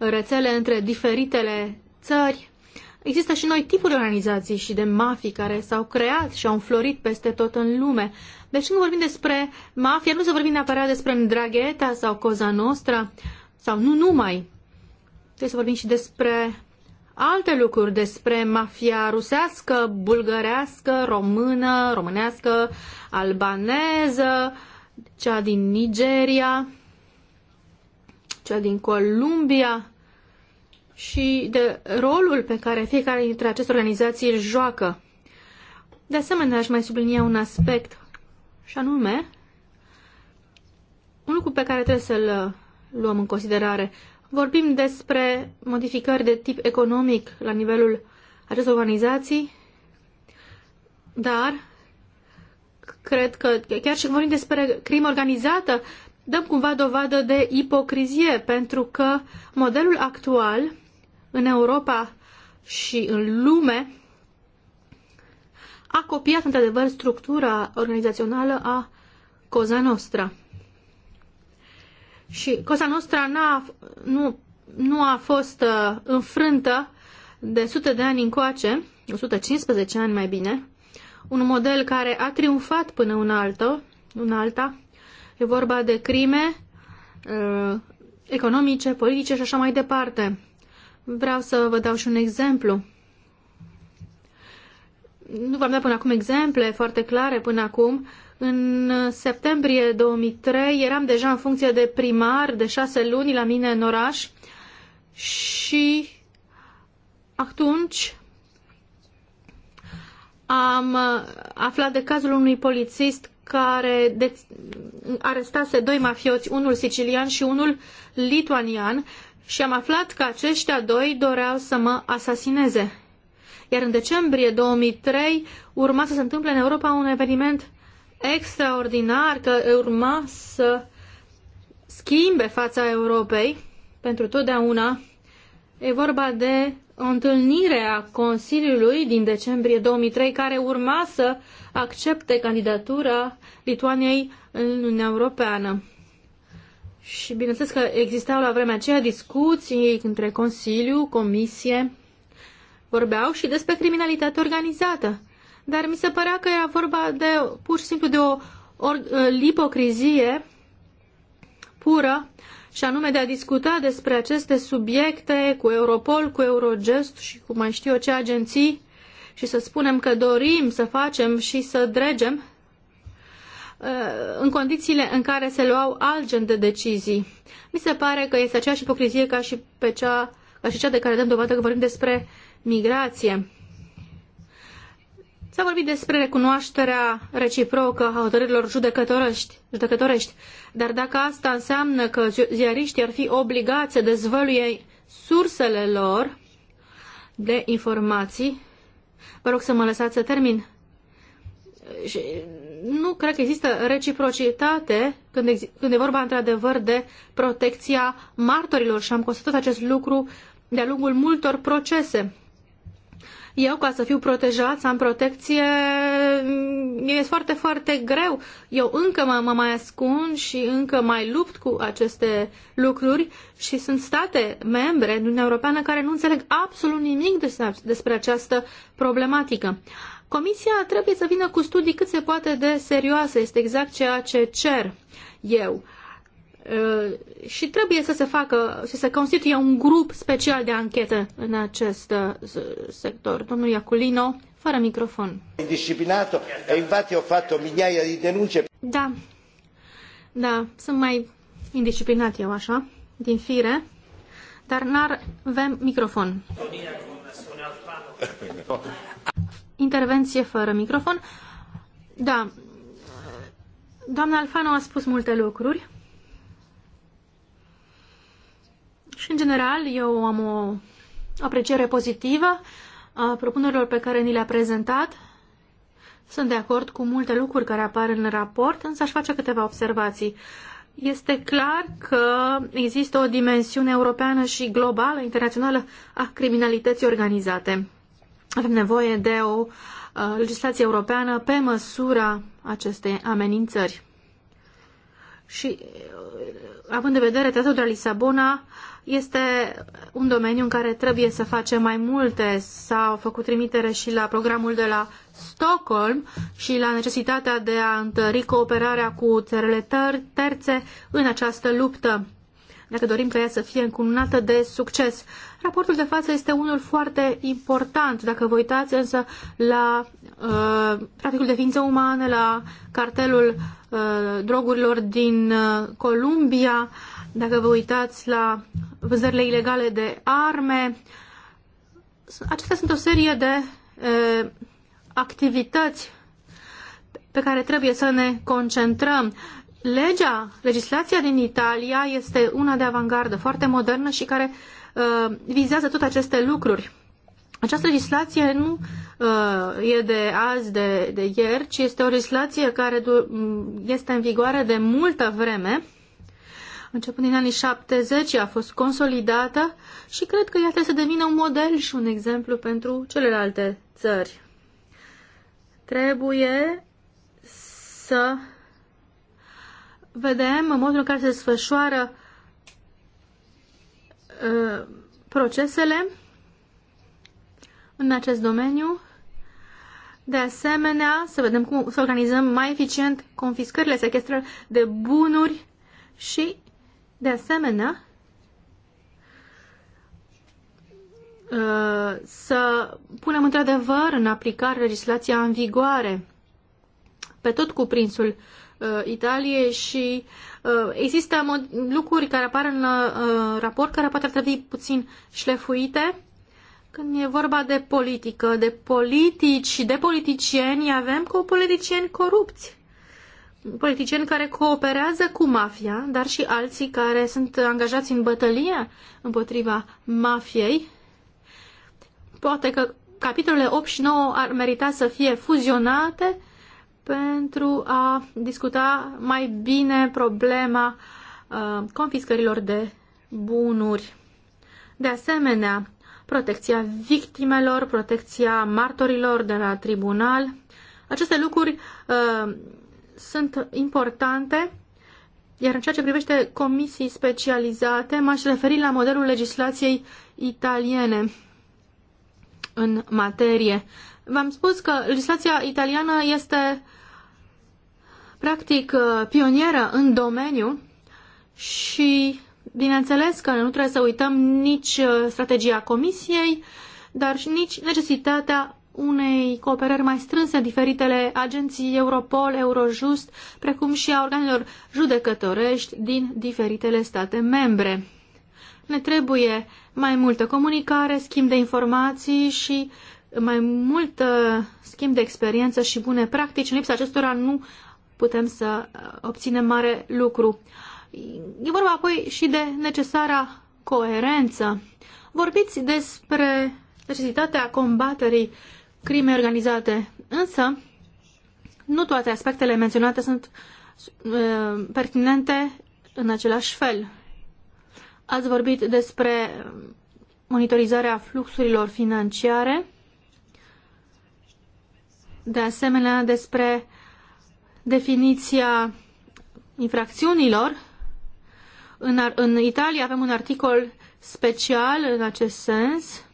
rețele între diferitele țări. Există și noi tipuri de organizații și de mafii care s-au creat și au înflorit peste tot în lume. Deci când vorbim despre mafie, nu se vorbim neapărat despre Ndragheta sau Coza Nostra, sau nu numai. Trebuie să vorbim și despre alte lucruri, despre mafia rusească, bulgărească, română, românească, albaneză, cea din Nigeria cea din Columbia și de rolul pe care fiecare dintre aceste organizații îl joacă. De asemenea, aș mai sublinia un aspect, și anume, un lucru pe care trebuie să-l uh, luăm în considerare. Vorbim despre modificări de tip economic la nivelul acestor organizații, dar cred că chiar și vorbim despre crimă organizată, dăm cumva dovadă de ipocrizie, pentru că modelul actual în Europa și în lume a copiat într-adevăr structura organizațională a Cosa Nostra. Și Cosa Nostra a nu, nu a fost uh, înfrântă de sute de ani încoace, 115 ani mai bine, un model care a triumfat până în altă, în alta E vorba de crime economice, politice și așa mai departe. Vreau să vă dau și un exemplu. Nu v-am dat până acum exemple foarte clare până acum. În septembrie 2003 eram deja în funcție de primar de șase luni la mine în oraș și atunci am aflat de cazul unui polițist care de- arestase doi mafioți, unul sicilian și unul lituanian, și am aflat că aceștia doi doreau să mă asasineze. Iar în decembrie 2003 urma să se întâmple în Europa un eveniment extraordinar, că urma să schimbe fața Europei pentru totdeauna. E vorba de întâlnirea Consiliului din decembrie 2003 care urma să accepte candidatura Lituaniei în Uniunea Europeană. Și bineînțeles că existau la vremea aceea discuții între Consiliu, Comisie, vorbeau și despre criminalitate organizată. Dar mi se părea că era vorba de pur și simplu de o or, lipocrizie pură și anume de a discuta despre aceste subiecte cu Europol, cu Eurogest și cu mai știu eu ce agenții și să spunem că dorim să facem și să dregem uh, în condițiile în care se luau alt gen de decizii. Mi se pare că este aceeași ipocrizie ca și, pe cea, ca și cea de care dăm dovadă că vorbim despre migrație. S-a vorbit despre recunoașterea reciprocă a hotărârilor judecătorești, judecătorești, dar dacă asta înseamnă că ziariștii ar fi obligați să dezvăluie sursele lor de informații, vă rog să mă lăsați să termin. Nu cred că există reciprocitate când, ex- când e vorba într-adevăr de protecția martorilor și am constatat acest lucru de-a lungul multor procese. Eu, ca să fiu protejat, să am protecție, mi-e foarte, foarte greu. Eu încă mă, mă mai ascund și încă mai lupt cu aceste lucruri și sunt state membre din Uniunea Europeană care nu înțeleg absolut nimic despre, despre această problematică. Comisia trebuie să vină cu studii cât se poate de serioase, este exact ceea ce cer eu. Uh, Uh, și trebuie să se facă, să se constituie un grup special de anchetă în acest uh, sector. Domnul Iaculino, fără microfon. Indisciplinato, e infatti ho fatto migliaia di denunce. Da, da, sunt mai indisciplinat eu așa, din fire, dar n-ar avem microfon. Intervenție fără microfon. Da, doamna Alfano a spus multe lucruri Și, în general, eu am o apreciere pozitivă a propunerilor pe care ni le-a prezentat. Sunt de acord cu multe lucruri care apar în raport, însă aș face câteva observații. Este clar că există o dimensiune europeană și globală, internațională, a criminalității organizate. Avem nevoie de o uh, legislație europeană pe măsura acestei amenințări. Și, uh, având în vedere tratatul de la Lisabona, uh, este un domeniu în care trebuie să facem mai multe. S-au făcut trimitere și la programul de la Stockholm și la necesitatea de a întări cooperarea cu țările terțe în această luptă dacă dorim ca ea să fie încununată de succes. Raportul de față este unul foarte important. Dacă vă uitați însă la uh, traficul de ființe umane, la cartelul uh, drogurilor din uh, Columbia, uh, dacă vă uitați la vânzările ilegale de arme, acestea sunt o serie de e, activități pe care trebuie să ne concentrăm. Legea, legislația din Italia este una de avangardă, foarte modernă și care uh, vizează tot aceste lucruri. Această legislație nu uh, e de azi, de, de ieri, ci este o legislație care este în vigoare de multă vreme începând din anii 70, a fost consolidată și cred că ea trebuie să devină un model și un exemplu pentru celelalte țări. Trebuie să vedem în modul în care se desfășoară uh, procesele în acest domeniu. De asemenea, să vedem cum să organizăm mai eficient confiscările, sequestrări de bunuri și de asemenea, uh, să punem într-adevăr în aplicare legislația în vigoare pe tot cuprinsul uh, Italiei și uh, există lucruri care apar în raport care poate ar trebui puțin șlefuite. Când e vorba de politică, de politici, și de politicieni, avem cu politicieni corupți politicieni care cooperează cu mafia, dar și alții care sunt angajați în bătălie împotriva mafiei. Poate că capitolele 8 și 9 ar merita să fie fuzionate pentru a discuta mai bine problema uh, confiscărilor de bunuri. De asemenea, protecția victimelor, protecția martorilor de la tribunal. Aceste lucruri uh, sunt importante, iar în ceea ce privește comisii specializate, m-aș referi la modelul legislației italiene în materie. V-am spus că legislația italiană este practic pionieră în domeniu și bineînțeles că nu trebuie să uităm nici uh, strategia comisiei, dar și nici necesitatea unei cooperări mai strânse în diferitele agenții Europol, Eurojust, precum și a organelor judecătorești din diferitele state membre. Ne trebuie mai multă comunicare, schimb de informații și mai mult schimb de experiență și bune practici. În lipsa acestora nu putem să uh, obținem mare lucru. E vorba apoi și de necesara coerență. Vorbiți despre necesitatea combaterii uh, crime organizate. Însă, nu toate aspectele menționate sunt uh, pertinente în același fel. Ați vorbit despre monitorizarea fluxurilor financiare, de asemenea despre definiția infracțiunilor. În, în Italia avem un articol special în acest sens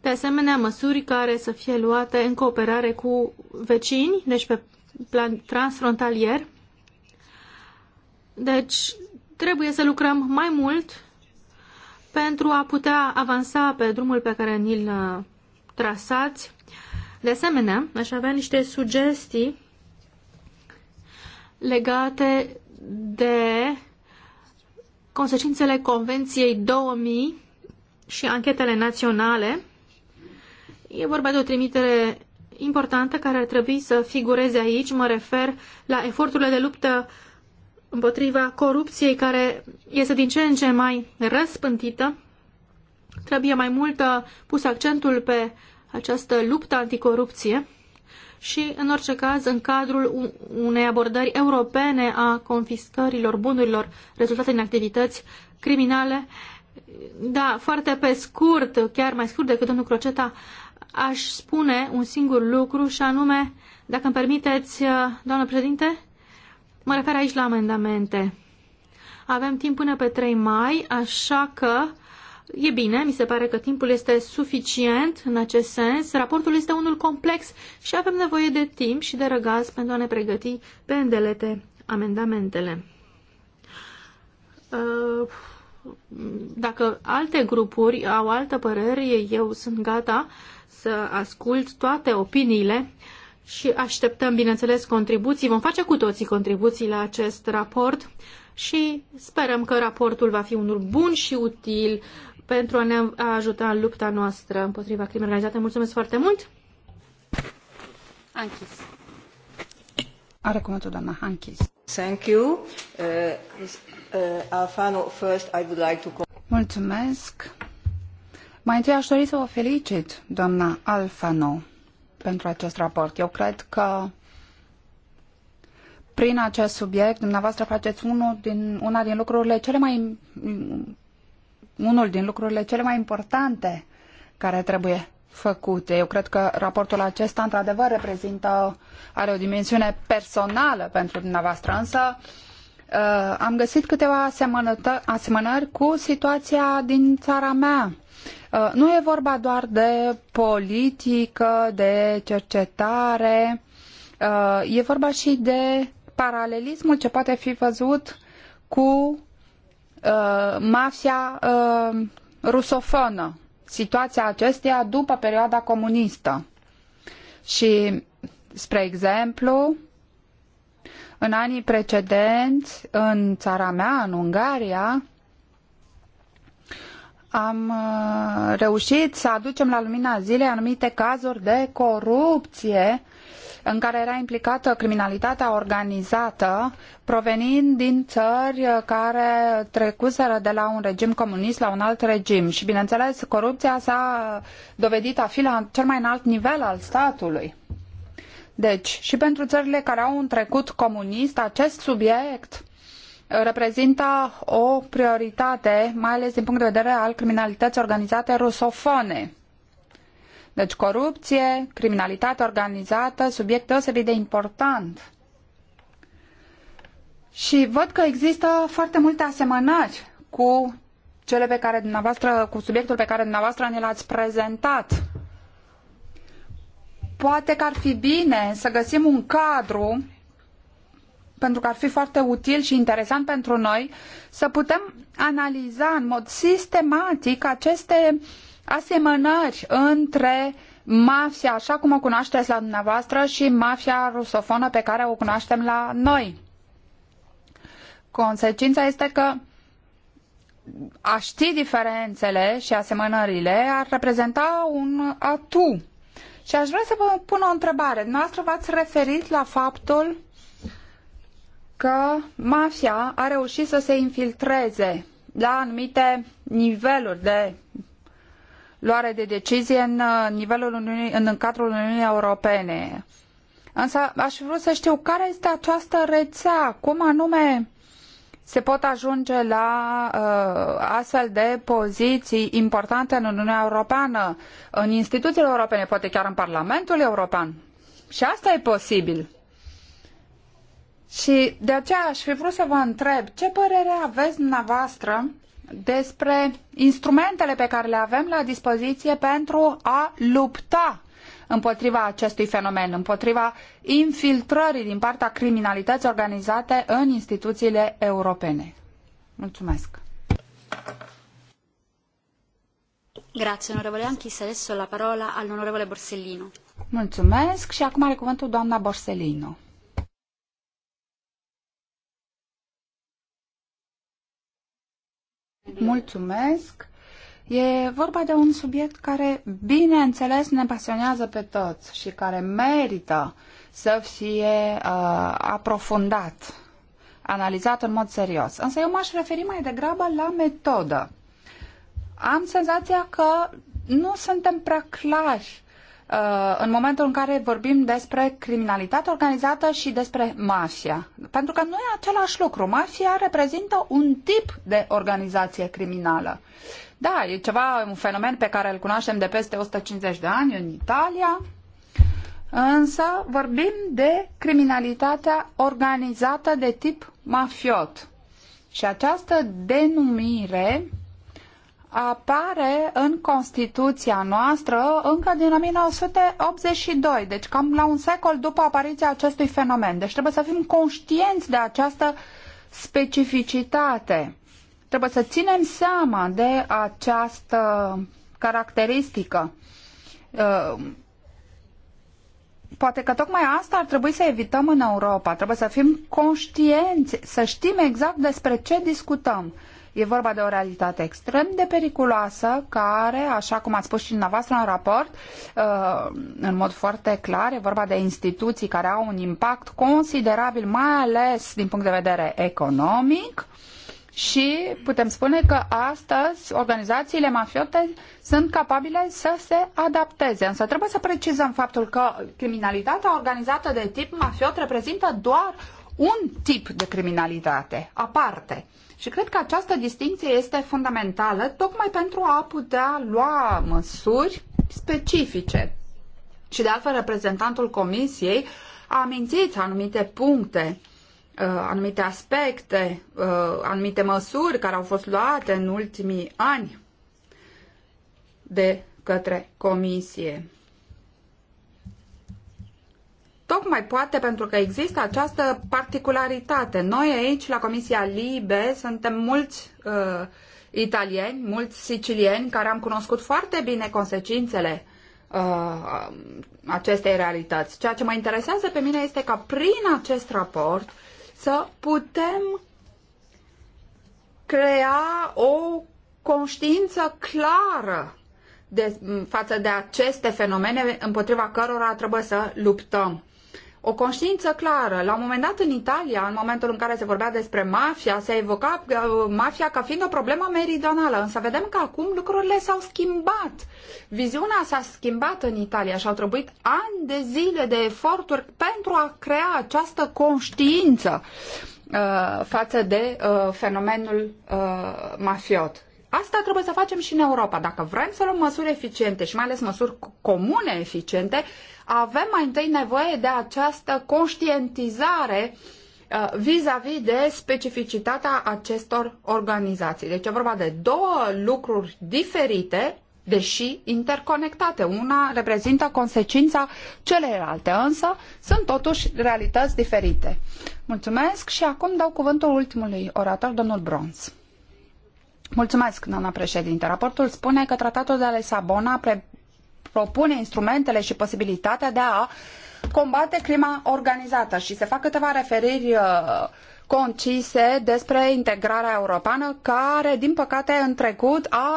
de asemenea măsuri care să fie luate în cooperare cu vecini, deci pe plan transfrontalier. Deci trebuie să lucrăm mai mult pentru a putea avansa pe drumul pe care ni-l uh, trasați. De asemenea, aș avea niște sugestii legate de consecințele Convenției 2000 și anchetele naționale E vorba de o trimitere importantă care ar trebui să figureze aici. Mă refer la eforturile de luptă împotriva corupției care este din ce în ce mai răspântită. Trebuie mai mult uh, pus accentul pe această luptă anticorupție și, în orice caz, în cadrul unei abordări europene a confiscărilor bunurilor rezultate din activități criminale. Da, foarte pe scurt, chiar mai scurt decât domnul Croceta, aș spune un singur lucru și anume, dacă îmi permiteți, uh, doamnă președinte, mă refer aici la amendamente. Avem timp până pe 3 mai, așa că e bine, mi se pare că timpul este suficient în acest sens. Raportul este unul complex și avem nevoie de timp și de răgaz pentru a ne pregăti pe îndelete amendamentele. Uh, dacă alte grupuri au altă părere, eu sunt gata să ascult toate opiniile și așteptăm, bineînțeles, contribuții. Vom face cu toții contribuții la acest raport și sperăm că raportul va fi unul bun și util pentru a ne ajuta în lupta noastră împotriva crimei organizate. Mulțumesc foarte mult! Anchis. Are cuvântul doamna Hankis. Thank you. Uh, uh, Alfano, first I would like to... Mulțumesc. Mai întâi aș dori să vă felicit, doamna Alfano, pentru acest raport. Eu cred că prin acest subiect dumneavoastră faceți unul din, una din lucrurile cele mai unul din lucrurile cele mai importante care trebuie făcute. Eu cred că raportul acesta într-adevăr reprezintă are o dimensiune personală pentru dumneavoastră, însă uh, Uh, am găsit câteva asemănări cu situația din țara mea. Uh, nu e vorba doar de politică, de cercetare, uh, e vorba și de paralelismul ce poate fi văzut cu mafia rusofonă, situația acesteia după perioada comunistă. Și, spre exemplu, în anii precedenți, în țara mea, în Ungaria, am uh, reușit să aducem la lumina zilei anumite cazuri de corupție în care era implicată criminalitatea organizată provenind din țări uh, care trecuseră de la un regim comunist la un alt regim. Și bineînțeles, corupția s-a dovedit a fi la cel mai înalt nivel al statului. Deci, și pentru țările care au un trecut comunist, acest subiect uh, reprezintă o prioritate, mai ales din punct de vedere al criminalității organizate rusofone. Deci corupție, criminalitate organizată, subiect deosebit de important. Și văd că există foarte multe asemănări cu cele pe care dumneavoastră, cu subiectul pe care dumneavoastră ne l-ați prezentat Poate că ar fi bine să găsim un cadru pentru că ar fi foarte util și interesant pentru noi să putem analiza în mod sistematic aceste asemănări între mafia, așa cum o cunoașteți la dumneavoastră, și mafia rusofonă pe care o cunoaștem la noi. Consecința este că a ști diferențele și asemănările ar reprezenta un atu și aș vrea să vă pun o întrebare. Noastră v-ați referit la faptul că mafia a reușit să se infiltreze la anumite niveluri de luare de decizie în, uh, nivelul Uniunii, în cadrul Uniunii Europene. Însă aș vrea să știu care este această rețea, cum anume se pot ajunge la uh, astfel de poziții importante în Uniunea Europeană, în instituțiile europene, poate chiar în Parlamentul European. Și asta e posibil. Și de aceea aș fi vrut să vă întreb ce părere aveți dumneavoastră despre instrumentele pe care le avem la dispoziție pentru a lupta împotriva acestui fenomen, împotriva infiltrării din partea criminalității organizate în instituțiile europene. Mulțumesc! Grazie, onorevole se Adesso la parola all'onorevole Borsellino. Mulțumesc și acum are cuvântul doamna Borsellino. Mulțumesc. E vorba de un subiect care, bineînțeles, ne pasionează pe toți și care merită să fie uh, aprofundat, analizat în mod serios. Însă eu m-aș referi mai degrabă la metodă. Am senzația că nu suntem prea clari uh, în momentul în care vorbim despre criminalitate organizată și despre mafia. Pentru că nu e același lucru. Mafia reprezintă un tip de organizație criminală. Da, e ceva, un fenomen pe care îl cunoaștem de peste 150 de ani în Italia, însă vorbim de criminalitatea organizată de tip mafiot. Și această denumire apare în Constituția noastră încă din 1982, deci cam la un secol după apariția acestui fenomen. Deci trebuie să fim conștienți de această specificitate. Trebuie să ținem seama de această caracteristică. Uh, poate că tocmai asta ar trebui să evităm în Europa. Trebuie să fim conștienți, să știm exact despre ce discutăm. E vorba de o realitate extrem de periculoasă care, așa cum ați spus și dumneavoastră în raport, uh, în mod foarte clar, e vorba de instituții care au un impact considerabil, mai ales din punct de vedere economic, și putem spune că astăzi organizațiile mafiote sunt capabile să se adapteze. Însă trebuie să precizăm faptul că criminalitatea organizată de tip mafiot reprezintă doar un tip de criminalitate aparte. Și cred că această distinție este fundamentală tocmai pentru a putea lua măsuri specifice. Și de altfel, reprezentantul Comisiei a amintit anumite puncte Uh, anumite aspecte, uh, anumite măsuri care au fost luate în ultimii ani de către Comisie. Tocmai poate pentru că există această particularitate. Noi aici, la Comisia Libe, suntem mulți uh, italieni, mulți sicilieni care am cunoscut foarte bine consecințele uh, acestei realități. Ceea ce mă interesează pe mine este că prin acest raport uh, să putem crea o conștiință clară de, față de aceste fenomene împotriva cărora trebuie să luptăm o conștiință clară. La un moment dat în Italia, în momentul în care se vorbea despre mafia, se evoca uh, mafia ca fiind o problemă meridională, însă vedem că acum lucrurile s-au schimbat. Viziunea s-a schimbat în Italia și au trebuit ani de zile de eforturi pentru a crea această conștiință uh, față de uh, fenomenul uh, mafiot. Asta trebuie să facem și în Europa. Dacă vrem să luăm măsuri eficiente și mai ales măsuri comune eficiente, avem mai întâi nevoie de această conștientizare uh, vis-a-vis -vis de specificitatea acestor organizații. Deci e vorba de două lucruri diferite, deși interconectate. Una reprezintă consecința celelalte, însă sunt totuși realități diferite. Mulțumesc și acum dau cuvântul ultimului orator, domnul Bronz. Mulțumesc, doamna președinte. Raportul spune că tratatul de la Lisabona propune instrumentele și posibilitatea de a combate crima organizată și se fac câteva referiri uh, concise despre integrarea europeană care, din păcate, în trecut a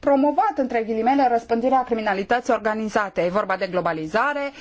promovat, între ghilimele, răspândirea criminalității organizate. E vorba de globalizare,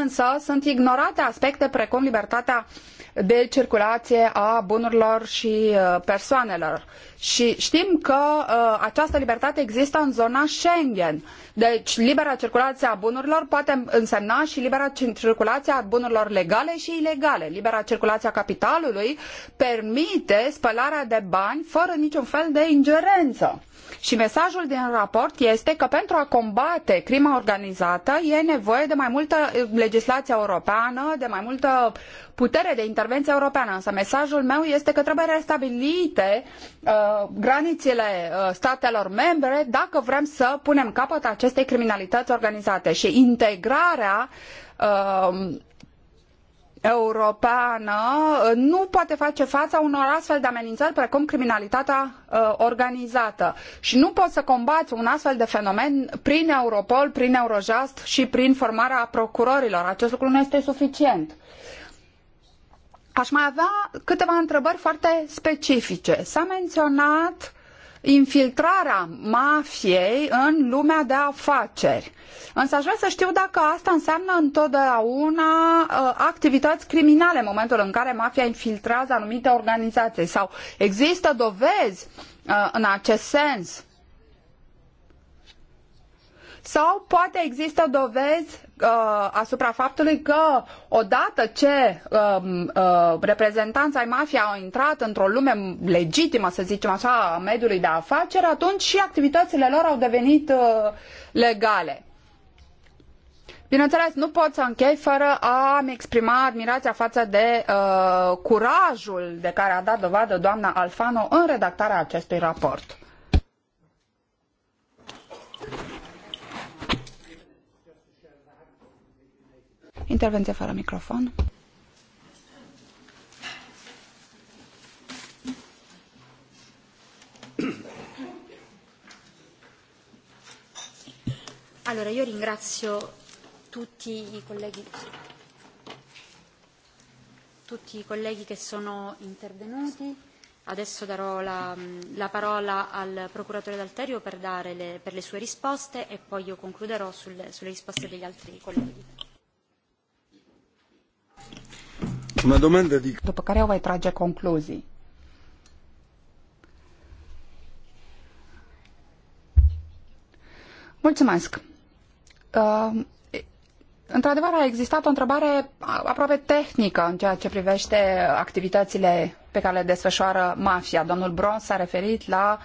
însă sunt ignorate aspecte precum libertatea uh, de circulație a bunurilor și uh, persoanelor. Și știm că uh, această libertate există în zona Schengen. Deci, libera circulație a bunurilor poate însemna și libera circulație a bunurilor legale și ilegale. Libera circulație a capitalului permite spălarea de bani fără niciun fel de ingerență. Și mesajul din raport este că pentru a combate crima organizată e nevoie de mai multă eh, legislație europeană, de mai multă putere de intervenție europeană. Însă mesajul meu este că trebuie restabilite uh, granițele uh, statelor membre dacă vrem să punem capăt acestei criminalități organizate. Și integrarea uh, europeană uh, nu poate face fața unor astfel de amenințări precum criminalitatea uh, organizată și nu poți să combați un astfel de fenomen prin Europol, prin Eurojust și prin formarea procurorilor. Acest lucru nu este suficient. Aș mai avea câteva întrebări foarte specifice. S-a menționat infiltrarea mafiei în lumea de afaceri. Însă aș vrea să știu dacă asta înseamnă întotdeauna uh, activități criminale în momentul în care mafia infiltrează anumite organizații sau există dovezi uh, în acest sens sau poate există dovezi uh, asupra faptului că odată ce uh, uh, reprezentanța ai mafiei au intrat într-o lume legitimă, să zicem așa, a mediului de afaceri, atunci și activitățile lor au devenit uh, legale. Bineînțeles, nu pot să închei fără a-mi exprima admirația față de uh, curajul de care a dat dovadă doamna Alfano în redactarea acestui raport. Intervenție fără microfon. Allora, io ringrazio tutti i colleghi, tutti i colleghi che sono intervenuti. Adesso darò la, la parola al procuratore D'Alterio per dare le, per le sue risposte e poi io concluderò sulle, sulle risposte degli altri colleghi. După care eu voi trage concluzii. Mulțumesc. Uh, Într-adevăr, a existat o întrebare aproape tehnică în ceea ce privește activitățile pe care le desfășoară mafia. Domnul Bron s-a referit la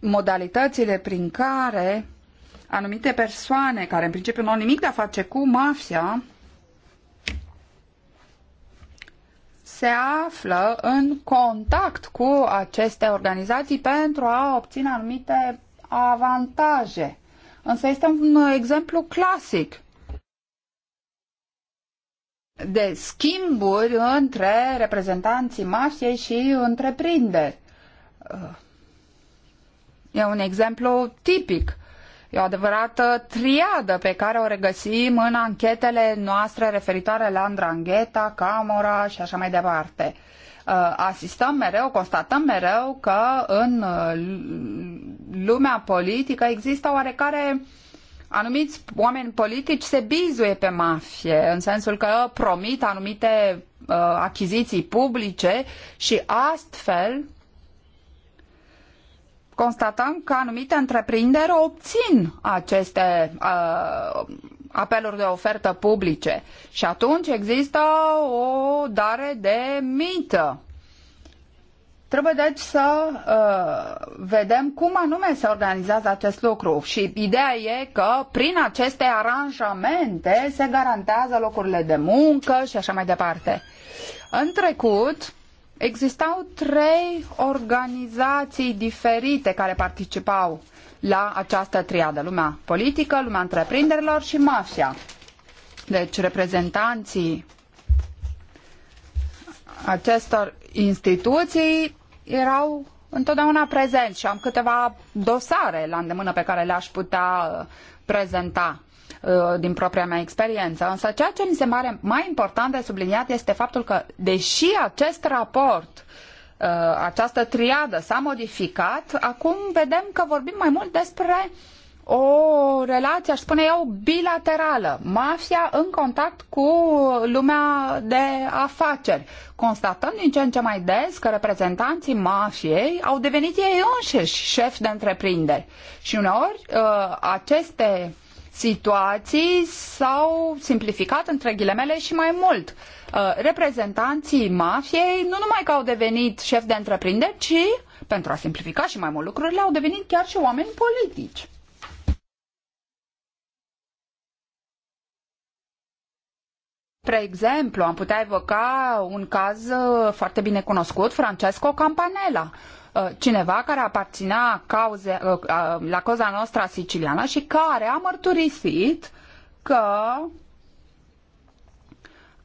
modalitățile prin care anumite persoane care în principiu nu au nimic de a face cu mafia se află în contact cu aceste organizații pentru a obține anumite avantaje. Însă este un exemplu clasic de schimburi între reprezentanții mafiei și întreprinderi. Uh, e un exemplu tipic E o adevărată triadă pe care o regăsim în anchetele noastre referitoare la Andrangheta, Camora și așa mai departe. Uh, asistăm mereu, constatăm mereu că în uh, lumea politică există oarecare anumiți oameni politici se bizuie pe mafie, în sensul că promit anumite uh, achiziții publice și astfel constatăm că anumite întreprinderi obțin aceste uh, apeluri de ofertă publice și atunci există o dare de mită. Trebuie deci să uh, vedem cum anume se organizează acest lucru și ideea e că prin aceste aranjamente se garantează locurile de muncă și așa mai departe. În trecut, Existau trei organizații diferite care participau la această triadă. Lumea politică, lumea întreprinderilor și mafia. Deci reprezentanții acestor instituții erau întotdeauna prezenți și am câteva dosare la îndemână pe care le-aș putea uh, prezenta Uh, din propria mea experiență. Însă ceea ce mi se pare mai important de subliniat este faptul că, deși acest raport uh, această triadă s-a modificat, acum vedem că vorbim mai mult despre o relație, aș spune eu, bilaterală. Mafia în contact cu lumea de afaceri. Constatăm din ce în ce mai des că reprezentanții mafiei au devenit ei înșiși șefi de întreprinderi. Și uneori uh, aceste situații s-au simplificat între ghilemele și mai mult. Uh, reprezentanții mafiei nu numai că au devenit șefi de întreprinderi, ci, pentru a simplifica și mai mult lucrurile, au devenit chiar și oameni politici. Spre exemplu, am putea evoca un caz uh, foarte bine cunoscut, Francesco Campanella, Uh, cineva care aparținea cauze, uh, uh, la cauza noastră siciliană și care a mărturisit că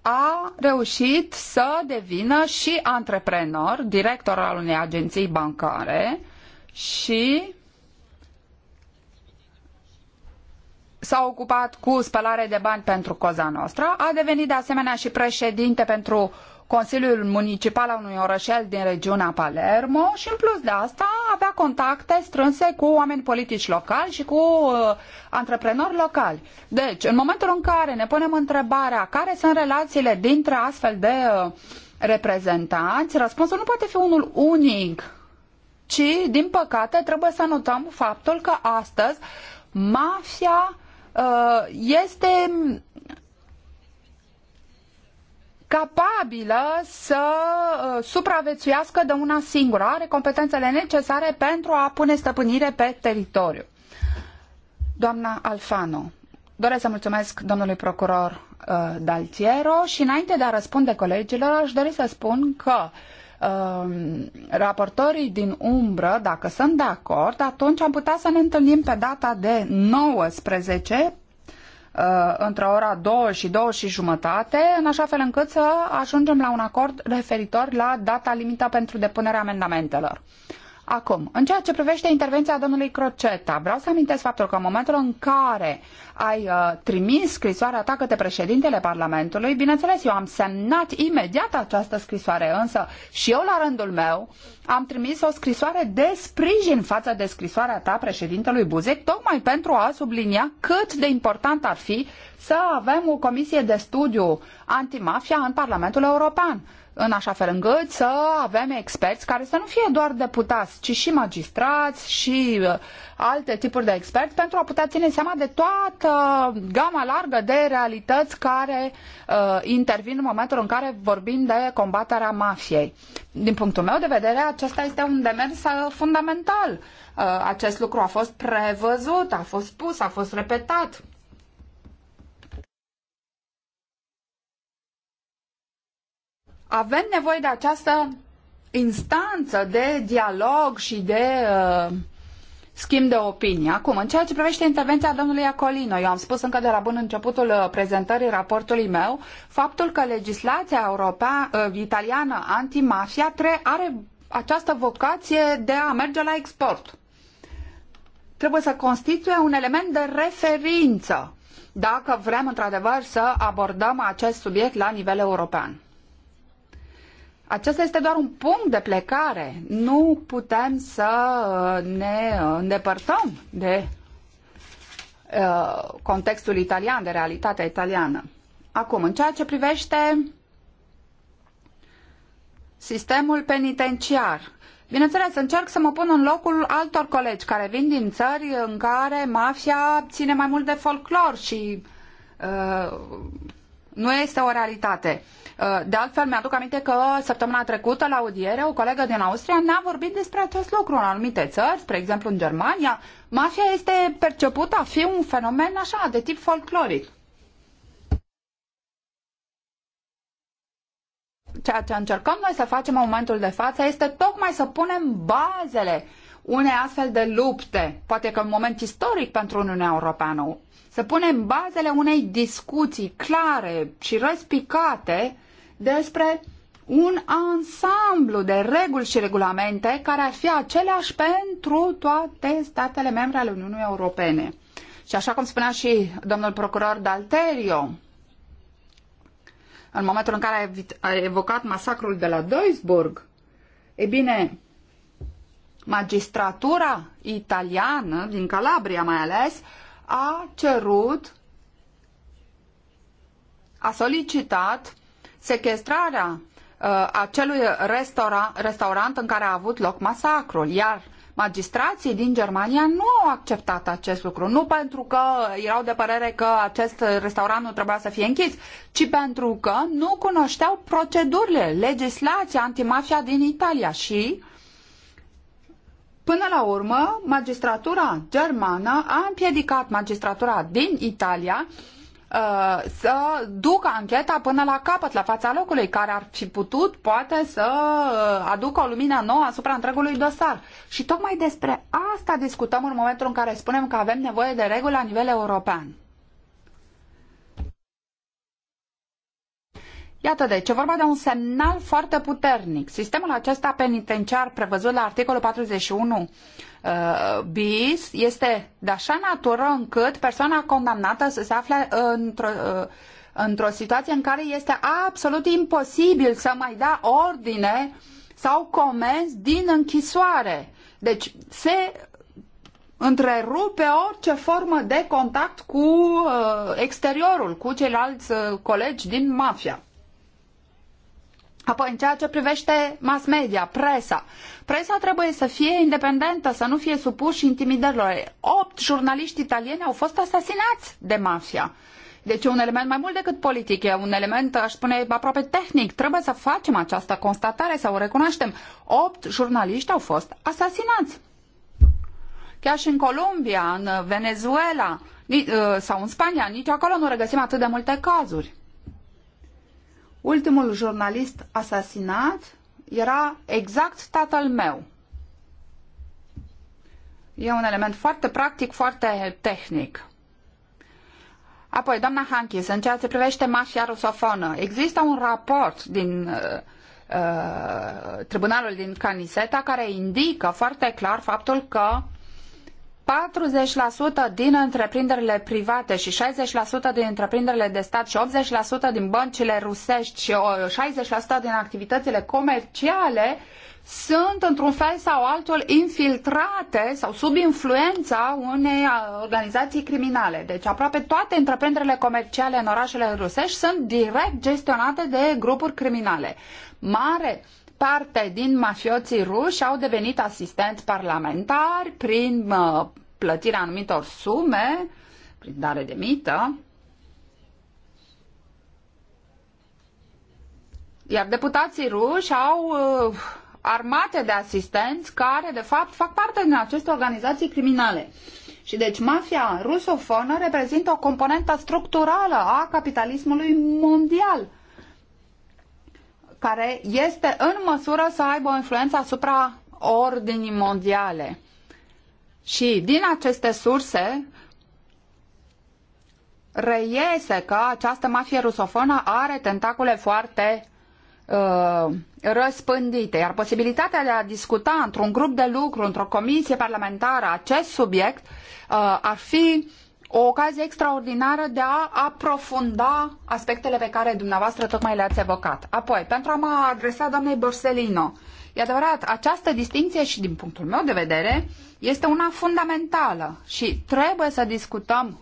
a reușit să devină și antreprenor, director al unei agenții bancare și s-a ocupat cu spălare de bani pentru Coza noastră, a devenit de asemenea și președinte pentru uh, Consiliul Municipal al unui orășel din regiunea Palermo și în plus de asta avea contacte strânse cu oameni politici locali și cu uh, antreprenori locali. Deci, în momentul în care ne punem întrebarea care sunt relațiile dintre astfel de uh, reprezentanți, răspunsul nu poate fi unul unic, ci, din păcate, trebuie să notăm faptul că astăzi mafia uh, este capabilă să uh, supraviețuiască de una singură, are competențele necesare pentru a pune stăpânire pe teritoriu. Doamna Alfano, doresc să mulțumesc domnului procuror uh, Daltiero și înainte de a răspunde colegilor, aș dori să spun că um, raportorii din umbră, dacă sunt de acord, atunci am putea să ne întâlnim pe data de 19 Uh, între ora 2 și 2 și jumătate, în așa fel încât să ajungem la un acord referitor la data limită pentru depunerea amendamentelor. Acum, în ceea ce privește intervenția domnului Croceta, vreau să amintesc faptul că în momentul în care ai uh, trimis scrisoarea ta către președintele Parlamentului, bineînțeles, eu am semnat imediat această scrisoare, însă și eu la rândul meu am trimis o scrisoare de sprijin față de scrisoarea ta președintelui Buzek, tocmai pentru a sublinia cât de important ar fi să avem o comisie de studiu antimafia în Parlamentul European în așa fel încât să avem experți care să nu fie doar deputați, ci și magistrați și uh, alte tipuri de experți pentru a putea ține seama de toată gama largă de realități care uh, intervin în momentul în care vorbim de combaterea mafiei. Din punctul meu de vedere, acesta este un demers uh, fundamental. Uh, acest lucru a fost prevăzut, a fost spus, a fost repetat Avem nevoie de această instanță de dialog și de uh, schimb de opinie. Acum, în ceea ce privește intervenția domnului Acolino, eu am spus încă de la bun începutul uh, prezentării raportului meu faptul că legislația europea, uh, italiană antimafia tre- are această vocație de a merge la export. Trebuie să constituie un element de referință dacă vrem într-adevăr să abordăm acest subiect la nivel european. Acesta este doar un punct de plecare. Nu putem să uh, ne uh, îndepărtăm de uh, contextul italian, de realitatea italiană. Acum, în ceea ce privește sistemul penitenciar, bineînțeles, încerc să mă pun în locul altor colegi care vin din țări în care mafia ține mai mult de folclor și uh, nu este o realitate. Uh, de altfel, mi-aduc aminte că săptămâna trecută, la audiere, o colegă din Austria ne-a vorbit despre acest lucru în anumite țări, spre exemplu în Germania. Mafia este percepută a fi un fenomen așa, de tip folcloric. Ceea ce încercăm noi să facem în momentul de față este tocmai să punem bazele unei astfel de lupte, poate că un moment istoric pentru Uniunea Europeană, să punem bazele unei discuții clare și răspicate despre un ansamblu de reguli și regulamente care ar fi aceleași pentru toate statele membre ale Uniunii Europene. Și așa cum spunea și domnul procuror Dalterio, în momentul în care a evocat masacrul de la Duisburg, e bine, magistratura italiană, din Calabria mai ales, a cerut, a solicitat sequestrarea uh, acelui restaura, restaurant în care a avut loc masacrul, iar magistrații din Germania nu au acceptat acest lucru. Nu pentru că erau de părere că acest restaurant nu trebuia să fie închis, ci pentru că nu cunoșteau procedurile, legislația antimafia din Italia și Până la urmă, magistratura germană a împiedicat magistratura din Italia uh, să ducă ancheta până la capăt, la fața locului, care ar fi putut, poate, să uh, aducă o lumină nouă asupra întregului dosar. Și tocmai despre asta discutăm în momentul în care spunem că avem nevoie de reguli la nivel european. Iată deci, e vorba de un semnal foarte puternic. Sistemul acesta penitenciar prevăzut la articolul 41 uh, bis este de așa natură încât persoana condamnată să se afle într-o uh, într situație în care este absolut imposibil să mai da ordine sau comenzi din închisoare. Deci se întrerupe orice formă de contact cu uh, exteriorul, cu ceilalți uh, colegi din mafia. Apoi, în ceea ce privește mass media, presa, presa trebuie să fie independentă, să nu fie supuși intimidărilor. Opt jurnaliști italieni au fost asasinați de mafia. Deci e un element mai mult decât politic, e un element, aș spune, aproape tehnic. Trebuie să facem această constatare, să o recunoaștem. Opt jurnaliști au fost asasinați. Chiar și în Columbia, în Venezuela uh, sau în Spania, nici acolo nu regăsim atât de multe cazuri. Ultimul jurnalist asasinat era exact tatăl meu. E un element foarte practic, foarte tehnic. Apoi, doamna Hankis, în ceea ce privește mafia rusofonă, există un raport din uh, uh, tribunalul din Caniseta care indică foarte clar faptul că 40% din întreprinderile private și 60% din întreprinderile de stat și 80% din băncile rusești și 60% uh, din activitățile comerciale sunt într-un fel sau altul infiltrate sau sub influența unei uh, organizații criminale. Deci aproape toate întreprinderile comerciale în orașele rusești sunt direct gestionate de grupuri criminale. Mare parte din mafioții ruși au devenit asistenți parlamentari prin uh, plătirea anumitor sume, prin dare de mită. Iar deputații ruși au uh, armate de asistenți care, de fapt, fac parte din aceste organizații criminale. Și deci mafia rusofonă reprezintă o componentă structurală a capitalismului mondial care este în măsură să aibă o influență asupra ordinii mondiale. Și din aceste surse reiese că această mafie rusofonă are tentacule foarte uh, răspândite, iar posibilitatea de a discuta într-un grup de lucru, într-o comisie parlamentară acest subiect uh, ar fi o ocazie extraordinară de a aprofunda aspectele pe care dumneavoastră tocmai le-ați evocat. Apoi, pentru a mă adresa doamnei Borsellino, e adevărat, această distinție și din punctul meu de vedere este una fundamentală și trebuie să discutăm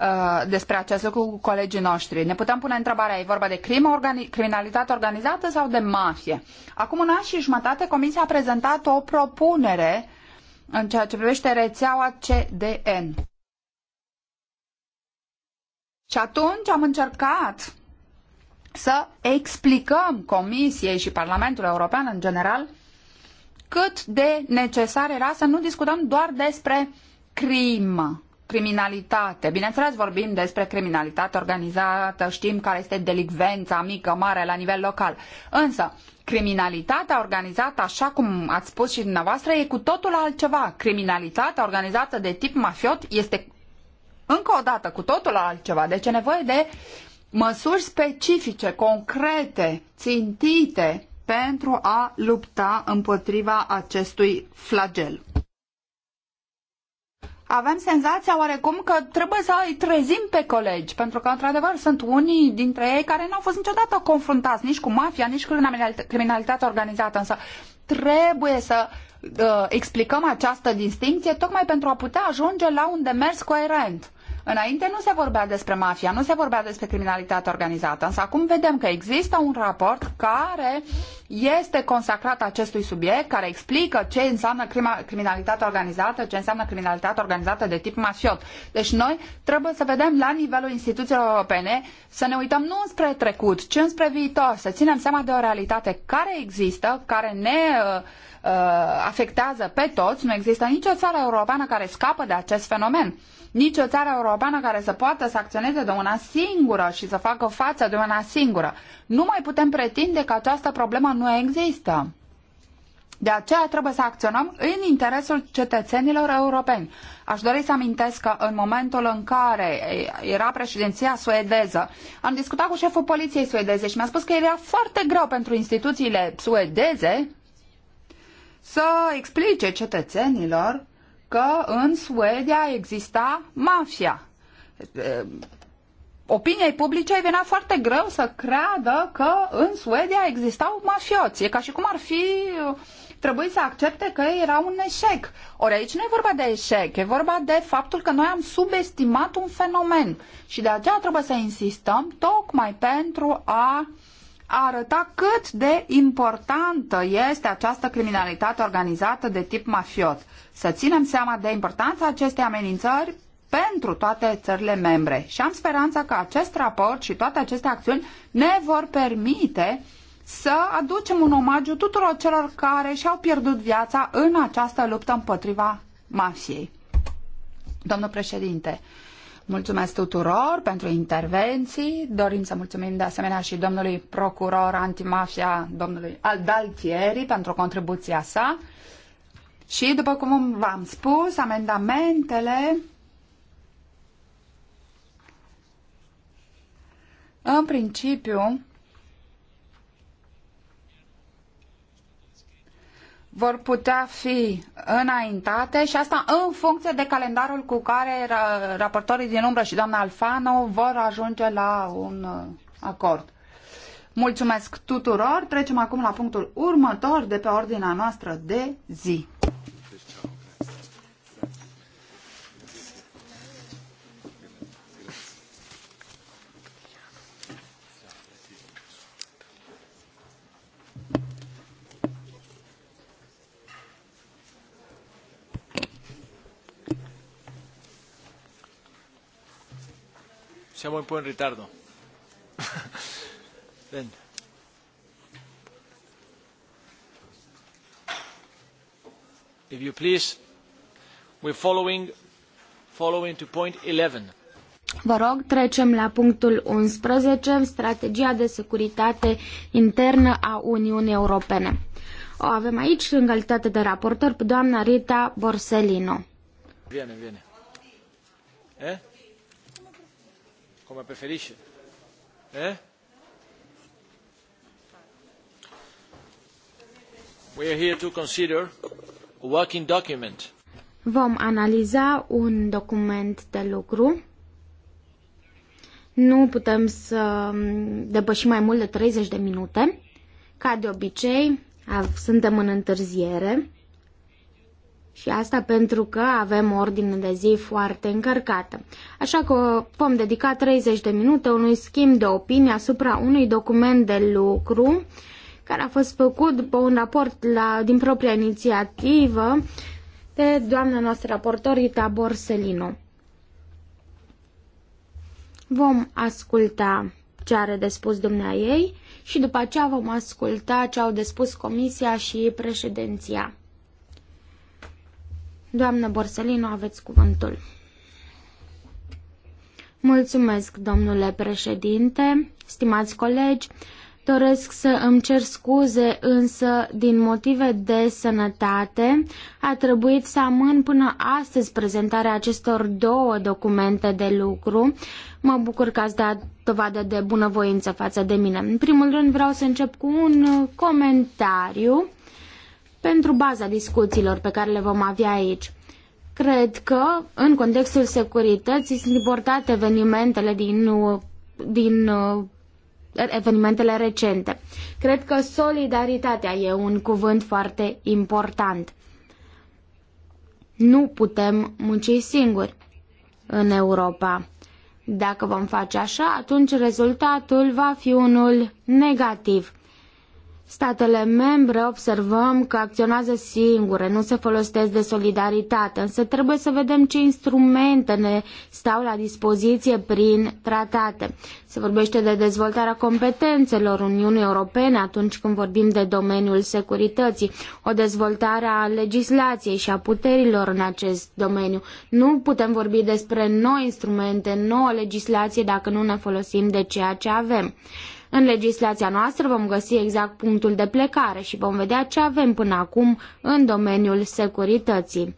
uh, despre acest lucru cu colegii noștri. Ne putem pune întrebarea, e vorba de crimă, organi- criminalitate organizată sau de mafie? Acum un an și jumătate Comisia a prezentat o propunere în ceea ce privește rețeaua CDN. Și atunci am încercat să explicăm Comisiei și Parlamentul European în general cât de necesar era să nu discutăm doar despre crimă, criminalitate. Bineînțeles, vorbim despre criminalitate organizată, știm care este delicvența mică, mare, la nivel local. Însă, criminalitatea organizată, așa cum ați spus și dumneavoastră, e cu totul altceva. Criminalitatea organizată de tip mafiot este încă o dată cu totul altceva. Deci e nevoie de măsuri specifice, concrete, țintite pentru a lupta împotriva acestui flagel. Avem senzația oarecum că trebuie să îi trezim pe colegi, pentru că, într-adevăr, sunt unii dintre ei care nu au fost niciodată confruntați nici cu mafia, nici cu criminalitatea organizată, însă trebuie să uh, explicăm această distinție tocmai pentru a putea ajunge la un demers coerent. Înainte nu se vorbea despre mafia, nu se vorbea despre criminalitatea organizată, însă acum vedem că există un raport care este consacrat acestui subiect care explică ce înseamnă criminalitatea organizată, ce înseamnă criminalitatea organizată de tip mafiot. Deci noi trebuie să vedem la nivelul instituțiilor europene, să ne uităm nu înspre trecut, ci înspre viitor, să ținem seama de o realitate care există, care ne uh, uh, afectează pe toți. Nu există nicio țară europeană care scapă de acest fenomen. nicio țară europeană care să poată să acționeze de una singură și să facă față de una singură. Nu mai putem pretinde că această problemă nu există. De aceea trebuie să acționăm în interesul cetățenilor europeni. Aș dori să amintesc că în momentul în care era președinția suedeză, am discutat cu șeful poliției suedeze și mi-a spus că era foarte greu pentru instituțiile suedeze să explice cetățenilor că în Suedia exista mafia opiniei publice îi venea foarte greu să creadă că în Suedia existau mafioți. E ca și cum ar fi uh, trebuit să accepte că era un eșec. Ori aici nu e vorba de eșec, e vorba de faptul că noi am subestimat un fenomen și de aceea trebuie să insistăm tocmai pentru a arăta cât de importantă este această criminalitate organizată de tip mafiot. Să ținem seama de importanța acestei amenințări pentru toate țările membre. Și am speranța că acest raport și toate aceste acțiuni ne vor permite să aducem un omagiu tuturor celor care și-au pierdut viața în această luptă împotriva mafiei. Domnul președinte, mulțumesc tuturor pentru intervenții. Dorim să mulțumim de asemenea și domnului procuror antimafia, domnului Aldaltieri, pentru contribuția sa. Și, după cum v-am spus, amendamentele În principiu, vor putea fi înaintate și asta în funcție de calendarul cu care raportorii din umbră și doamna Alfano vor ajunge la un uh, acord. Mulțumesc tuturor! Trecem acum la punctul următor de pe ordinea noastră de zi. Siamo un po' in ritardo. Bene. If you please, we're following, following to point 11. Vă rog, trecem la punctul 11, strategia de securitate internă a Uniunii Europene. O avem aici, în calitate de raportor, pe doamna Rita Borsellino. Bine, bine. Eh? come preferisce. Eh? We are here to consider a working document. Vom analiza un document de lucru. Nu putem să depășim mai mult de 30 de minute. Ca de obicei, suntem în întârziere. Și asta pentru că avem o ordine de zi foarte încărcată. Așa că vom dedica 30 de minute unui schimb de opinie asupra unui document de lucru care a fost făcut după un raport la, din propria inițiativă de doamna noastră raportorită Borselino. Vom asculta ce are de spus dumnea ei și după aceea vom asculta ce au de spus comisia și președinția. Doamnă Borsellino, aveți cuvântul. Mulțumesc, domnule președinte, stimați colegi. Doresc să îmi cer scuze, însă, din motive de sănătate, a trebuit să amân până astăzi prezentarea acestor două documente de lucru. Mă bucur că ați dat dovadă de bunăvoință față de mine. În primul rând vreau să încep cu un comentariu pentru baza discuțiilor pe care le vom avea aici. Cred că, în contextul securității, sunt importante evenimentele din, din uh, evenimentele recente. Cred că solidaritatea e un cuvânt foarte important. Nu putem munci singuri în Europa. Dacă vom face așa, atunci rezultatul va fi unul negativ. Statele membre observăm că acționează singure, nu se folosesc de solidaritate, însă trebuie să vedem ce instrumente ne stau la dispoziție prin tratate. Se vorbește de dezvoltarea competențelor Uniunii Europene atunci când vorbim de domeniul securității, o dezvoltare a legislației și a puterilor în acest domeniu. Nu putem vorbi despre noi instrumente, nouă legislație dacă nu ne folosim de ceea ce avem. În legislația noastră vom găsi exact punctul de plecare și vom vedea ce avem până acum în domeniul securității.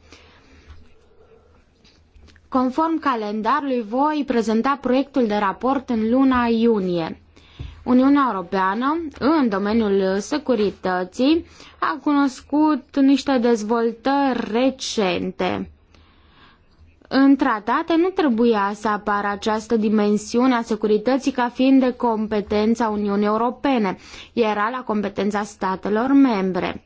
Conform calendarului, voi prezenta proiectul de raport în luna iunie. Uniunea Europeană, în domeniul securității, a cunoscut niște dezvoltări recente. În tratate nu trebuia să apară această dimensiune a securității ca fiind de competența Uniunii Europene, era la competența statelor membre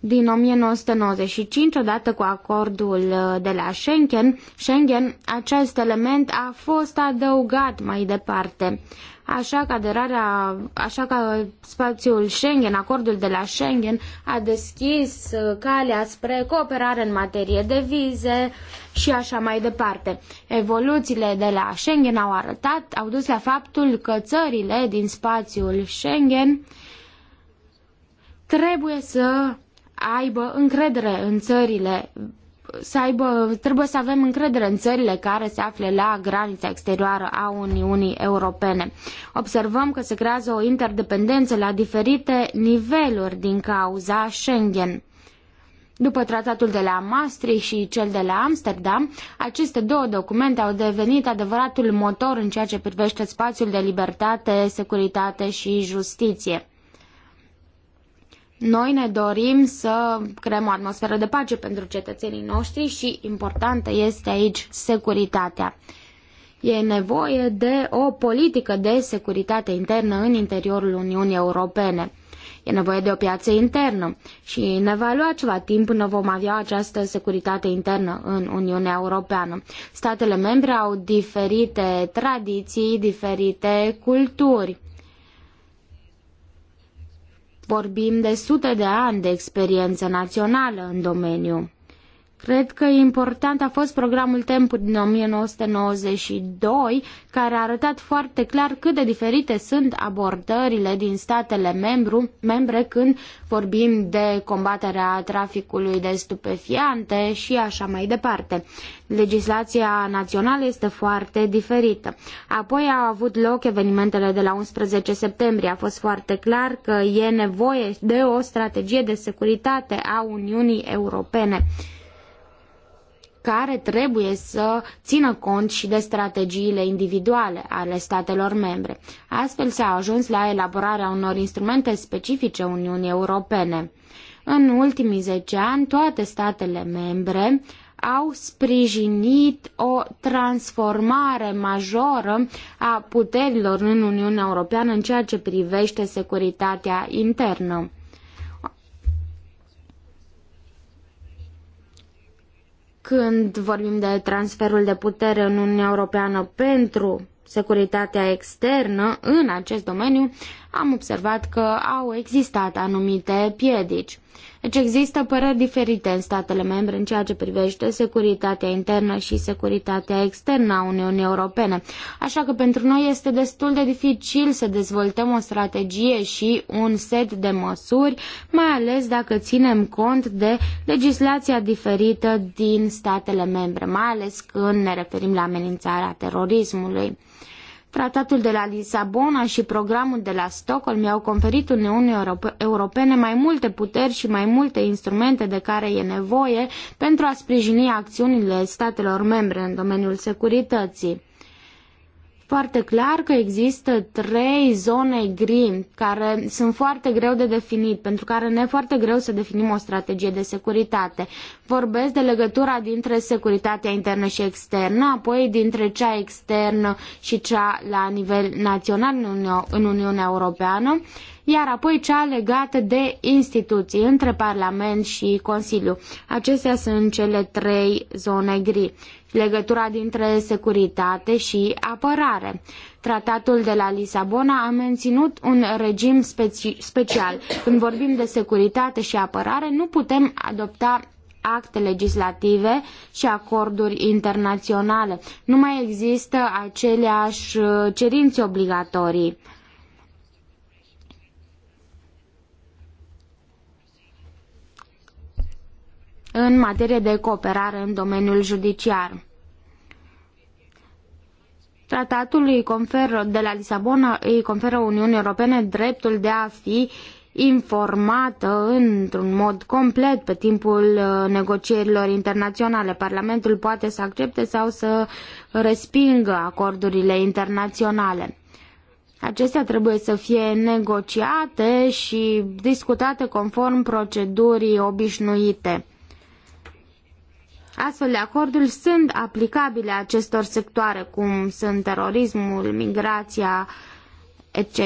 din 1995, odată cu acordul uh, de la Schengen, Schengen, acest element a fost adăugat mai departe. Așa că aderarea, așa că spațiul Schengen, acordul de la Schengen a deschis uh, calea spre cooperare în materie de vize și așa mai departe. Evoluțiile de la Schengen au arătat, au dus la faptul că țările din spațiul Schengen trebuie să aibă încredere în țările să aibă, trebuie să avem încredere în țările care se află la granița exterioară a Uniunii Europene. Observăm că se creează o interdependență la diferite niveluri din cauza Schengen. După tratatul de la Maastricht și cel de la Amsterdam, aceste două documente au devenit adevăratul motor în ceea ce privește spațiul de libertate, securitate și justiție. Noi ne dorim să creăm o atmosferă de pace pentru cetățenii noștri și importantă este aici securitatea. E nevoie de o politică de securitate internă în interiorul Uniunii Europene. E nevoie de o piață internă și ne va lua ceva timp până vom avea această securitate internă în Uniunea Europeană. Statele membre au diferite tradiții, diferite culturi Vorbim de sute de ani de experiență națională în domeniu. Cred că important a fost programul Tempu din 1992, care a arătat foarte clar cât de diferite sunt abordările din statele membru, membre când vorbim de combaterea traficului de stupefiante și așa mai departe. Legislația națională este foarte diferită. Apoi au avut loc evenimentele de la 11 septembrie. A fost foarte clar că e nevoie de o strategie de securitate a Uniunii Europene care trebuie să țină cont și de strategiile individuale ale statelor membre. Astfel s-a ajuns la elaborarea unor instrumente specifice Uniunii Europene. În ultimii zece ani, toate statele membre au sprijinit o transformare majoră a puterilor în Uniunea Europeană în ceea ce privește securitatea internă. Când vorbim de transferul de putere în Uniunea Europeană pentru securitatea externă în acest domeniu, am observat că au existat anumite piedici. Deci există păreri diferite în statele membre în ceea ce privește securitatea internă și securitatea externă a Uniunii Europene. Așa că pentru noi este destul de dificil să dezvoltăm o strategie și un set de măsuri, mai ales dacă ținem cont de legislația diferită din statele membre, mai ales când ne referim la amenințarea terorismului. Tratatul de la Lisabona și programul de la Stockholm i-au conferit Uniunii Europene mai multe puteri și mai multe instrumente de care e nevoie pentru a sprijini acțiunile statelor membre în domeniul securității foarte clar că există trei zone gri care sunt foarte greu de definit, pentru care ne e foarte greu să definim o strategie de securitate. Vorbesc de legătura dintre securitatea internă și externă, apoi dintre cea externă și cea la nivel național în, în Uniunea Europeană, iar apoi cea legată de instituții între Parlament și Consiliu. Acestea sunt cele trei zone gri legătura dintre securitate și apărare. Tratatul de la Lisabona a menținut un regim speci special. Când vorbim de securitate și apărare, nu putem adopta acte legislative și acorduri internaționale. Nu mai există aceleași uh, cerințe obligatorii în materie de cooperare în domeniul judiciar. Tratatul îi conferă, de la Lisabona îi conferă Uniunii Europene dreptul de a fi informată într-un mod complet pe timpul uh, negocierilor internaționale. Parlamentul poate să accepte sau să respingă acordurile internaționale. Acestea trebuie să fie negociate și discutate conform procedurii obișnuite. Astfel de acorduri sunt aplicabile acestor sectoare, cum sunt terorismul, migrația, etc.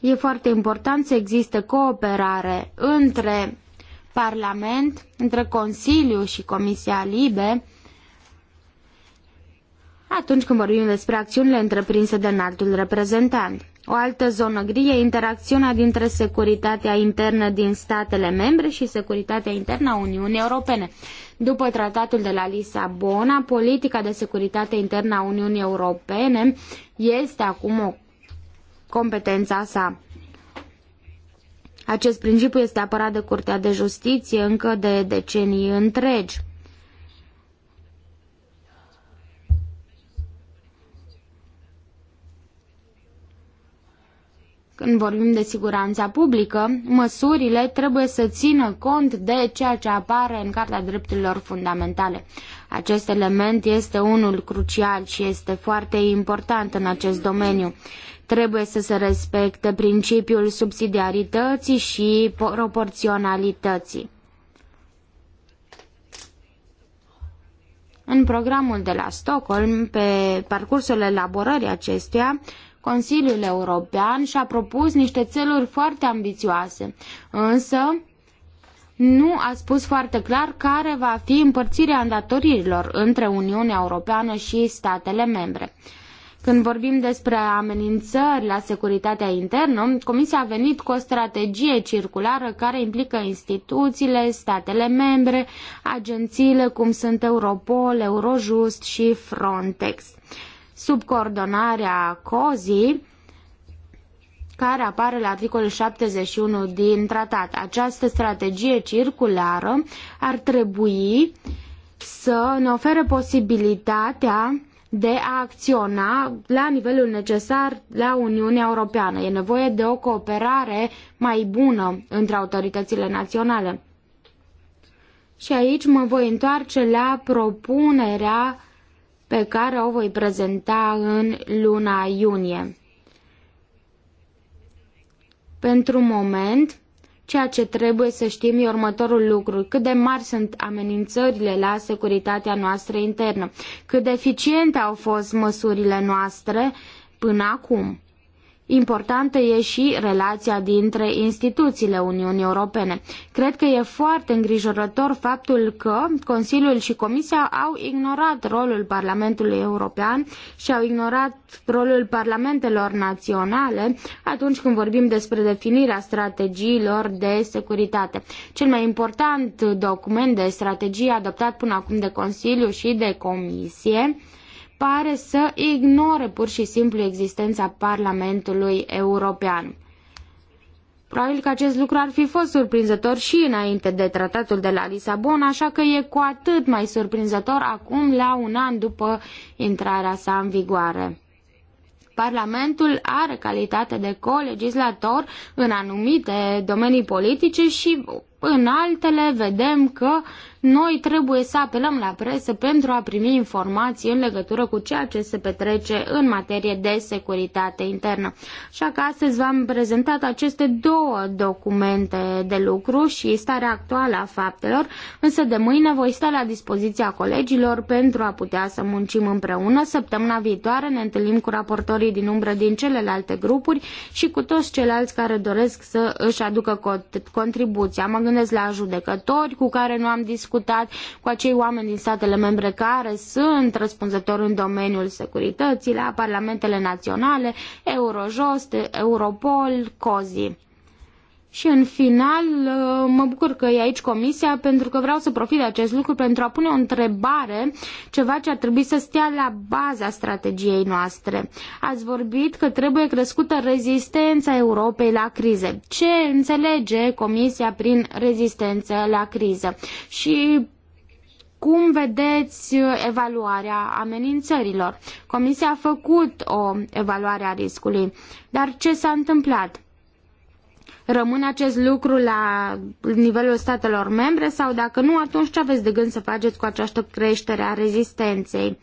E foarte important să existe cooperare între Parlament, între Consiliu și Comisia Libe, atunci când vorbim despre acțiunile întreprinse de înaltul reprezentant. O altă zonă gri e interacțiunea dintre securitatea internă din statele membre și securitatea internă a Uniunii Europene. După tratatul de la Lisabona, politica de securitate internă a Uniunii Europene este acum o competența sa. Acest principiu este apărat de Curtea de Justiție încă de decenii întregi. Când vorbim de siguranța publică, măsurile trebuie să țină cont de ceea ce apare în Carta Drepturilor Fundamentale. Acest element este unul crucial și este foarte important în acest domeniu. Trebuie să se respecte principiul subsidiarității și proporționalității. În programul de la Stockholm, pe parcursul elaborării acestuia, Consiliul European și-a propus niște țeluri foarte ambițioase, însă nu a spus foarte clar care va fi împărțirea îndatoririlor între Uniunea Europeană și statele membre. Când vorbim despre amenințări la securitatea internă, Comisia a venit cu o strategie circulară care implică instituțiile, statele membre, agențiile cum sunt Europol, Eurojust și Frontex sub coordonarea COZI, care apare la articolul 71 din tratat. Această strategie circulară ar trebui să ne ofere posibilitatea de a acționa la nivelul necesar la Uniunea Europeană. E nevoie de o cooperare mai bună între autoritățile naționale. Și aici mă voi întoarce la propunerea pe care o voi prezenta în luna iunie. Pentru moment, ceea ce trebuie să știm e următorul lucru. Cât de mari sunt amenințările la securitatea noastră internă? Cât de eficiente au fost măsurile noastre până acum? Importantă e și relația dintre instituțiile Uniunii Europene. Cred că e foarte îngrijorător faptul că Consiliul și Comisia au ignorat rolul Parlamentului European și au ignorat rolul parlamentelor naționale atunci când vorbim despre definirea strategiilor de securitate. Cel mai important document de strategie adoptat până acum de Consiliu și de Comisie pare să ignore pur și simplu existența Parlamentului European. Probabil că acest lucru ar fi fost surprinzător și înainte de tratatul de la Lisabona, așa că e cu atât mai surprinzător acum, la un an după intrarea sa în vigoare. Parlamentul are calitate de colegislator în anumite domenii politice și în altele vedem că noi trebuie să apelăm la presă pentru a primi informații în legătură cu ceea ce se petrece în materie de securitate internă. Așa că astăzi v-am prezentat aceste două documente de lucru și starea actuală a faptelor, însă de mâine voi sta la dispoziția colegilor pentru a putea să muncim împreună. Săptămâna viitoare ne întâlnim cu raportorii din umbră din celelalte grupuri și cu toți ceilalți care doresc să își aducă contribuția. Mă gândesc la judecători cu care nu am discutat, cu acei oameni din statele membre care sunt răspunzători în domeniul securității, la parlamentele naționale, Eurojust, Europol, COZI. Și în final, uh, mă bucur că e aici comisia pentru că vreau să profit de acest lucru pentru a pune o întrebare, ceva ce ar trebui să stea la baza strategiei noastre. Ați vorbit că trebuie crescută rezistența Europei la crize. Ce înțelege comisia prin rezistență la criză? Și cum vedeți evaluarea amenințărilor? Comisia a făcut o evaluare a riscului, dar ce s-a întâmplat? rămâne acest lucru la nivelul statelor membre sau dacă nu, atunci ce aveți de gând să faceți cu această creștere a rezistenței?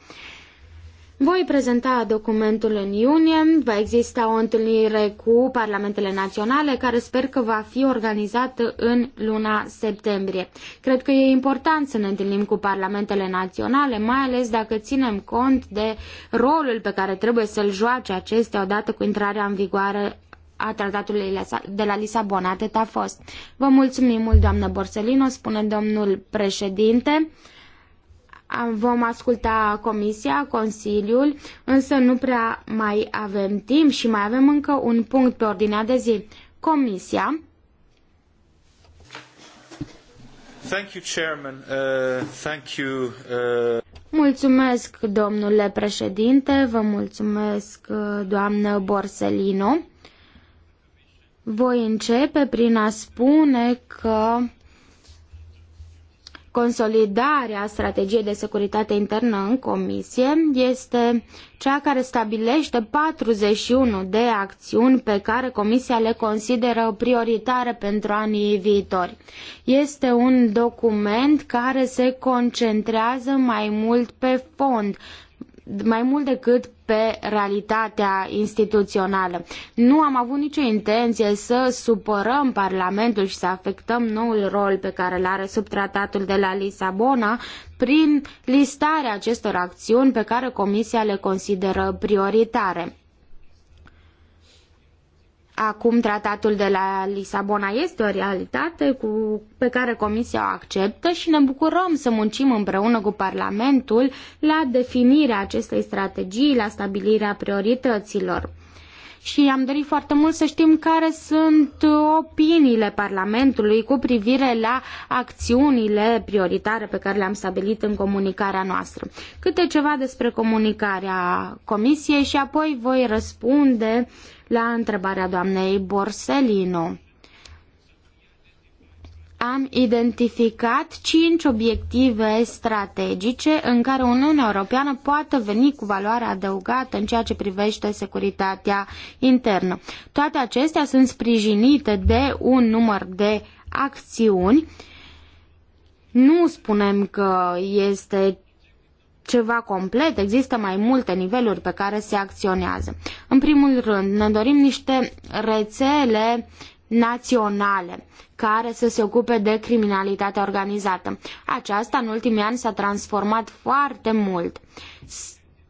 Voi prezenta documentul în iunie, va exista o întâlnire cu parlamentele naționale care sper că va fi organizată în luna septembrie. Cred că e important să ne întâlnim cu parlamentele naționale, mai ales dacă ținem cont de rolul pe care trebuie să-l joace acestea odată cu intrarea în vigoare a tratatului de la Lisabona. Atât a fost. Vă mulțumim mult, doamnă Borsellino, spune domnul președinte. Vom asculta Comisia, Consiliul, însă nu prea mai avem timp și mai avem încă un punct pe ordinea de zi. Comisia. Thank you, Chairman. Uh, thank you, uh... Mulțumesc, domnule președinte, vă mulțumesc, uh, doamnă Borsellino. Voi începe prin a spune că consolidarea strategiei de securitate internă în comisie este cea care stabilește 41 de acțiuni pe care comisia le consideră prioritare pentru anii viitori. Este un document care se concentrează mai mult pe fond, mai mult decât pe realitatea instituțională. Nu am avut nicio intenție să supărăm Parlamentul și să afectăm noul rol pe care îl are sub tratatul de la Lisabona prin listarea acestor acțiuni pe care Comisia le consideră prioritare. Acum tratatul de la Lisabona este o realitate cu, pe care Comisia o acceptă și ne bucurăm să muncim împreună cu Parlamentul la definirea acestei strategii, la stabilirea priorităților. Și am dorit foarte mult să știm care sunt opiniile Parlamentului cu privire la acțiunile prioritare pe care le-am stabilit în comunicarea noastră. Câte ceva despre comunicarea Comisiei și apoi voi răspunde uh, la întrebarea doamnei Borsellino. Am identificat cinci obiective strategice în care Uniunea Europeană poate veni cu valoare adăugată în ceea ce privește securitatea internă. Toate acestea sunt sprijinite de un număr de acțiuni. Nu spunem că este ceva complet, există mai multe niveluri pe care se acționează. În primul rând, ne dorim niște rețele naționale care să se ocupe de criminalitatea organizată. Aceasta în ultimii ani s-a transformat foarte mult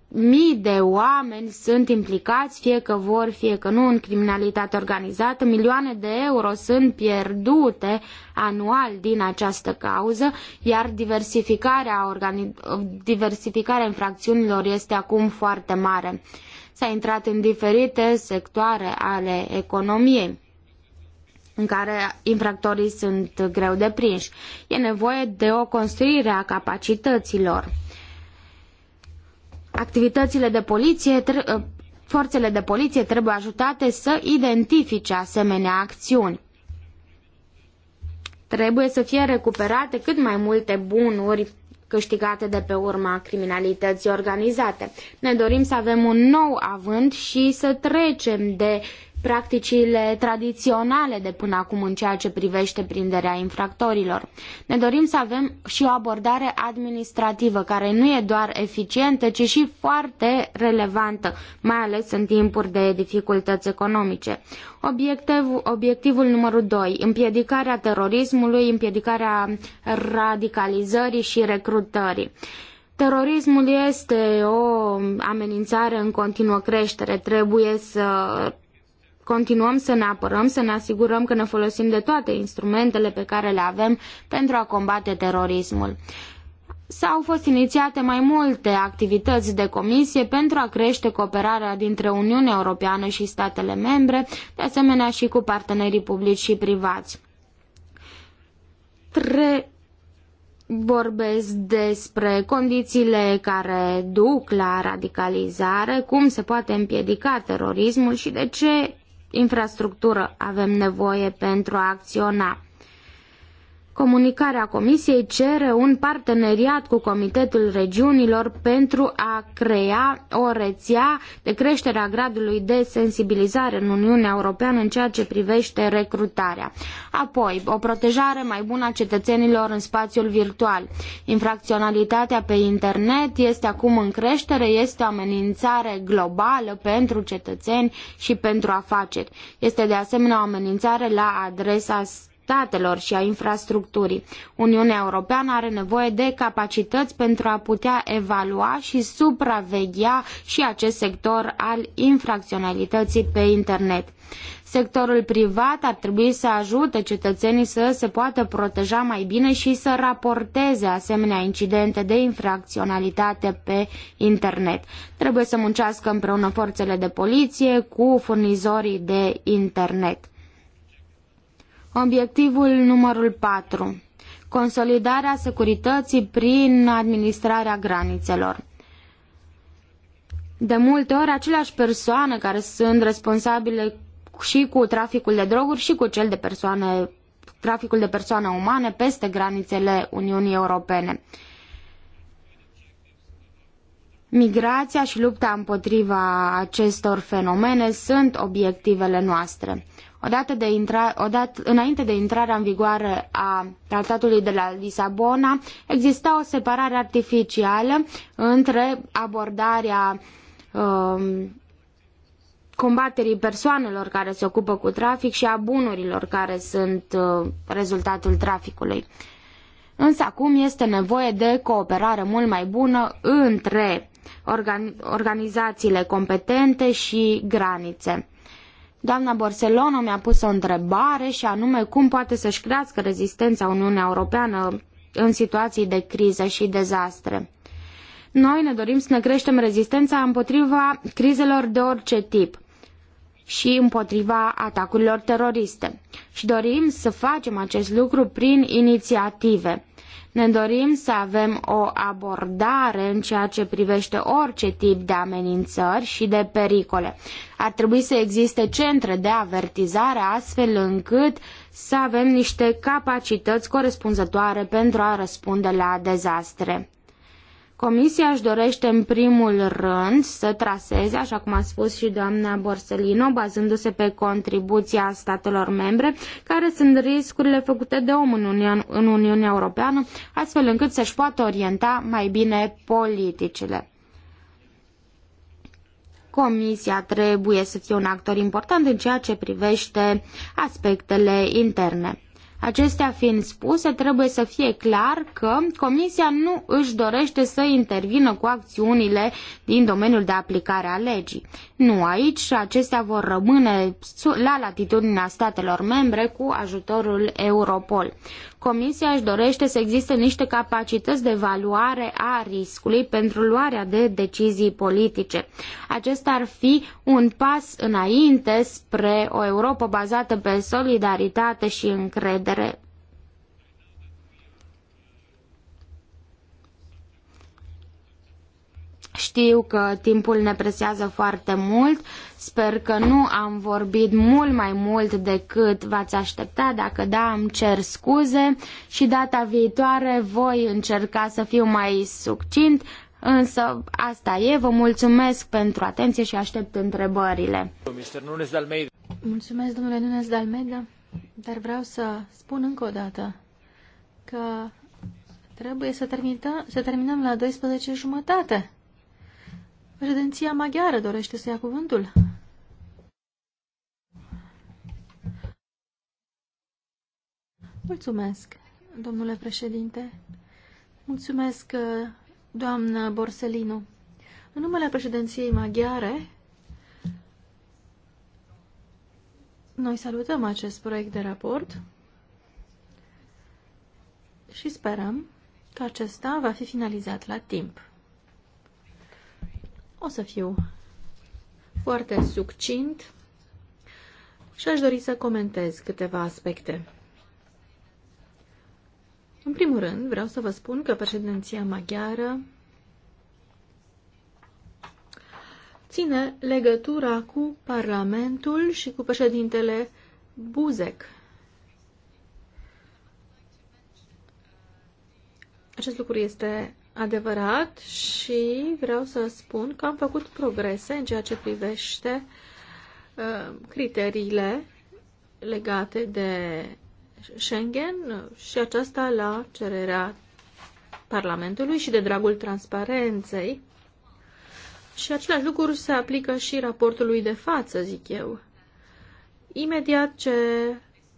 mii de oameni sunt implicați, fie că vor, fie că nu, în criminalitate organizată, milioane de euro sunt pierdute anual din această cauză, iar diversificarea, organi- diversificarea infracțiunilor este acum foarte mare. S-a intrat în diferite sectoare ale economiei în care infractorii sunt greu deprinși. E nevoie de o construire a capacităților. Activitățile de poliție, ă, forțele de poliție trebuie ajutate să identifice asemenea acțiuni. Trebuie să fie recuperate cât mai multe bunuri câștigate de pe urma criminalității organizate. Ne dorim să avem un nou avânt și să trecem de practicile tradiționale de până acum în ceea ce privește prinderea infractorilor. Ne dorim să avem și o abordare administrativă care nu e doar eficientă, ci și foarte relevantă, mai ales în timpuri de dificultăți economice. Obiectiv, obiectivul numărul doi, împiedicarea terorismului, împiedicarea radicalizării și recrutării. Terorismul este o amenințare în continuă creștere. Trebuie să continuăm să ne apărăm, să ne asigurăm că ne folosim de toate instrumentele pe care le avem pentru a combate terorismul. S-au fost inițiate mai multe activități de comisie pentru a crește cooperarea dintre Uniunea Europeană și statele membre, de asemenea și cu partenerii publici și privați. Tre- vorbesc despre condițiile care duc la radicalizare, cum se poate împiedica terorismul și de ce infrastructură avem nevoie pentru a acționa. Comunicarea Comisiei cere un parteneriat cu Comitetul Regiunilor pentru a crea o rețea de creștere a gradului de sensibilizare în Uniunea Europeană în ceea ce privește recrutarea. Apoi, o protejare mai bună a cetățenilor în spațiul virtual. Infracționalitatea pe internet este acum în creștere, este o amenințare globală pentru cetățeni și pentru afaceri. Este de asemenea o amenințare la adresa datelor și a infrastructurii. Uniunea Europeană are nevoie de capacități pentru a putea evalua și supraveghea și acest sector al infracționalității pe internet. Sectorul privat ar trebui să ajute cetățenii să se poată proteja mai bine și să raporteze asemenea incidente de infracționalitate pe internet. Trebuie să muncească împreună forțele de poliție cu furnizorii de internet. Obiectivul numărul 4. Consolidarea securității prin administrarea granițelor. De multe ori, aceleași persoane care sunt responsabile și cu traficul de droguri și cu cel de persoane, traficul de persoane umane peste granițele Uniunii Europene. Migrația și lupta împotriva acestor fenomene sunt obiectivele noastre. Odată de intra, odată, înainte de intrarea în vigoare a tratatului de la Lisabona, exista o separare artificială între abordarea um, combaterii persoanelor care se ocupă cu trafic și a bunurilor care sunt uh, rezultatul traficului. Însă acum este nevoie de cooperare mult mai bună între organizațiile competente și granițe. Doamna Borsellino mi-a pus o întrebare și anume cum poate să-și crească rezistența Uniunea Europeană în situații de criză și dezastre. Noi ne dorim să ne creștem rezistența împotriva crizelor de orice tip și împotriva atacurilor teroriste. Și dorim să facem acest lucru prin inițiative. Ne dorim să avem o abordare în ceea ce privește orice tip de amenințări și de pericole. Ar trebui să existe centre de avertizare astfel încât să avem niște capacități corespunzătoare pentru a răspunde la dezastre. Comisia își dorește în primul rând să traseze, așa cum a spus și doamna Borsellino, bazându-se pe contribuția statelor membre, care sunt riscurile făcute de om în, în Uniunea Europeană, astfel încât să-și poată orienta mai bine politicile. Comisia trebuie să fie un actor important în ceea ce privește aspectele interne. Acestea fiind spuse, trebuie să fie clar că Comisia nu își dorește să intervină cu acțiunile din domeniul de aplicare a legii. Nu aici, acestea vor rămâne la latitudinea statelor membre cu ajutorul Europol. Comisia își dorește să existe niște capacități de evaluare a riscului pentru luarea de decizii politice. Acesta ar fi un pas înainte spre o Europă bazată pe solidaritate și încredere Știu că timpul ne presează foarte mult, sper că nu am vorbit mult mai mult decât v-ați aștepta, dacă da, îmi cer scuze și data viitoare voi încerca să fiu mai succint, însă asta e, vă mulțumesc pentru atenție și aștept întrebările. Mulțumesc, domnule Nunes Dalmeida. dar vreau să spun încă o dată că trebuie să, termină, să terminăm la 12 jumătate. Președinția maghiară dorește să ia cuvântul. Mulțumesc, domnule președinte. Mulțumesc, uh, doamnă Borsellino. În numele președinției maghiare, noi salutăm acest proiect de raport și sperăm că acesta va fi finalizat la timp. O să fiu foarte succint și aș dori să comentez câteva aspecte. În primul rând, vreau să vă spun că președinția maghiară ține legătura cu Parlamentul și cu președintele Buzek. Acest lucru este adevărat și vreau să spun că am făcut progrese în ceea ce privește uh, criteriile legate de Schengen și aceasta la cererea Parlamentului și de dragul transparenței. Și același lucru se aplică și raportului de față, zic eu. Imediat ce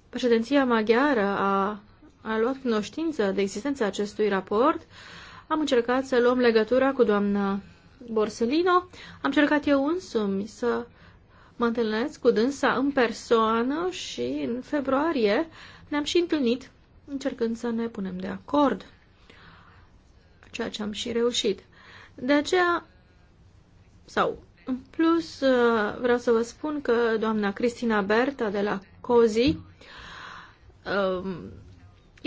președinția maghiară a, a luat cunoștință de existența acestui raport, uh, am încercat să luăm legătura cu doamna Borsellino, am încercat eu însumi să mă întâlnesc cu dânsa în persoană și în februarie ne-am și întâlnit încercând să ne punem de acord, ceea ce am și reușit. De aceea, sau în plus, uh, vreau să vă spun că doamna Cristina Berta de la COZI um,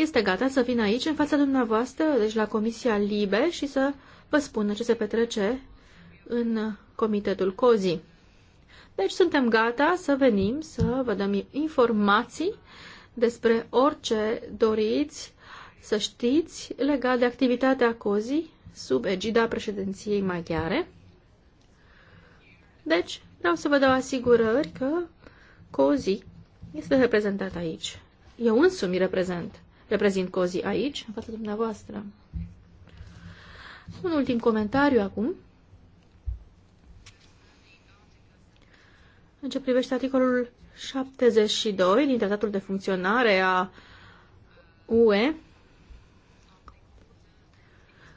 este gata să vină aici, în fața dumneavoastră, deci la Comisia Libe, și să vă spună ce se petrece în Comitetul COZI. Deci suntem gata să venim să vă dăm informații despre orice doriți să știți legat de activitatea COZI sub egida președinției maghiare. Deci, vreau să vă dau asigurări că COZI este reprezentat aici. Eu însumi reprezent reprezint COZI aici, în fața dumneavoastră. Un ultim comentariu acum. În ce privește articolul 72 din Tratatul de Funcționare a UE,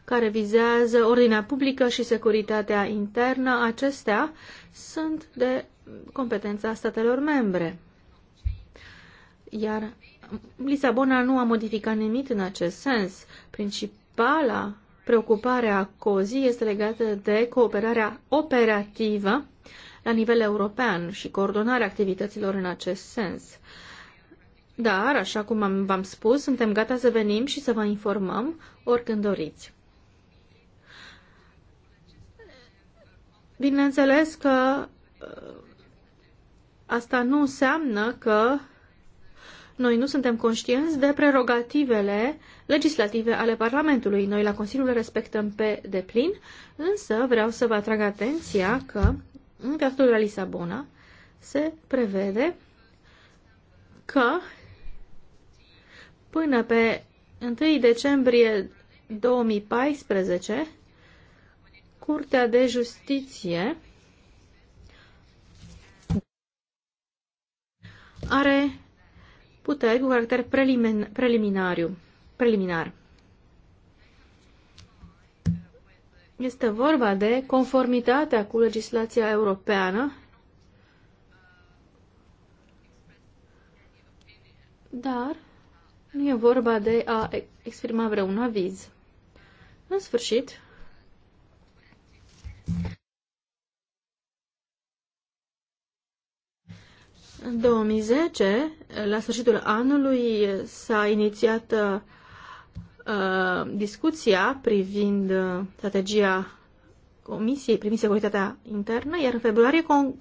care vizează ordinea publică și securitatea internă, acestea sunt de competența statelor membre. Iar Lisabona nu a modificat nimic în acest sens. Principala preocupare a COZI este legată de cooperarea operativă la nivel european și coordonarea activităților în acest sens. Dar, așa cum v-am spus, suntem gata să venim și să vă informăm oricând doriți. Bineînțeles că ă, asta nu înseamnă că noi nu suntem conștienți de prerogativele legislative ale Parlamentului. Noi la Consiliu le respectăm pe deplin, însă vreau să vă atrag atenția că în Tratatul la Lisabona se prevede că până pe 1 decembrie 2014 Curtea de Justiție are puteri cu caracter prelimin, preliminariu, preliminar. Este vorba de conformitatea cu legislația europeană. Dar nu e vorba de a exprima vreun aviz. În sfârșit, În 2010, la sfârșitul anului, s-a inițiat uh, discuția privind uh, strategia Comisiei privind securitatea internă, iar în februarie con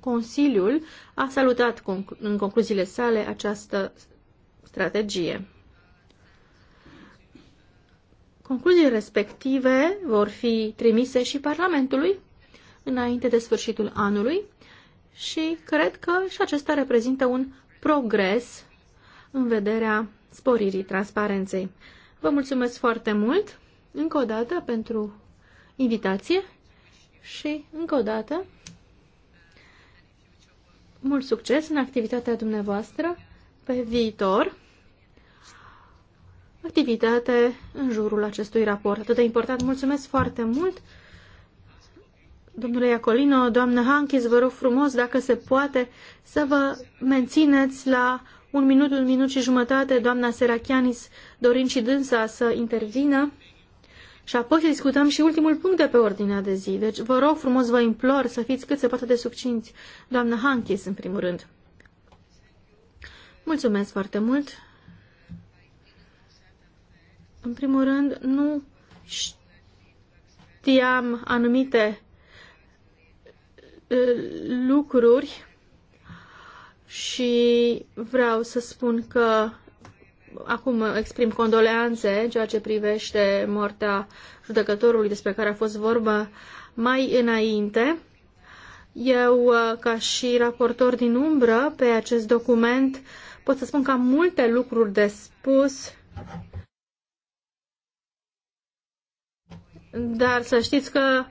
Consiliul a salutat conclu în concluziile sale această strategie. Concluziile respective vor fi trimise și Parlamentului înainte de sfârșitul anului și cred că și acesta reprezintă un progres în vederea sporirii transparenței. Vă mulțumesc foarte mult încă o dată pentru invitație și încă o dată mult succes în activitatea dumneavoastră pe viitor, activitate în jurul acestui raport atât de important. Mulțumesc foarte mult! Domnule Iacolino, doamnă Hanchis, vă rog frumos, dacă se poate, să vă mențineți la un minut, un minut și jumătate, doamna Serachianis, dorind și dânsa să intervină. Și apoi să discutăm și ultimul punct de pe ordinea de zi. Deci vă rog frumos, vă implor să fiți cât se poate de succinți. doamnă Hankis, în primul rând. Mulțumesc foarte mult. În primul rând, nu știam anumite Uh, lucruri și vreau să spun că acum exprim condoleanțe în ceea ce privește moartea judecătorului despre care a fost vorba mai înainte. Eu, uh, ca și raportor din umbră pe acest document, pot să spun că am multe lucruri de spus, dar să știți că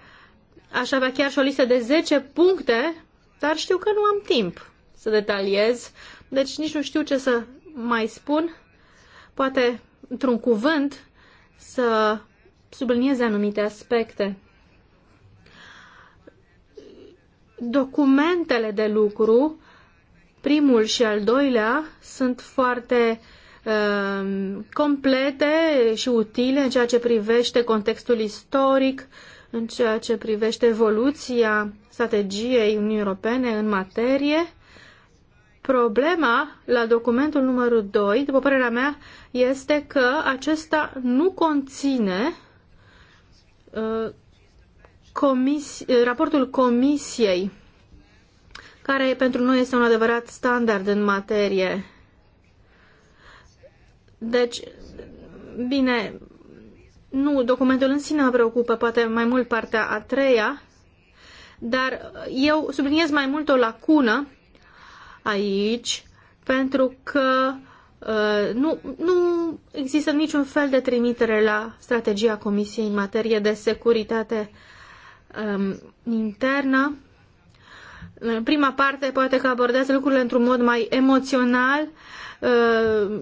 Aș avea chiar și o listă de 10 puncte, dar știu că nu am timp să detaliez, deci nici nu știu ce să mai spun. Poate într-un cuvânt să subliniez anumite aspecte. Documentele de lucru, primul și al doilea, sunt foarte uh, complete și utile în ceea ce privește contextul istoric, uh, în ceea ce privește evoluția strategiei Uniunii Europene în materie. Problema la documentul numărul 2, după părerea mea, este că acesta nu conține uh, comisi- raportul comisiei, care pentru noi este un adevărat standard în materie. Deci, bine, nu, documentul în sine mă preocupă, poate mai mult partea a treia, dar eu subliniez mai mult o lacună aici, pentru că uh, nu, nu există niciun fel de trimitere la strategia Comisiei în materie de securitate um, internă. prima parte poate că abordează lucrurile într-un mod mai emoțional, uh,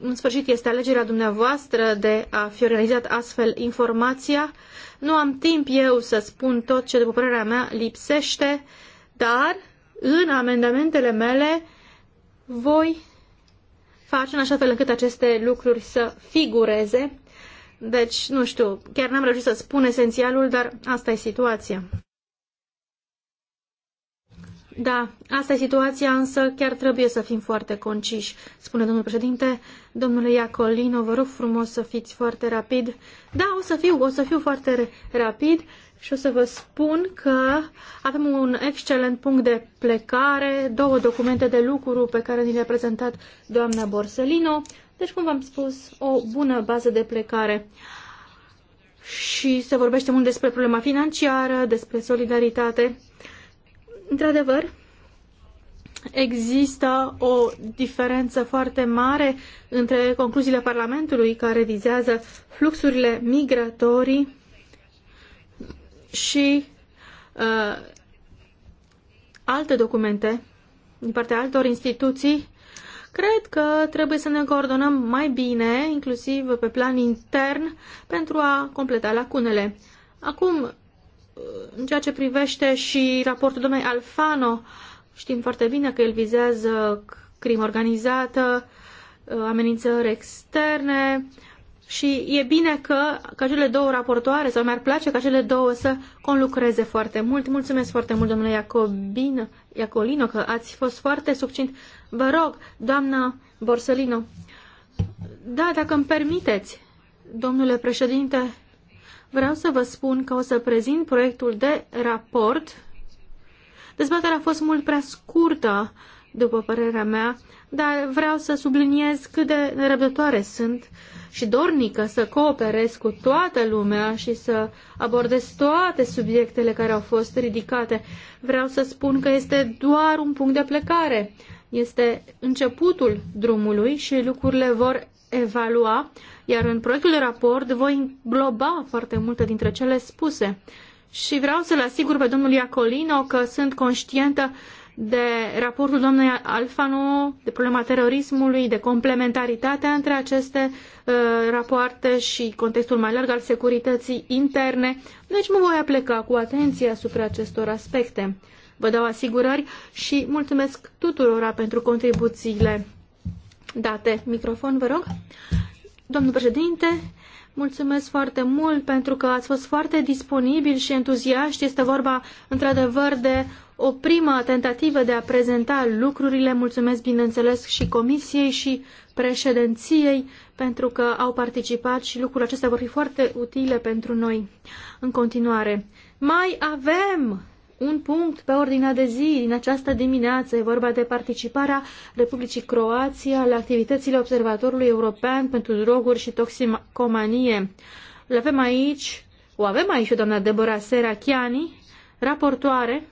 în sfârșit este alegerea dumneavoastră de a fi organizat astfel informația. Nu am timp eu să spun tot ce, după părerea mea, lipsește, dar în amendamentele mele voi face în așa fel încât aceste lucruri să figureze. Deci, nu știu, chiar n-am reușit să spun esențialul, dar asta e situația. Da, asta e situația, însă chiar trebuie să fim foarte conciși, spune domnul președinte. Domnule Iacolino, vă rog frumos să fiți foarte rapid. Da, o să fiu, o să fiu foarte rapid și o să vă spun că avem un excelent punct de plecare, două documente de lucru pe care ni le-a prezentat doamna Borsellino, deci, cum v-am spus, o bună bază de plecare. Și se vorbește mult despre problema financiară, despre solidaritate. Într-adevăr, există o diferență foarte mare între concluziile Parlamentului care vizează fluxurile migratorii și uh, alte documente din partea altor instituții. Cred că trebuie să ne coordonăm mai bine, inclusiv pe plan intern, pentru a completa lacunele. Acum, în ceea ce privește și raportul domnului Alfano, știm foarte bine că el vizează crimă organizată, amenințări externe și e bine că, că cele două raportoare, sau mi-ar place ca cele două să conlucreze foarte mult. Mulțumesc foarte mult, domnule Iacobino, Iacolino, că ați fost foarte succint. Vă rog, doamna Borsălino, Da, dacă îmi permiteți, domnule președinte, vreau să vă spun că o să prezint proiectul de raport. Dezbaterea a fost mult prea scurtă, după părerea mea, dar vreau să subliniez cât de nerăbdătoare sunt și dornică să cooperez cu toată lumea și să abordez toate subiectele care au fost ridicate. Vreau să spun că este doar un punct de plecare. Este începutul drumului și lucrurile vor evalua, iar în proiectul de raport voi îngloba foarte multe dintre cele spuse. Și vreau să-l asigur pe domnul Iacolino că sunt conștientă de raportul domnului Alfano, de problema terorismului, de complementaritatea între aceste uh, rapoarte și contextul mai larg al securității interne. Deci mă voi apleca cu atenție asupra acestor aspecte. Vă dau asigurări și mulțumesc tuturora pentru contribuțiile date. Microfon, vă rog. Domnul președinte, mulțumesc foarte mult pentru că ați fost foarte disponibil și entuziaști. Este vorba, într-adevăr, de o primă tentativă de a prezenta lucrurile. Mulțumesc, bineînțeles, și comisiei și președinției pentru că au participat și lucrurile acestea vor fi foarte utile pentru noi în continuare. Mai avem un punct pe ordinea de zi în această dimineață. E vorba de participarea Republicii Croația la activitățile Observatorului European pentru Droguri și Toxicomanie. Le avem aici, o avem aici pe doamna Deborah Serachiani, raportoare,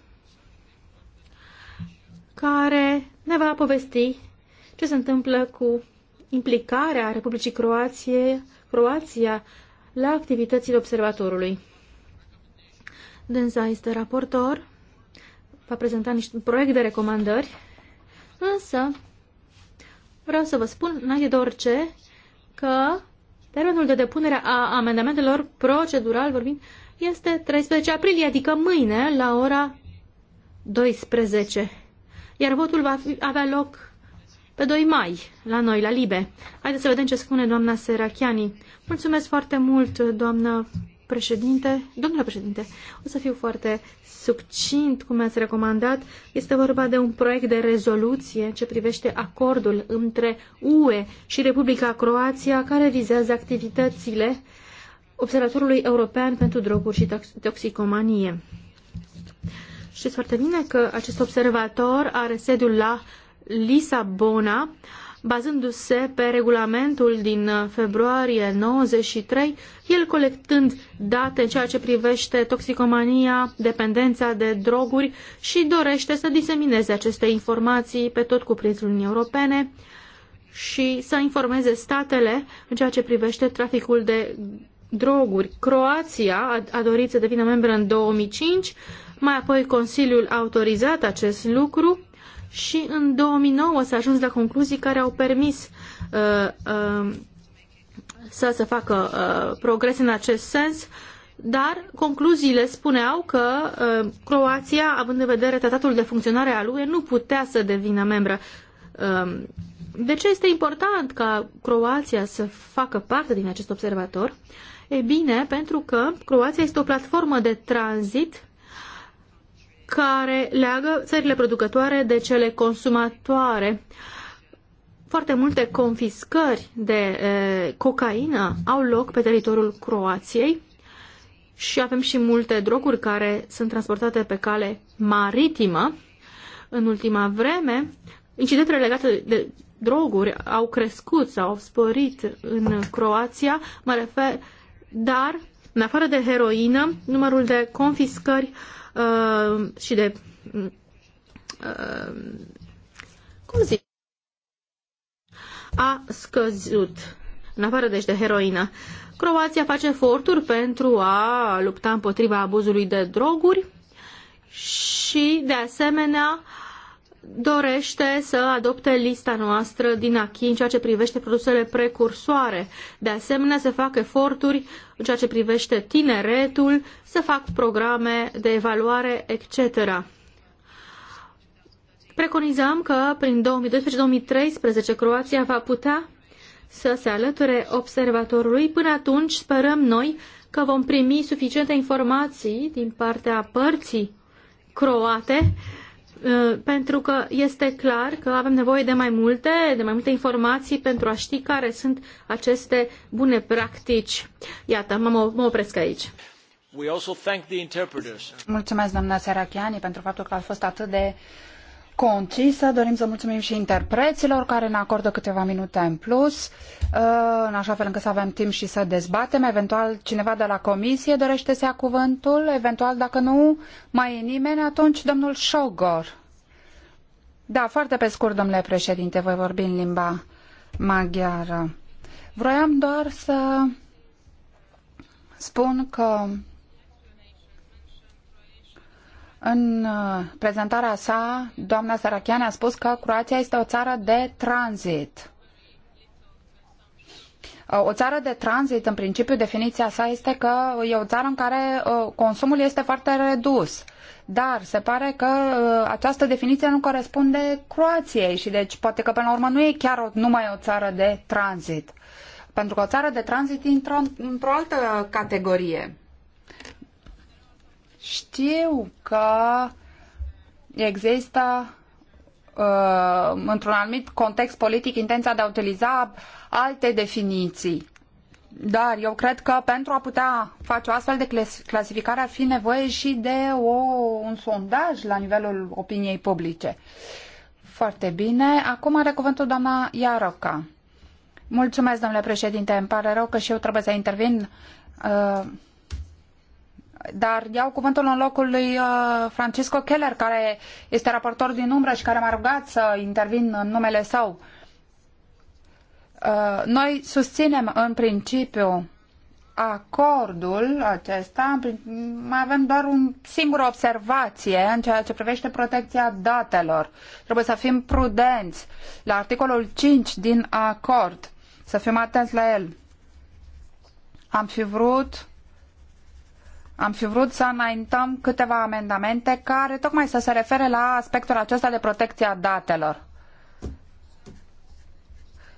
care ne va povesti ce se întâmplă cu implicarea Republicii Croație, Croația la activitățile observatorului. Dânsa este raportor, va prezenta niște proiect de recomandări, însă vreau să vă spun, înainte de orice, că termenul de depunere a amendamentelor procedural vorbind este 13 aprilie, adică mâine la ora 12. Iar votul va avea loc pe 2 mai, la noi, la Libe. Haideți să vedem ce spune doamna Serachiani. Mulțumesc foarte mult, doamnă președinte, domnule președinte, o să fiu foarte succint, cum ați recomandat. Este vorba de un proiect de rezoluție ce privește acordul între UE și Republica Croația, care vizează activitățile Observatorului European pentru Droguri și Toxicomanie. Știți foarte bine că acest observator are sediul la Lisabona, uh, bazându-se pe regulamentul din februarie 93, el colectând date în ceea ce privește toxicomania, dependența de droguri și dorește să disemineze aceste informații pe tot cuprinsul Uniunii Europene și să informeze statele în ceea ce privește traficul de droguri. Croația a, a dorit să devină membră în 2005, mai apoi Consiliul a autorizat acest lucru și în 2009 s-a ajuns la concluzii care au permis uh, uh, să se facă uh, progrese în acest sens, dar concluziile spuneau că uh, Croația, având în vedere tratatul de funcționare al UE, nu putea să devină membră. Uh, de ce este important ca Croația să facă parte din acest observator? E bine, pentru că Croația este o platformă de tranzit care leagă țările producătoare de cele consumatoare. Foarte multe confiscări de e, cocaină au loc pe teritoriul Croației și avem și multe droguri care sunt transportate pe cale maritimă. În ultima vreme, incidentele legate de droguri au crescut sau au sporit în Croația, mă refer, dar, în afară de heroină, numărul de confiscări uh, Uh, și de mm, uh, cum zic a scăzut în afară deci de heroină. Croația face eforturi pentru a lupta împotriva abuzului de droguri și, de asemenea, dorește să adopte lista noastră din acquis în ceea ce privește produsele precursoare. De asemenea, se fac eforturi în ceea ce privește tineretul, se fac programe de evaluare, etc. Preconizăm că prin 2012-2013 Croația va putea să se alăture observatorului. Până atunci sperăm noi că vom primi suficiente informații din partea părții croate Uh, pentru că este clar că avem nevoie de mai multe, de mai multe informații pentru a ști care sunt aceste bune practici. Iată, mă, mă opresc aici. Mulțumesc, doamna Serachiani, pentru faptul că a fost atât de uh, concisă. Dorim să mulțumim și interpreților care ne acordă câteva minute în plus, uh, în așa fel încât să avem timp și să dezbatem. Eventual cineva de la comisie dorește să ia cuvântul, eventual dacă nu mai e nimeni, atunci domnul Șogor. Da, foarte pe scurt, domnule președinte, voi vorbi în limba maghiară. Vroiam doar să spun că în uh, prezentarea sa, doamna Sarachian a spus că Croația este o țară de tranzit. Uh, o țară de tranzit, în principiu, definiția sa este că e o țară în care uh, consumul este foarte redus. Dar se pare că această definiție nu corespunde Croației și deci poate că până la urmă nu e chiar o, numai o țară de tranzit. Pentru că o țară de tranzit intră într-o altă categorie. Știu că există uh, într-un anumit context politic intenția de a utiliza alte definiții. Dar eu cred că pentru a putea face o astfel de clasificare ar fi nevoie și de o, un sondaj la nivelul opiniei publice. Foarte bine. Acum are cuvântul doamna Iaroca. Mulțumesc, domnule președinte. Îmi pare rău că și eu trebuie să intervin. Uh, dar iau cuvântul în locul lui uh, Francisco Keller, care este raportor din umbră și care m-a rugat să intervin în numele său. Uh, noi susținem în principiu acordul acesta, mai avem doar o singură observație în ceea ce privește protecția datelor. Trebuie să fim prudenți la articolul 5 din acord, să fim atenți la el. Am fi vrut am fi vrut să înaintăm câteva amendamente care tocmai să se refere la aspectul acesta de protecția a datelor.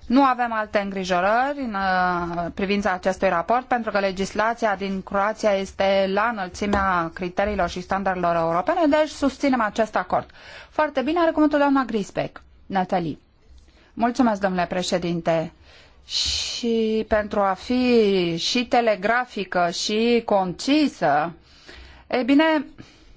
Nu avem alte îngrijorări în uh, privința acestui raport, pentru că legislația din Croația este la înălțimea criteriilor și standardelor europene, deci susținem acest acord. Foarte bine, are cuvântul doamna Grisbeck. Natalie. Mulțumesc, domnule președinte și pentru a fi și telegrafică și concisă, e bine,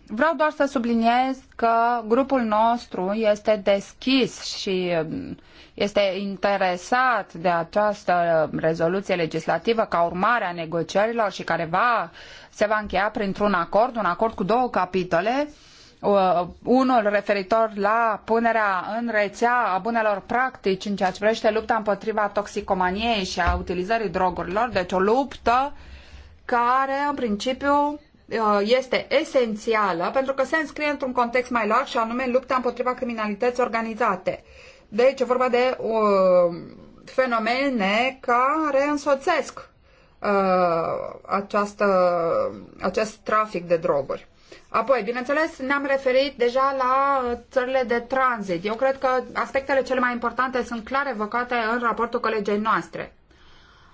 vreau doar să subliniez că grupul nostru este deschis și um, este interesat de această rezoluție legislativă ca urmare a negocierilor și care va, se va încheia printr-un acord, un acord cu două capitole, uh, Uh, unul referitor la punerea în rețea a bunelor practici în ceea ce privește lupta împotriva toxicomaniei și a utilizării drogurilor, deci o luptă care în principiu uh, este esențială pentru că se înscrie într-un context mai larg și anume lupta împotriva criminalității organizate. Deci e vorba de uh, fenomene care însoțesc uh, această, acest trafic de droguri. Apoi, bineînțeles, ne-am referit deja la uh, țările de tranzit. Eu cred că aspectele cele mai importante sunt clar evocate în raportul colegei noastre.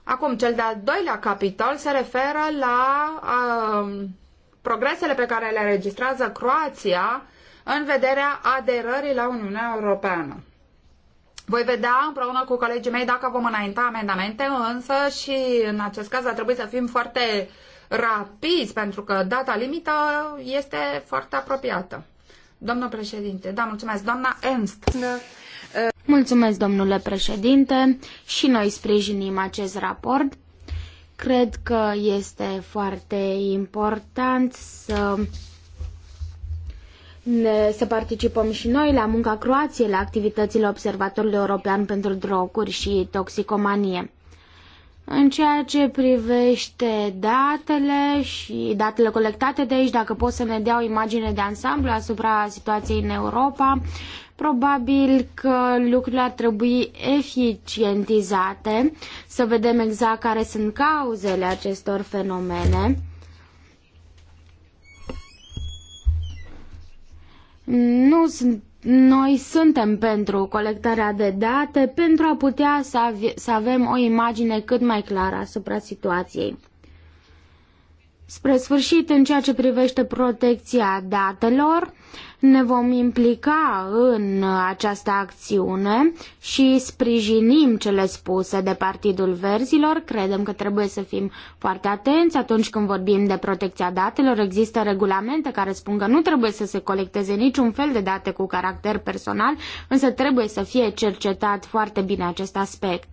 Acum, cel de-al doilea capitol se referă la uh, progresele pe care le registrează Croația în vederea aderării la Uniunea Europeană. Voi vedea împreună cu colegii mei dacă vom înainta amendamente, însă și în acest caz va trebui să fim foarte uh, rapizi, pentru că data limită este foarte apropiată. Domnul președinte, da, mulțumesc. Doamna Ernst. Da. Mulțumesc, domnule președinte, și noi sprijinim acest raport. Cred că este foarte important să ne, să participăm și noi la munca Croației, la activitățile Observatorului European pentru Droguri și Toxicomanie. În ceea ce privește datele și datele colectate de aici, dacă pot să ne dea o imagine de ansamblu asupra situației în Europa, probabil că lucrurile ar trebui eficientizate, să vedem exact care sunt cauzele acestor fenomene. Nu sunt noi suntem pentru colectarea de date pentru a putea să, ave să avem o imagine cât mai clară asupra situației. Spre sfârșit, în ceea ce privește protecția datelor, ne vom implica în această acțiune și sprijinim cele spuse de Partidul Verzilor. Credem că trebuie să fim foarte atenți atunci când vorbim de protecția datelor. Există regulamente care spun că nu trebuie să se colecteze niciun fel de date cu caracter personal, însă trebuie să fie cercetat foarte bine acest aspect.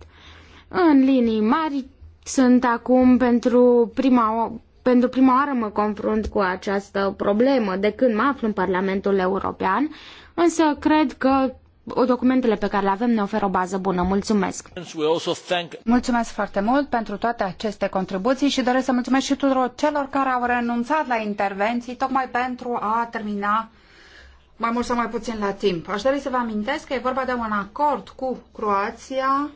În linii mari, sunt acum pentru prima pentru prima oară mă confrunt cu această problemă de când mă aflu în Parlamentul European, însă cred că documentele pe care le avem ne oferă o bază bună. Mulțumesc! Mulțumesc foarte mult pentru toate aceste contribuții și doresc să mulțumesc și tuturor celor care au renunțat la intervenții tocmai pentru a termina mai mult sau mai puțin la timp. Aș dori să vă amintesc că e vorba de un acord cu Croația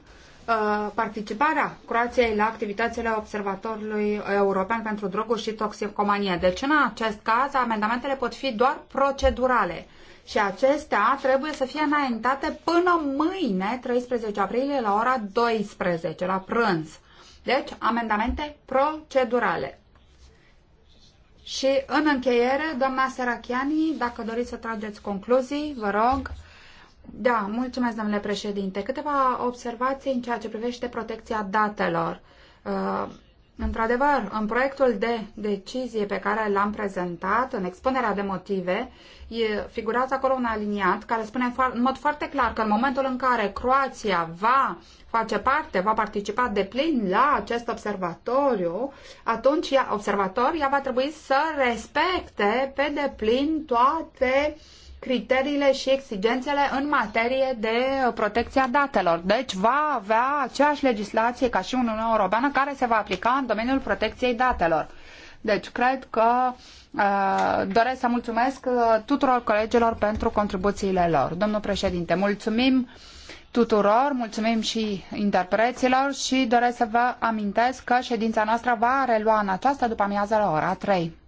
Uh, participarea Croației la activitățile Observatorului European pentru Droguri și Toxicomanie. Deci, în acest caz, amendamentele pot fi doar procedurale și acestea trebuie să fie înaintate până mâine, 13 aprilie, la ora 12, la prânz. Deci, amendamente procedurale. Și în încheiere, doamna Serachiani, dacă doriți să trageți concluzii, vă rog. Da, mulțumesc, domnule președinte. Câteva observații în ceea ce privește protecția datelor. Uh, într-adevăr, în proiectul de decizie pe care l-am prezentat, în expunerea de motive, e, figurează acolo un aliniat care spune în mod foarte clar că în momentul în care Croația va face parte, va participa de plin la acest observatoriu, atunci ea, observator, ea va trebui să respecte pe deplin toate uh, criteriile și exigențele în materie de uh, protecția datelor. Deci va avea aceeași legislație ca și Uniunea Europeană care se va aplica în domeniul protecției datelor. Deci cred că uh, doresc să mulțumesc uh, tuturor colegilor pentru contribuțiile lor. Domnul președinte, mulțumim tuturor, mulțumim și interpreților și doresc să vă amintesc că ședința noastră va relua în această după amiază la ora 3.